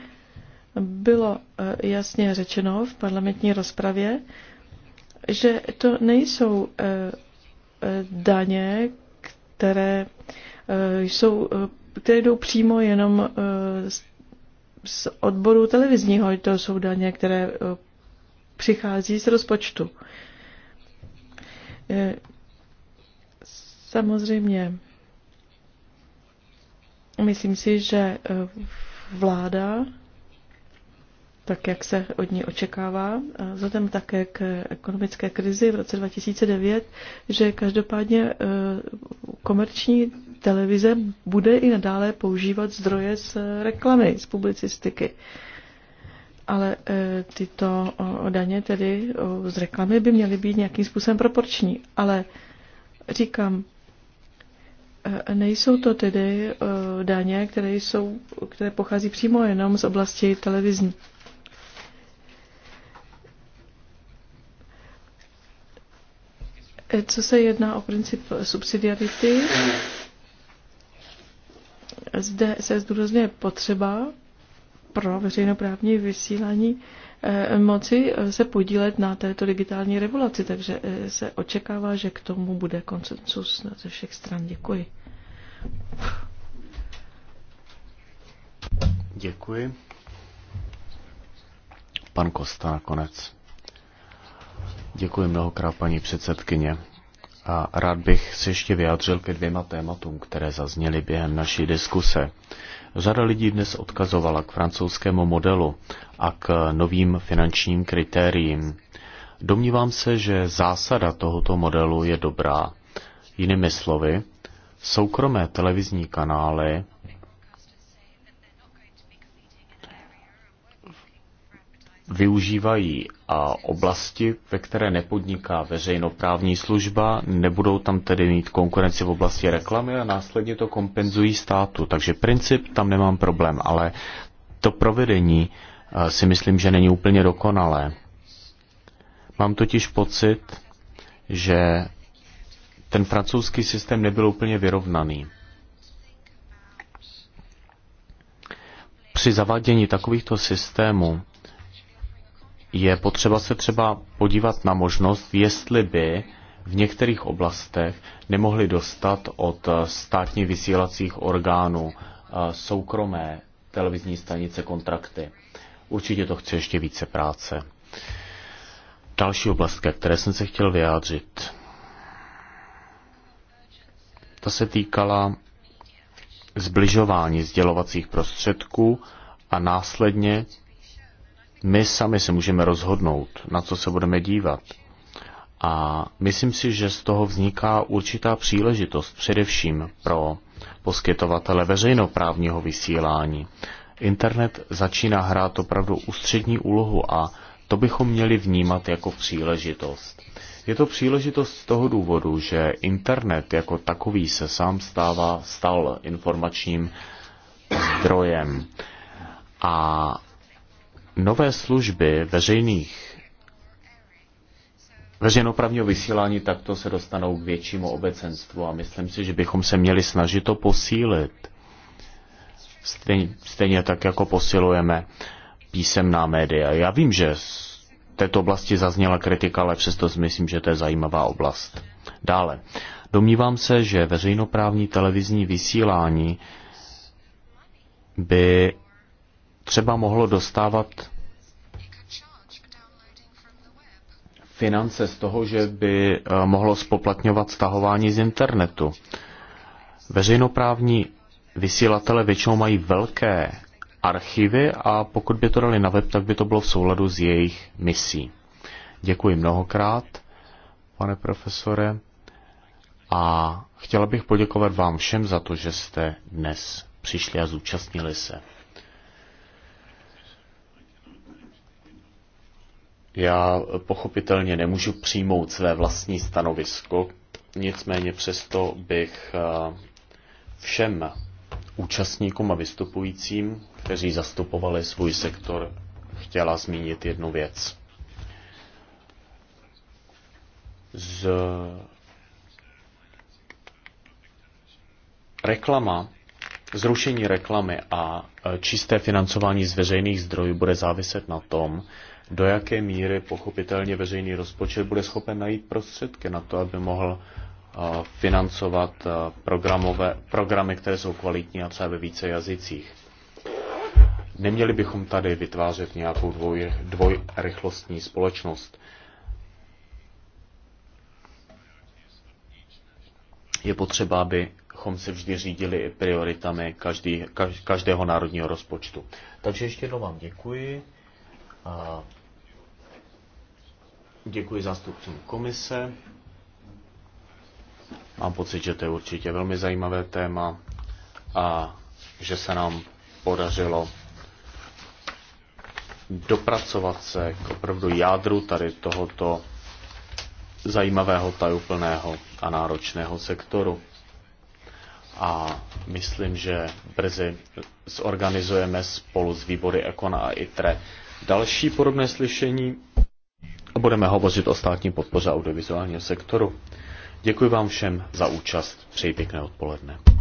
bylo eh, jasně řečeno v parlamentní rozpravě, že to nejsou eh, eh, daně, které jsou, které jdou přímo jenom z odboru televizního, to jsou daně, které přichází z rozpočtu. Samozřejmě Myslím si, že eh, vláda, tak jak se od ní očekává, eh, vzhledem také k ekonomické krizi v roce 2009, že každopádně eh, komerční televize bude i nadále používat zdroje z reklamy, z publicistiky. Ale tyto daně tedy z reklamy by měly být nějakým způsobem proporční. Ale říkám, Nejsou to tedy eh, daně, které, jsou, které pochází přímo jenom z oblasti televizní. Eh, co se jedná o princip subsidiarity? Zde se zdůrazňuje potřeba pro veřejnoprávní vysílání Eh, moci eh, se podílet na této digitální regulaci, takže eh, se očekává, že k tomu bude koncensus ze všech stran. Děkuji. Děkuji. Pan Kosta nakonec. Děkuji mnohokrát, paní předsedkyně. A rád bych se ještě vyjádřil ke dvěma tématům, které zazněly během naší diskuse. Řada lidí dnes odkazovala k francouzskému modelu a k novým finančním kritériím. Domnívám se, že zásada tohoto modelu je dobrá. Jinými slovy, soukromé televizní kanály využívají a oblasti, ve které nepodniká veřejnoprávní služba, nebudou tam tedy mít konkurenci v oblasti reklamy a následně to kompenzují státu. Takže princip tam nemám problém, ale to provedení eh, si myslím, že není úplně dokonalé. Mám totiž pocit, že ten francouzský systém nebyl úplně vyrovnaný. Při zavádění takovýchto systémů je potřeba se třeba podívat na možnost, jestli by v některých oblastech nemohli dostat od eh, státní vysílacích orgánů eh, soukromé televizní stanice kontrakty. Určitě to chce ještě více práce. Další oblast, ke které jsem se chtěl vyjádřit, ta se týkala zbližování sdělovacích prostředků a následně my sami se můžeme rozhodnout, na co se budeme dívat. A myslím si, že z toho vzniká určitá příležitost, především pro poskytovatele veřejnoprávního vysílání. Internet začíná hrát opravdu ústřední úlohu a to bychom měli vnímat jako příležitost. Je to příležitost z toho důvodu, že internet jako takový se sám stává, stal informačním zdrojem. A nové služby veřejných veřejnoprávního vysílání takto se dostanou k většímu obecenstvu a myslím si, že bychom se měli snažit to posílit. Stejně, stejně tak, jako posilujeme písemná média. Já vím, že z této oblasti zazněla kritika, ale přesto si myslím, že to je zajímavá oblast. Dále. Domnívám se, že veřejnoprávní televizní vysílání by třeba mohlo dostávat finance z toho, že by eh, mohlo spoplatňovat stahování z internetu. Veřejnoprávní vysílatele většinou mají velké archivy a pokud by to dali na web, tak by to bylo v souladu s jejich misí. Děkuji mnohokrát, pane profesore, a chtěla bych poděkovat vám všem za to, že jste dnes přišli a zúčastnili se. Já pochopitelně nemůžu přijmout své vlastní stanovisko, nicméně přesto bych eh, všem účastníkům a vystupujícím, kteří zastupovali svůj sektor, chtěla zmínit jednu věc. Z reklama, zrušení reklamy a eh, čisté financování z veřejných zdrojů bude záviset na tom, do jaké míry pochopitelně veřejný rozpočet bude schopen najít prostředky na to, aby mohl eh, financovat eh, programové, programy, které jsou kvalitní a třeba ve více jazycích. Neměli bychom tady vytvářet nějakou dvoj, dvojrychlostní společnost. Je potřeba, abychom se vždy řídili prioritami každý, každého národního rozpočtu. Takže ještě jednou vám děkuji. Děkuji zástupcům komise. Mám pocit, že to je určitě velmi zajímavé téma a že se nám podařilo dopracovat se k opravdu jádru tady tohoto zajímavého, tajuplného a náročného sektoru. A myslím, že brzy zorganizujeme spolu s výbory Ekona a ITRE další podobné slyšení a budeme hovořit o státní podpoře audiovizuálního sektoru. Děkuji vám všem za účast. Přeji pěkné odpoledne.